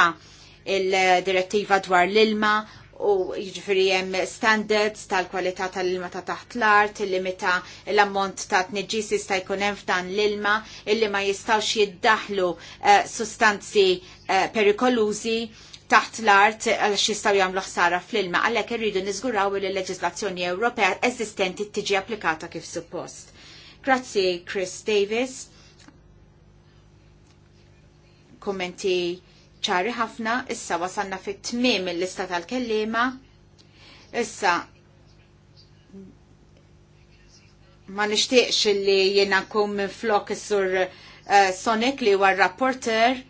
Speaker 1: il-direttiva dwar l-ilma u jiġifieri hemm standards tal-kwalità tal-ilma ta' taħt l-art, il-limita l-ammont ta' tniġġis jista' jkun hemm f'dan l-ilma, illi ma jistgħux jiddaħlu eh, sustanzi eh, perikolużi taħt l-art għax jistaw jagħmlu ħsara fl-ilma għalhekk irridu niżguraw li l-leġislazzjoni Ewropea eżistenti tiġi applikata kif suppost. Grazzi Chris Davis. Kommenti ċari ħafna, issa wasanna fit tmiem il-lista tal-kellima, issa ma nishtiqx li jena kum minn flok sur uh, eh, Sonic li war rapporter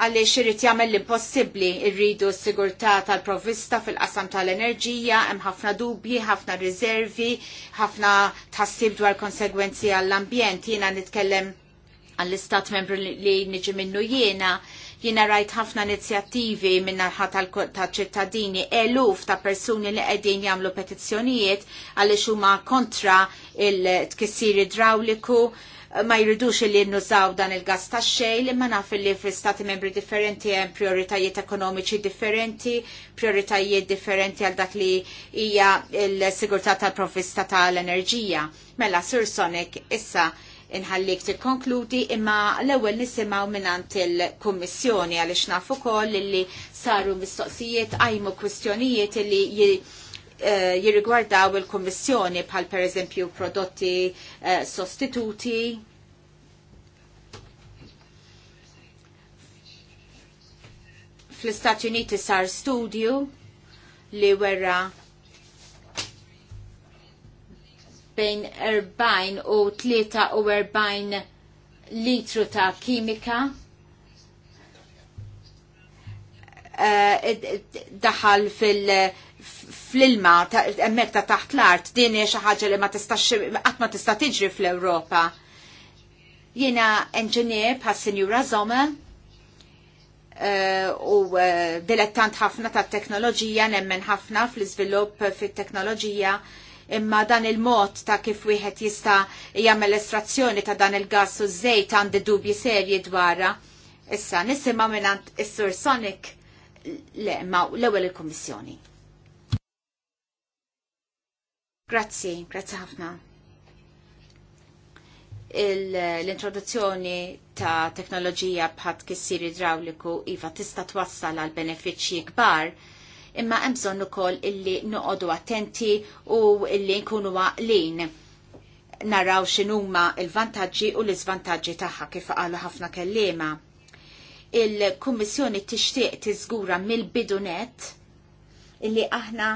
Speaker 1: għalli xirrit jagħmel l-impossibbli irridu s-sigurtà tal-provvista fil-qasam tal-enerġija, hemm ħafna dubji, ħafna riservi, ħafna tħassib dwar konsegwenzi għall-ambjent. Jiena nitkellem għall-istat membru li niġi minnu jiena Jiena rajt ħafna inizjattivi minnaħa tal-ċittadini, eluf ta' persuni li qegħdin jagħmlu petizzjonijiet għaliex huma kontra il-tkissir idrawliku ma jridux li nużaw dan il-gas ta' xejl imma naf li fl-istati membri differenti hemm prioritajiet ekonomiċi differenti, prioritajiet differenti għal dak li hija l-sigurtà tal-provvista tal-enerġija. Mela, Sur Sonic, issa inħallik tikkonkludi imma l-ewwel nisimgħu minant il-Kummissjoni għaliex nafu ukoll li saru mistoqsijiet għajmu kwistjonijiet li eh, jirrigwardaw il-Kummissjoni bħal pereżempju prodotti eh, sostituti. Fl-Istati Uniti sar studju li wera bejn 40 u 43 litru ta' kimika eh, daħal fil- fl-ilma emmek ta' taħt l-art din hija xi ħaġa li ma tistax qatt ma tista' tiġri fl-Ewropa. Jiena enġinier bħas Sinjura Zoma eh, u eh, dilettant ħafna tat teknoloġija nemmen ħafna fl-iżvilupp fit-teknoloġija imma dan il-mod ta' kif wieħed jista' jagħmel estrazzjoni ta' dan il-gass u żejt għandi dubji serji dwarha. Issa nisimgħu mingħand is-Sur Sonic le ma l-ewwel il-Kummissjoni. Grazzi, grazzi ħafna. L-introduzzjoni ta' teknoloġija bħat kissir idrawliku iva tista' twassal għal benefiċċji kbar imma hemm bżonn ukoll illi noqogħdu attenti u illi nkunu għaqlin naraw x'inhuma l-vantaġġi u l-iżvantaġġi tagħha kif qalu ħafna kellima. Il-Kummissjoni tixtieq tiżgura mill-bidunet illi aħna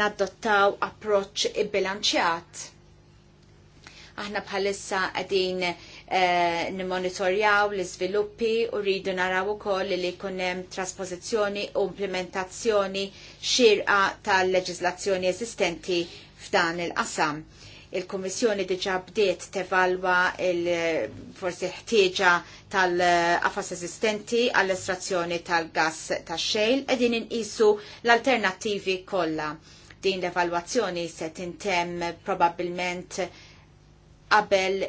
Speaker 1: nadottaw approċċ bilanċjat aħna bħalissa għedin Eh, nimonitorjaw l-iżviluppi u rridu naraw ukoll li jkun hemm trasposizzjoni u implementazzjoni xirqa tal-leġiżlazzjoni eżistenti f'dan il-qasam. Il-Kummissjoni diġà bdiet tevalwa il-forsi ħtieġa tal-qafas eżistenti għall-estrazzjoni tal-gas tax-xejl qegħdin inqisu l-alternattivi kollha din l-evalwazzjoni se tintemm probabbilment qabel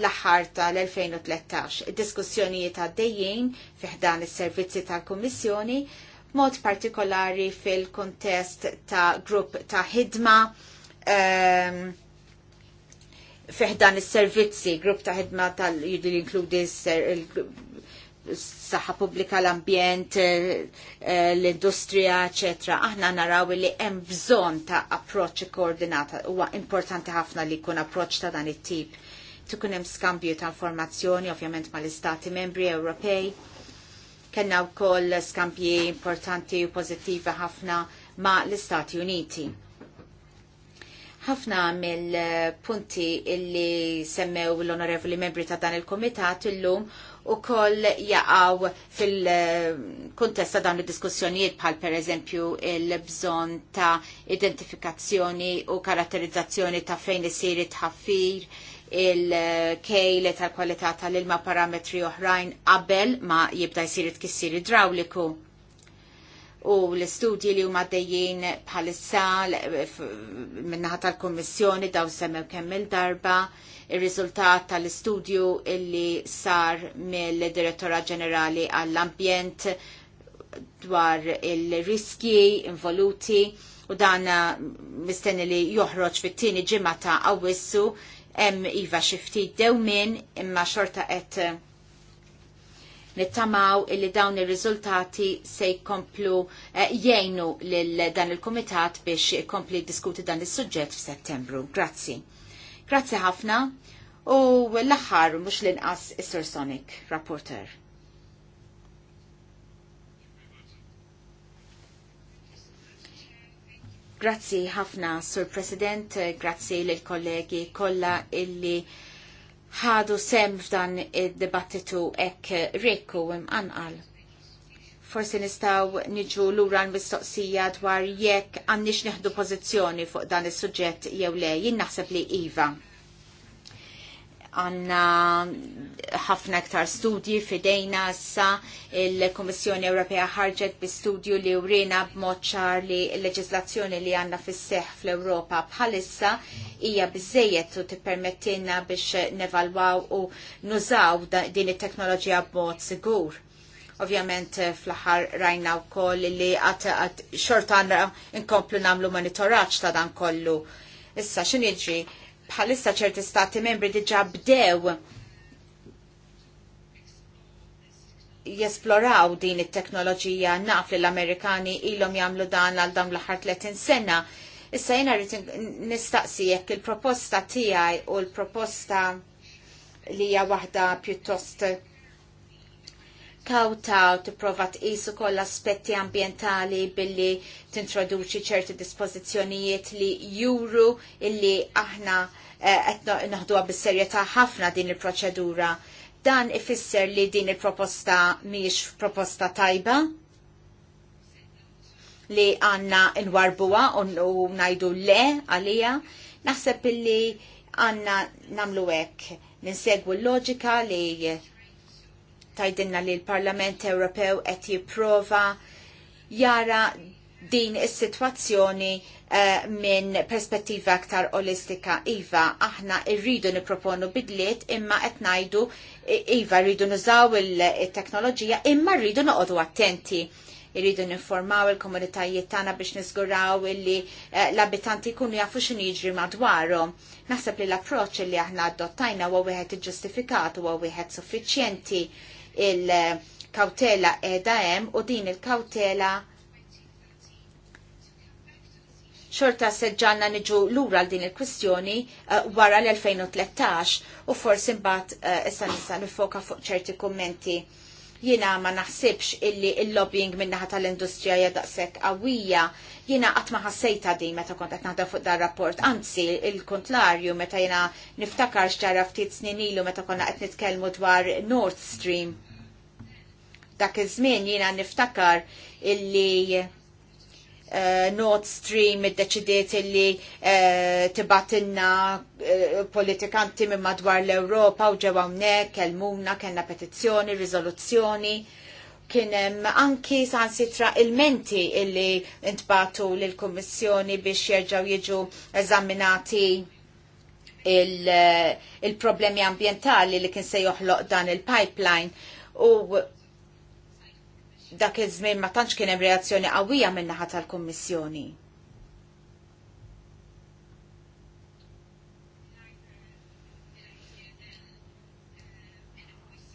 Speaker 1: l-aħħar tal-2013. Id-diskussjonijiet għaddejjin fiħdan is-servizzi tal-Kummissjoni, mod partikolari fil-kontest ta' grupp ta' ħidma um, ehm, fiħdan is-servizzi, grupp ta' ħidma tal-jidil inkludi s-saħħa pubblika, l-ambjent, eh, l-industrija, eċetera. Aħna naraw li hemm bżonn ta' approċċ koordinata. Huwa importanti ħafna li jkun approċċ ta' dan it-tip tukunem hemm skambju ta' informazzjoni ovvjament mal-Istati Membri Ewropej. Kenna wkoll skambji importanti u pożittivi ħafna ma' l-Istati Uniti. Ħafna mill-punti illi semmew l-onorevoli membri ta' dan il-komitat illum u koll jaqaw fil-kontesta dawn il-diskussjonijiet bħal per eżempju il-bżon ta' identifikazzjoni u karatterizzazzjoni ta' fejn isir it-ħaffir, il-kejle tal-kwalità tal-ilma parametri oħrajn qabel ma jibda jsir it-kissir idrawliku u l-istudji li huma dejjin bħalissa minnaħa tal-Kommissjoni daw semmew kemm il-darba ir-riżultat il darba ir riżultat tal istudju illi sar mill-Direttora Ġenerali għall-Ambjent dwar il-riskji involuti u dan mistenni li joħroġ fit-tieni ġimgħa ta' Awwissu hemm iva xi ftit dewmien imma xorta qed eh, nittamaw illi dawn ir-riżultati se jkomplu eh, jgħinu lil dan il-kumitat biex ikompli diskuti dan is-suġġett f'Settembru. Grazzi. Grazzi ħafna u l-aħħar mhux l-inqas is-Sir Sonic, rapporter. Grazzi ħafna, Sur President, grazzi lill kollegi kollha illi ħadu sem f'dan id-dibattitu ek rekku imqanqal. Forsi nistaw niġu lura l-mistoqsija dwar jekk għandix neħdu pożizzjoni fuq dan is-suġġett jew le, jien naħseb li iva għanna ħafna ktar studji fidejna sa il-Komissjoni Ewropea ħarġet bi studju li urina b'moċċar li l-leġislazzjoni li għanna fis-seħ fl-Ewropa bħalissa hija biżejjed u tippermettilna biex nevalwaw u nużaw din it-teknoloġija b'mod sigur. Ovvjament eh, fl-aħħar rajna wkoll li għat xorta għandna inkomplu namlu monitoraċ ta' dan kollu. Issa iġri? bħalissa ċerti stati membri diġa bdew jesploraw din it-teknoloġija naf li l-Amerikani ilhom jagħmlu dan għal dam l-aħħar 30 sena. Issa jiena rrid nistaqsi jekk il-proposta tiegħi u l-proposta li hija waħda pjuttost kawta prova tipprova tqis koll aspetti ambientali billi tintroduċi ċerti dispozizjonijiet li juru illi aħna eh, qed eh, naħduha bis-serjetà ħafna din il-proċedura. Dan ifisser li din il-proposta mhijiex proposta tajba li għanna n-warbuwa u najdu le għalija, naħseb illi għanna namluwek hekk ninsegwu l-loġika li tajdinna li l-Parlament Ewropew qed jipprova jara din is-sitwazzjoni eh, minn perspettiva aktar olistika. Iva, aħna irridu niproponu bidliet imma qed ngħidu iva rridu nużaw il-teknoloġija imma rridu noqogħdu attenti irridu ninformaw il-komunitajiet tagħna biex niżguraw illi eh, l-abitanti jkunu jafu x'in jiġri madwarhom. Naħseb li l-approċċ li aħna adottajna huwa wieħed iġġustifikat huwa wieħed suffiċjenti il-kautela edha hemm u din il-kautela xorta seġġanna niġu lura għal din il-kwistjoni uh, wara l-2013 u forsi mbagħad uh, issa nista' nifoka fuq ċerti kummenti Jiena ma naħsibx illi il-lobbying minnaħa tal-industrija jadaqsek daqshekk qawwija. Jiena qatt ma ħassejta din meta kont qed naħdem fuq dar rapport. Anzi, il-kontlarju meta jiena niftakar x'ġara ftit snin ilu meta konna qed nitkellmu dwar Nord Stream. Dak iż-żmien jiena niftakar illi Eh, Nord Stream id-deċidiet li eh, tibatinna eh, politikanti minn madwar l-Europa u ġewa hawnhekk kelmuna kellna petizzjoni, riżoluzzjoni. Kien hemm anki sitra il-menti illi intbatu lill-Kummissjoni biex jerġgħu jiġu eżaminati il-problemi il ambientali li kien se joħloq dan il-pipeline u dak iż-żmien ma tantx kien hemm reazzjoni qawwija min naħa tal-Kummissjoni.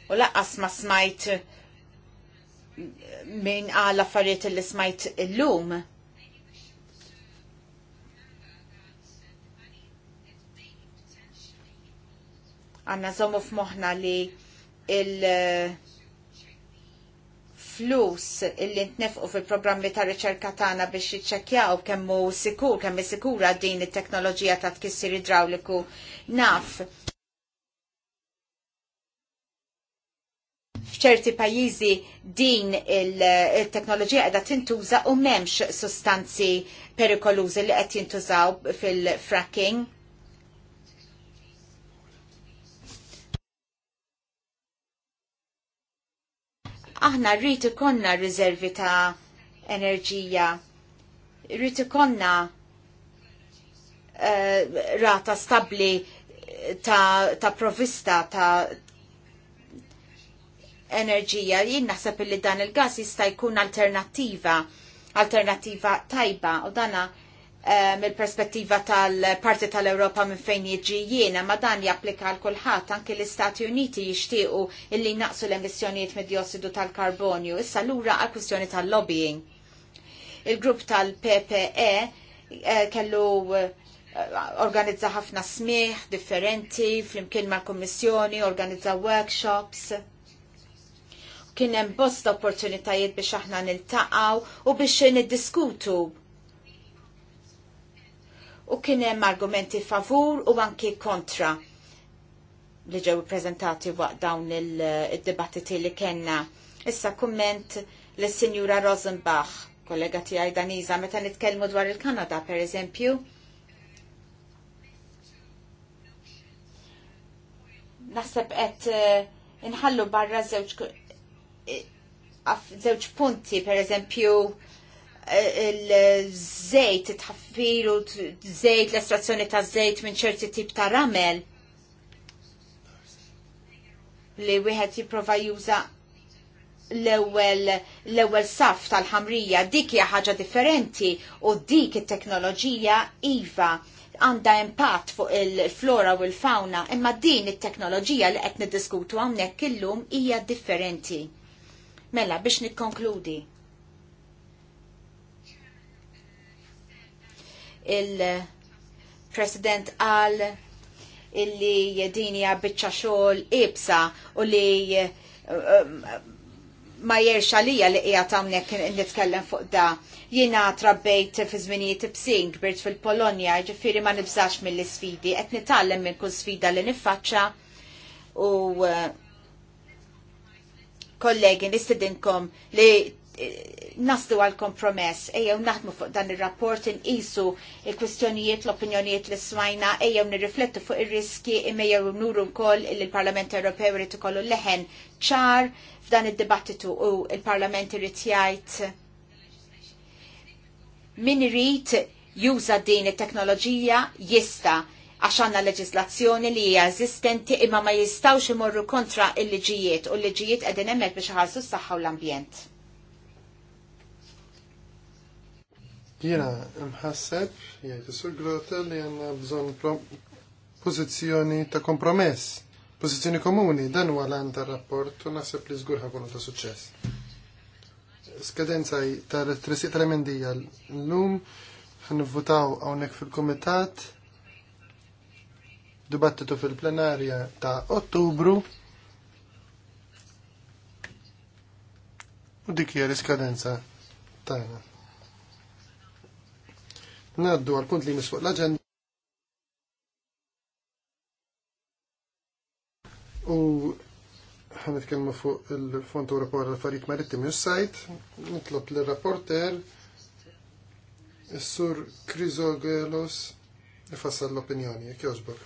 Speaker 1: U laqqas ma smajt min għal affarijiet li smajt illum. Għanna zomu f'moħna li il- il-flus illi ntnefqu fil-programmi ta' riċerka tagħna biex jiċċekkjaw kemm hu sikur, kemm sikura din it-teknoloġija ta' tkissir idrawliku naf. F'ċerti pajjiżi din il-teknoloġija qiegħda tintuża u m'hemmx sustanzi perikolużi li qed jintużaw fil-fracking aħna rritu konna riservi ta' enerġija, rritu konna uh, eh, rata stabbli ta', ta provvista ta' enerġija. Jien naħseb li dan il-gas jista' jkun alternattiva, alternattiva tajba u dana Eh, mill-perspettiva tal-parti tal-Europa minn fejn jiġi jiena, ma dan japplika għal kulħadd anke l-Istati Uniti jixtiequ illi naqsu l-emissjonijiet mid-diossidu tal-karbonju. Issa lura għal kwistjoni tal-lobbying. Il-grupp tal-PPE eh, kellu eh, organizza ħafna smieħ differenti flimkien mal kummissjoni organizza workshops kien hemm bosta opportunitajiet biex aħna niltaqgħu u biex niddiskutu u kien hemm argumenti favur u anki kontra li ġew ippreżentati waqt dawn il-dibattiti li kellna. Issa kumment lis sinjura Rosenbach, kollega tiegħi Daniza, meta nitkellmu dwar il-Kanada pereżempju. Naħseb qed eh, inħallu barra żewġ punti pereżempju il-żejt, it-ħaffir żejt, l-estrazzjoni ta' żejt minn ċerti tip ta' ramel li wieħed jipprova juża l-ewwel l-ewwel saf tal-ħamrija dik hija ħaġa differenti u dik it-teknoloġija iva għandha impatt fuq il-flora u l-fauna, imma din it-teknoloġija li qed niddiskutu hawnhekk illum hija differenti. Mela biex nikkonkludi. il-President għal illi jedini bitċa xol ibsa u li um, ma jerx għalija li qiegħed hawnhekk nitkellem fuq da. Jiena trabbejt fi żminijiet ibsin kbirt fil-Polonja, ġifieri ma nibżax mill-isfidi, qed nitgħallem minn kull sfida li niffaċċa u uh, kollegi nistidinkom li nasdu għal kompromess, ejjew naħdmu fuq dan il-rapport in-isu il-kwistjonijiet, l-opinjonijiet li smajna, ejjew nirriflettu fuq ir-riski imejjew nuru wkoll il-Parlament Ewropew irid ikollu leħen ċar f'dan id-dibattitu u il-Parlament irid jgħid min irid juża din it-teknoloġija jista' għax għanna leġislazzjoni li hija eżistenti imma ma jistawx imorru kontra il-liġijiet u l-liġijiet qegħdin hemmhekk biex ħarsu s-saħħa u l-ambjent.
Speaker 3: Jena mħasseb, jgħid sur grota li għanna bżon pozizjoni ta' kompromess, pozizjoni komuni, dan huwa lan ta' rapport u naħseb li żgur ħakunu ta' suċċess. Skadenza tal-tresiq tal-emendija l-lum ħanivvutaw hawnhekk fil-kumitat dibattitu fil-plenarja ta' Ottubru u dik hija l-iskadenza tagħna. Naddu għal punt li misfuq l-agenda. U ħanet kelma fuq il-Fond rapport għall-Affarijiet Marittimi u s-sajt, nitlob l-rapporter is-sur Krizogelos ifassal l-opinjoni, jekk jogħġbok.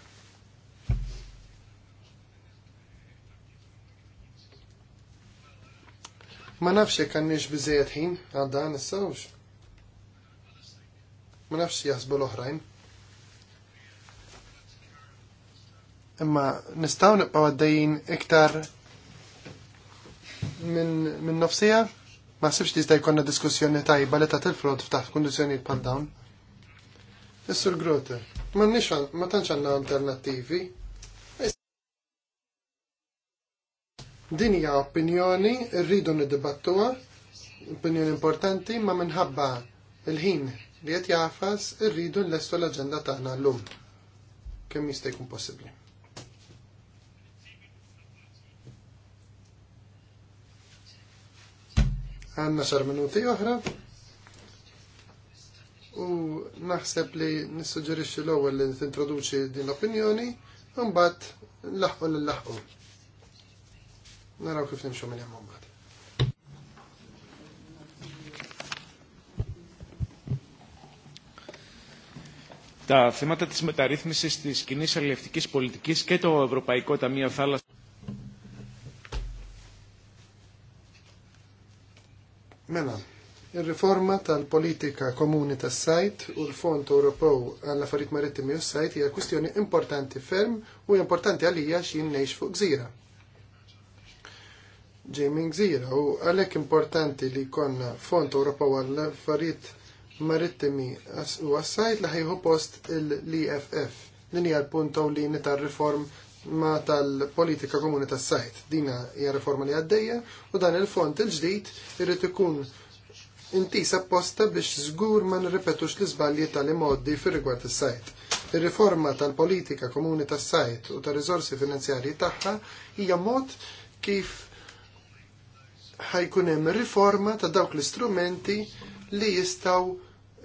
Speaker 3: Ma nafx jekk għandniex biżejjed ħin għal dan sawx ma nafx jasbu l-oħrajn. Imma nistaw nibqgħu għaddejjin iktar minn min nofsija, ma sibx tista jkollna diskussjoni tajba li ta' tilfrod f'taħt kundizzjonijiet bħal dawn. Is-sur Grote, ma nix ma tantx għandna alternattivi. Din hija opinjoni, rridu niddibattuha, opinjoni importanti, ma minħabba il-ħin li għet jafas irridu nlestu l-aġenda tagħna llum kemm Kem jistajkun possibbli. Għanna xar minuti oħra u naħseb li nissuġġerixxi l-ewwel li tintroduċi din l-opinjoni un-bat l laħqu l-laħqu. Naraw kif nimxu minn hemm
Speaker 1: τα θέματα της μεταρρύθμισης της κοινή αλληλευτικής πολιτικής και το Ευρωπαϊκό Ταμείο Θάλασσα.
Speaker 3: Μένα. Η ρεφόρμα τα πολιτικά komuni tas sajt u l-Fond Ewropew għall affarijiet marittimi u sajt hija kwistjoni importanti ferm u importanti għalija x'jien ngħix fuq gżira. Ġej minn gżira u għalhekk importanti li jkollna Fond Ewropew għall affarijiet marittimi u għassajt li post l-EFF. Din hija l-punt li tar riform ma tal-politika komuni tas-sajt. Dina hija riforma li għaddejja u dan il-font il-ġdid irid ikun intisa apposta biex żgur ma nirrepetux l-iżbalji tal-imoddi fir-rigward is-sajt. Ir-riforma tal-politika komuni tas-sajt u tar-riżorsi finanzjarji tagħha hija mod kif ħajkun hemm riforma ta' dawk l-istrumenti li jistaw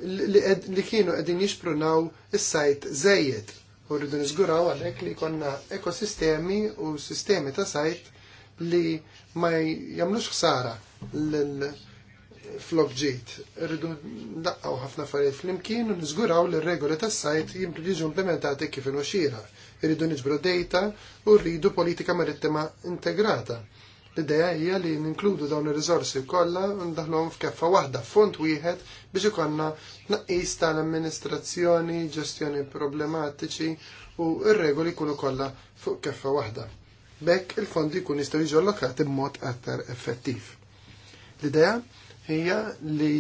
Speaker 3: li kienu qegħdin jisprunaw is-sajt żejjed u rridu niżguraw għalhekk li jkollna ekosistemi u sistemi ta' sajt li ma jagħmlux ħsara l flok ġejt. Rridu naqqaw ħafna affarijiet flimkien u niżguraw li regoli tas-sajt jiġu implementati kif inhu xira. Irridu niġbru data u rridu politika marittima integrata L-ideja hija li ninkludu dawn ir-riżorsi kollha ndaħlhom f'keffa waħda f'fond wieħed biex ikollna tnaqqis tal-amministrazzjoni, ġestjoni problematiċi u r-regoli jkunu kollha fuq keffa waħda. Bekk il-fondi jkun jistgħu jiġu allokati b'mod aktar effettiv. L-idea hija li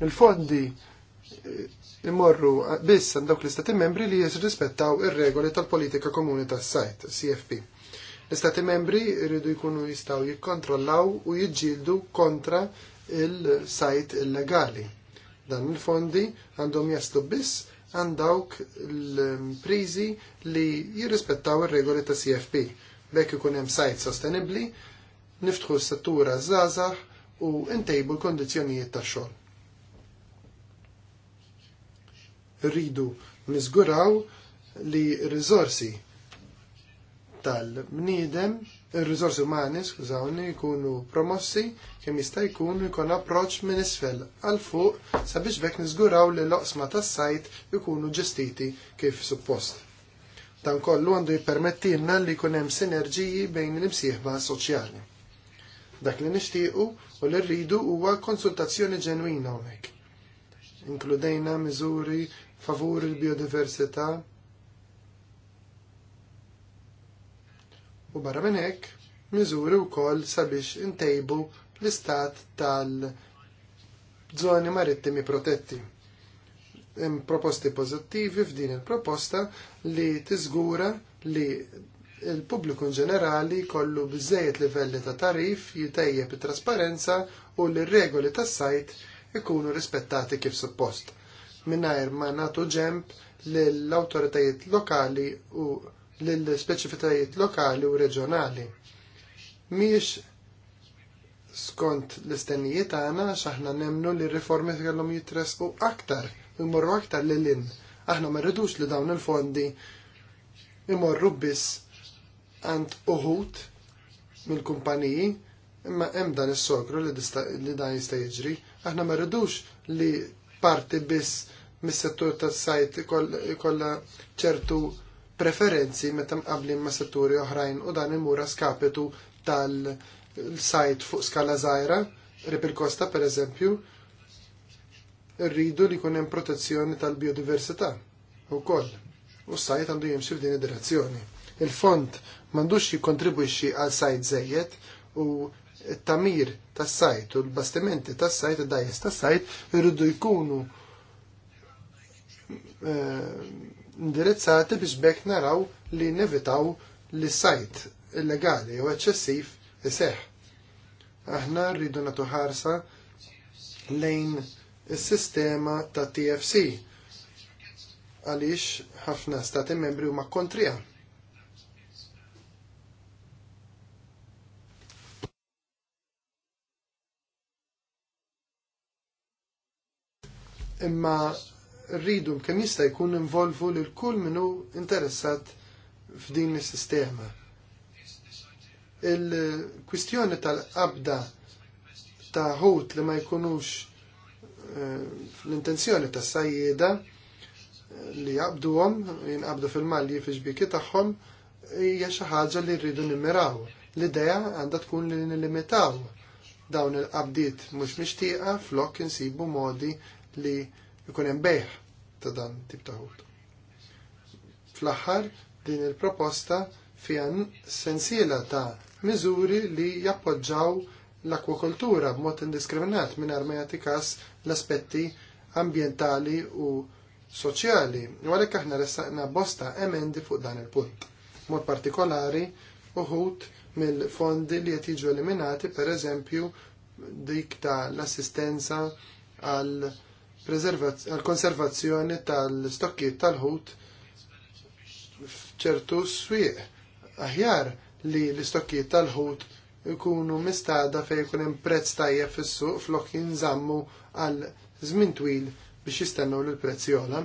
Speaker 3: l-fondi eh, imorru biss għandawk l-istati membri li jisrispettaw ir-regoli tal-politika komuni tas-sajt, CFP L-Istati membri jridu jkunu jistgħu jikkontrollaw u jiġġieldu kontra il-sajt illegali. Dan il-fondi għandhom jaslu biss għandawk l-imprizi li jirrispettaw ir-regoli ta' CFP. Bekk ikun hemm sajt sostenibbli, niftħu s-settura żgħażagħ u ntejbu l-kondizzjonijiet tax-xogħol. Rridu niżguraw li r-riżorsi tal-bniedem, il riżorsi umani, skużawni, jkunu promossi kemm jista' jkun jkun approċċ minn isfel għal fuq sabiex bekk niżguraw li l-oqsma tas-sajt ikunu ġestiti kif suppost. Dan kollu għandu jippermettilna li jkun hemm sinerġiji bejn l-imsieħba soċjali. Dak li nixtiequ u li rridu huwa konsultazzjoni ġenwina hawnhekk. Inkludejna miżuri favur il-biodiversità, U barra minn hekk miżuri wkoll sabiex intejbu l-istat tal-żoni marittimi protetti. Hemm proposti pożittivi f'din il-proposta li tiżgura li il-pubbliku ġenerali kollu bżejjed livelli ta' tarif jitejjeb it-trasparenza u li regoli tas sajt ikunu rispettati kif suppost. Minnajr ma natu ġemp l-autoritajiet lokali u l-speċifitajiet lokali u reġjonali. Miex skont l-istennijiet għana xaħna nemnu li riformi kellhom jitresqu aktar, imorru aktar li in, Aħna ma rridux li dawn il-fondi imorru biss għand uħut mill-kumpaniji imma hemm dan is-sokru li, li dan jista' jiġri. Aħna ma rridux li parti biss mis-settur tas-sajt kollha ċertu preferenzi meta mqablin ma' setturi oħrajn u dan imura skapitu tal-sajt fuq skala żgħira, ripil-kosta per eżempju, rridu li kunem protezzjoni tal-biodiversità u koll. U s-sajt għandu jimxi f'din id-direzzjoni. Il-fond mandux jikontribuixi għal sajt zejjed u t-tamir tas sajt u l-bastimenti tas sajt u dajes tas sajt irridu jkunu eh, indirizzati biex bekk naraw li nevitaw li sajt illegali u eċċessiv iseħ. Aħna rridu natu ħarsa lejn is-sistema ta' TFC għaliex ħafna stati membri huma kontrija. Imma rridu kemm jista' jkun involvu lil kull minnu interessat f'din is-sistema. Il-kwistjoni tal-qabda ta' ħut li ma jkunux eh, l-intenzjoni ta' sajjeda eh, li jaqbduhom, jinqabdu fil-malji fiġbiki tagħhom, hija xi ħaġa li rridu nimmiraw. L-idea għandha tkun li nilimitaw dawn il-qabdiet mhux mixtieqa flok insibu modi li jkun hemm bejħ ta' dan tip ta' ħut. Fl-aħħar din il-proposta fija sensiela ta' miżuri li jappoġġaw l-akwakultura b'mod indiskriminat mingħajr ma jagħti każ l-aspetti ambjentali u soċjali, u għalhekk aħna ressaqna bosta emendi fuq dan il-punt. Mod partikolari uħut mill-fondi li qed jiġu eliminati pereżempju dik ta' l-assistenza għal għal-konservazzjoni tal-stokkiet tal-ħut f'ċertu swieq. Aħjar li l-istokkiet tal-ħut ikunu mistada fej jkun hemm prezz tajjeb fis-suq flok jinżammu għal żmien twil biex jistennu l prezz jola.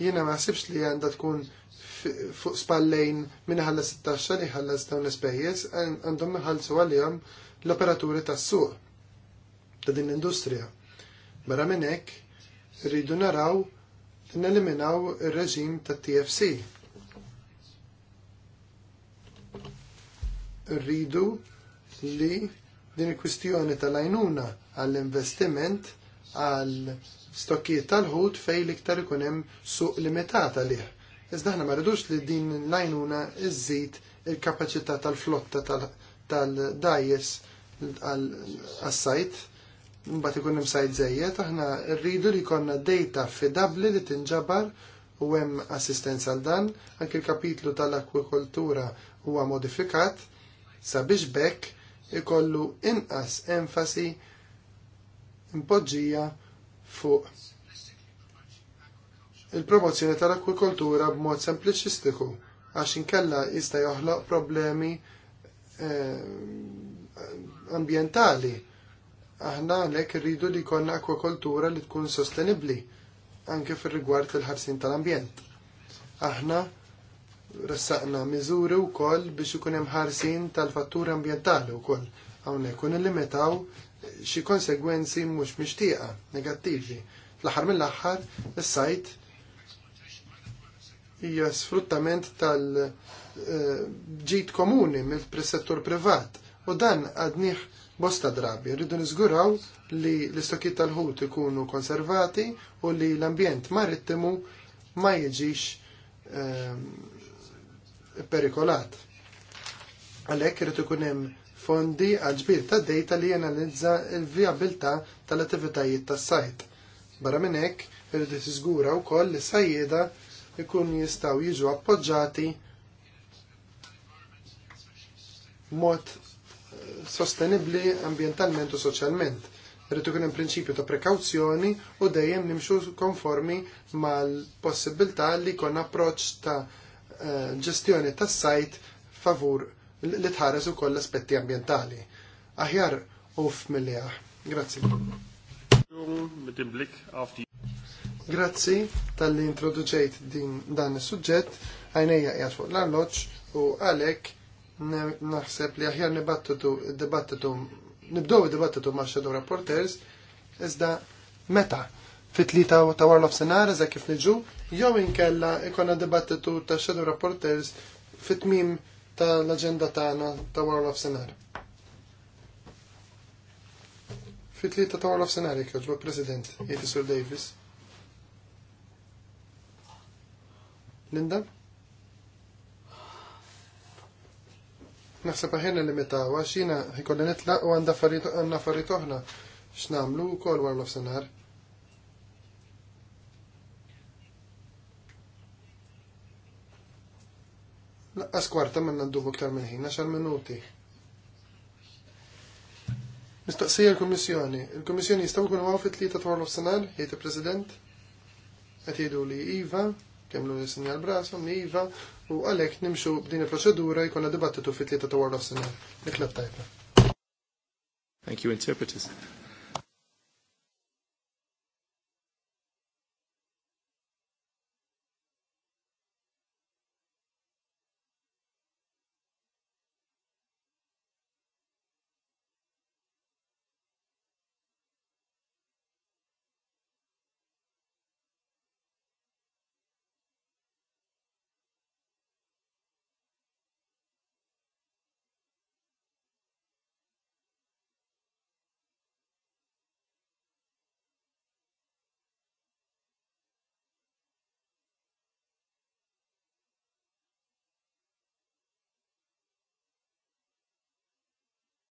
Speaker 3: Jiena ma sibx li għandha tkun fuq spallejn minn ħallas it-taxxa li ħallas dawn l-ispejjeż għandhom iħallsu għalihom l-operaturi tas-suq ta' din l-industrija. Barra minn hekk rridu naraw neliminaw ir-reġim ta' TFC. Rridu li din il-kwistjoni tal ajnuna għall-investiment għall stokkijiet tal-ħut fej liktar ikun hemm suq limitata għalih. Iżda aħna ma rridux li din l ajnuna iżżid il-kapaċità tal-flotta tal-dajes għas-sajt mbagħad ikun hemm sajt żejjed, aħna rridu li jkollna data fidabbli li tinġabar u hemm assistenza għal dan, anke l-kapitlu tal-akwikoltura huwa modifikat sabiex bekk ikollu inqas enfasi impoġġija fuq il-promozzjoni tal-akwikoltura b'mod sempliċistiku għax inkella jista' joħloq problemi eh, ambientali Aħna għalhekk irridu li jkollna akwakultura li tkun sostenibbli anke fir-rigward il-ħarsin tal-ambjent. Aħna ressaqna miżuri wkoll biex ikun hemm ħarsin tal-fatturi ambjentali wkoll hawnhekk u limitaw xi konsegwenzi mhux mixtieqa negattivi. Fl-aħħar mill-aħħar is-sajt hija sfruttament tal-ġid eh, komuni mill-settur privat u dan għadniħ bosta drabi. Rridu niżguraw li l istokiet tal-ħut ikunu konservati u li l-ambjent marittimu ma jiġix ehm, perikolat. Għalhekk irid ikun hemm fondi għalġbir ġbir ta' dejta li jenalizza l-vijabilità tal-attivitajiet tas-sajt. Barra minn hekk nizguraw tiżgura wkoll li sajjeda ikun jistgħu jiġu appoġġati mod sostenibli ambientalment u soċjalment. Rritu kien hemm prinċipju ta' prekawzjoni u dejjem nimxu konformi mal-possibilità li kon approċċ ta' eh, ġestjoni tas sajt favur li tħares ukoll l-aspetti ambientali. Aħjar uf mill Grazzi. Grazzi tal-li introduċejt din dan is-suġġett għajnejja jgħat fuq l-alloċ u għalek naħseb li aħjar nibattitu dibattitu nibdow dibattitu ma' Shadow Reporters iżda meta fit-tlita ta' war nofsinhar eżda kif niġu jew inkella ikonna dibattitu ta' Shadow Reporters fit-tmim l-agenda tagħna ta' war nofsinhar. Fit-tlieta ta' war nofsinhar jekk President, jgħid Sur Davis. Linda? Naħseb ħin limitaw għax jiena ħikolli nitlaq u għandna affarijiet oħra x'namlu wkoll wara nofsinhar. Laqqas kwarta minna ndubu ktar minn ħin, 10 minuti. Mistaqsija l-Kommissjoni. Il-Kommissjoni jistaw kun għaw fit-tlieta twar nofsinhar, jgħid il-President, qed li iva, kemmlu l-sinjal brasom, iva, u għalek nimxu b'din il-proċedura jkollna dibattitu fit-tlieta ta' s sena.
Speaker 2: Thank you, interpreters.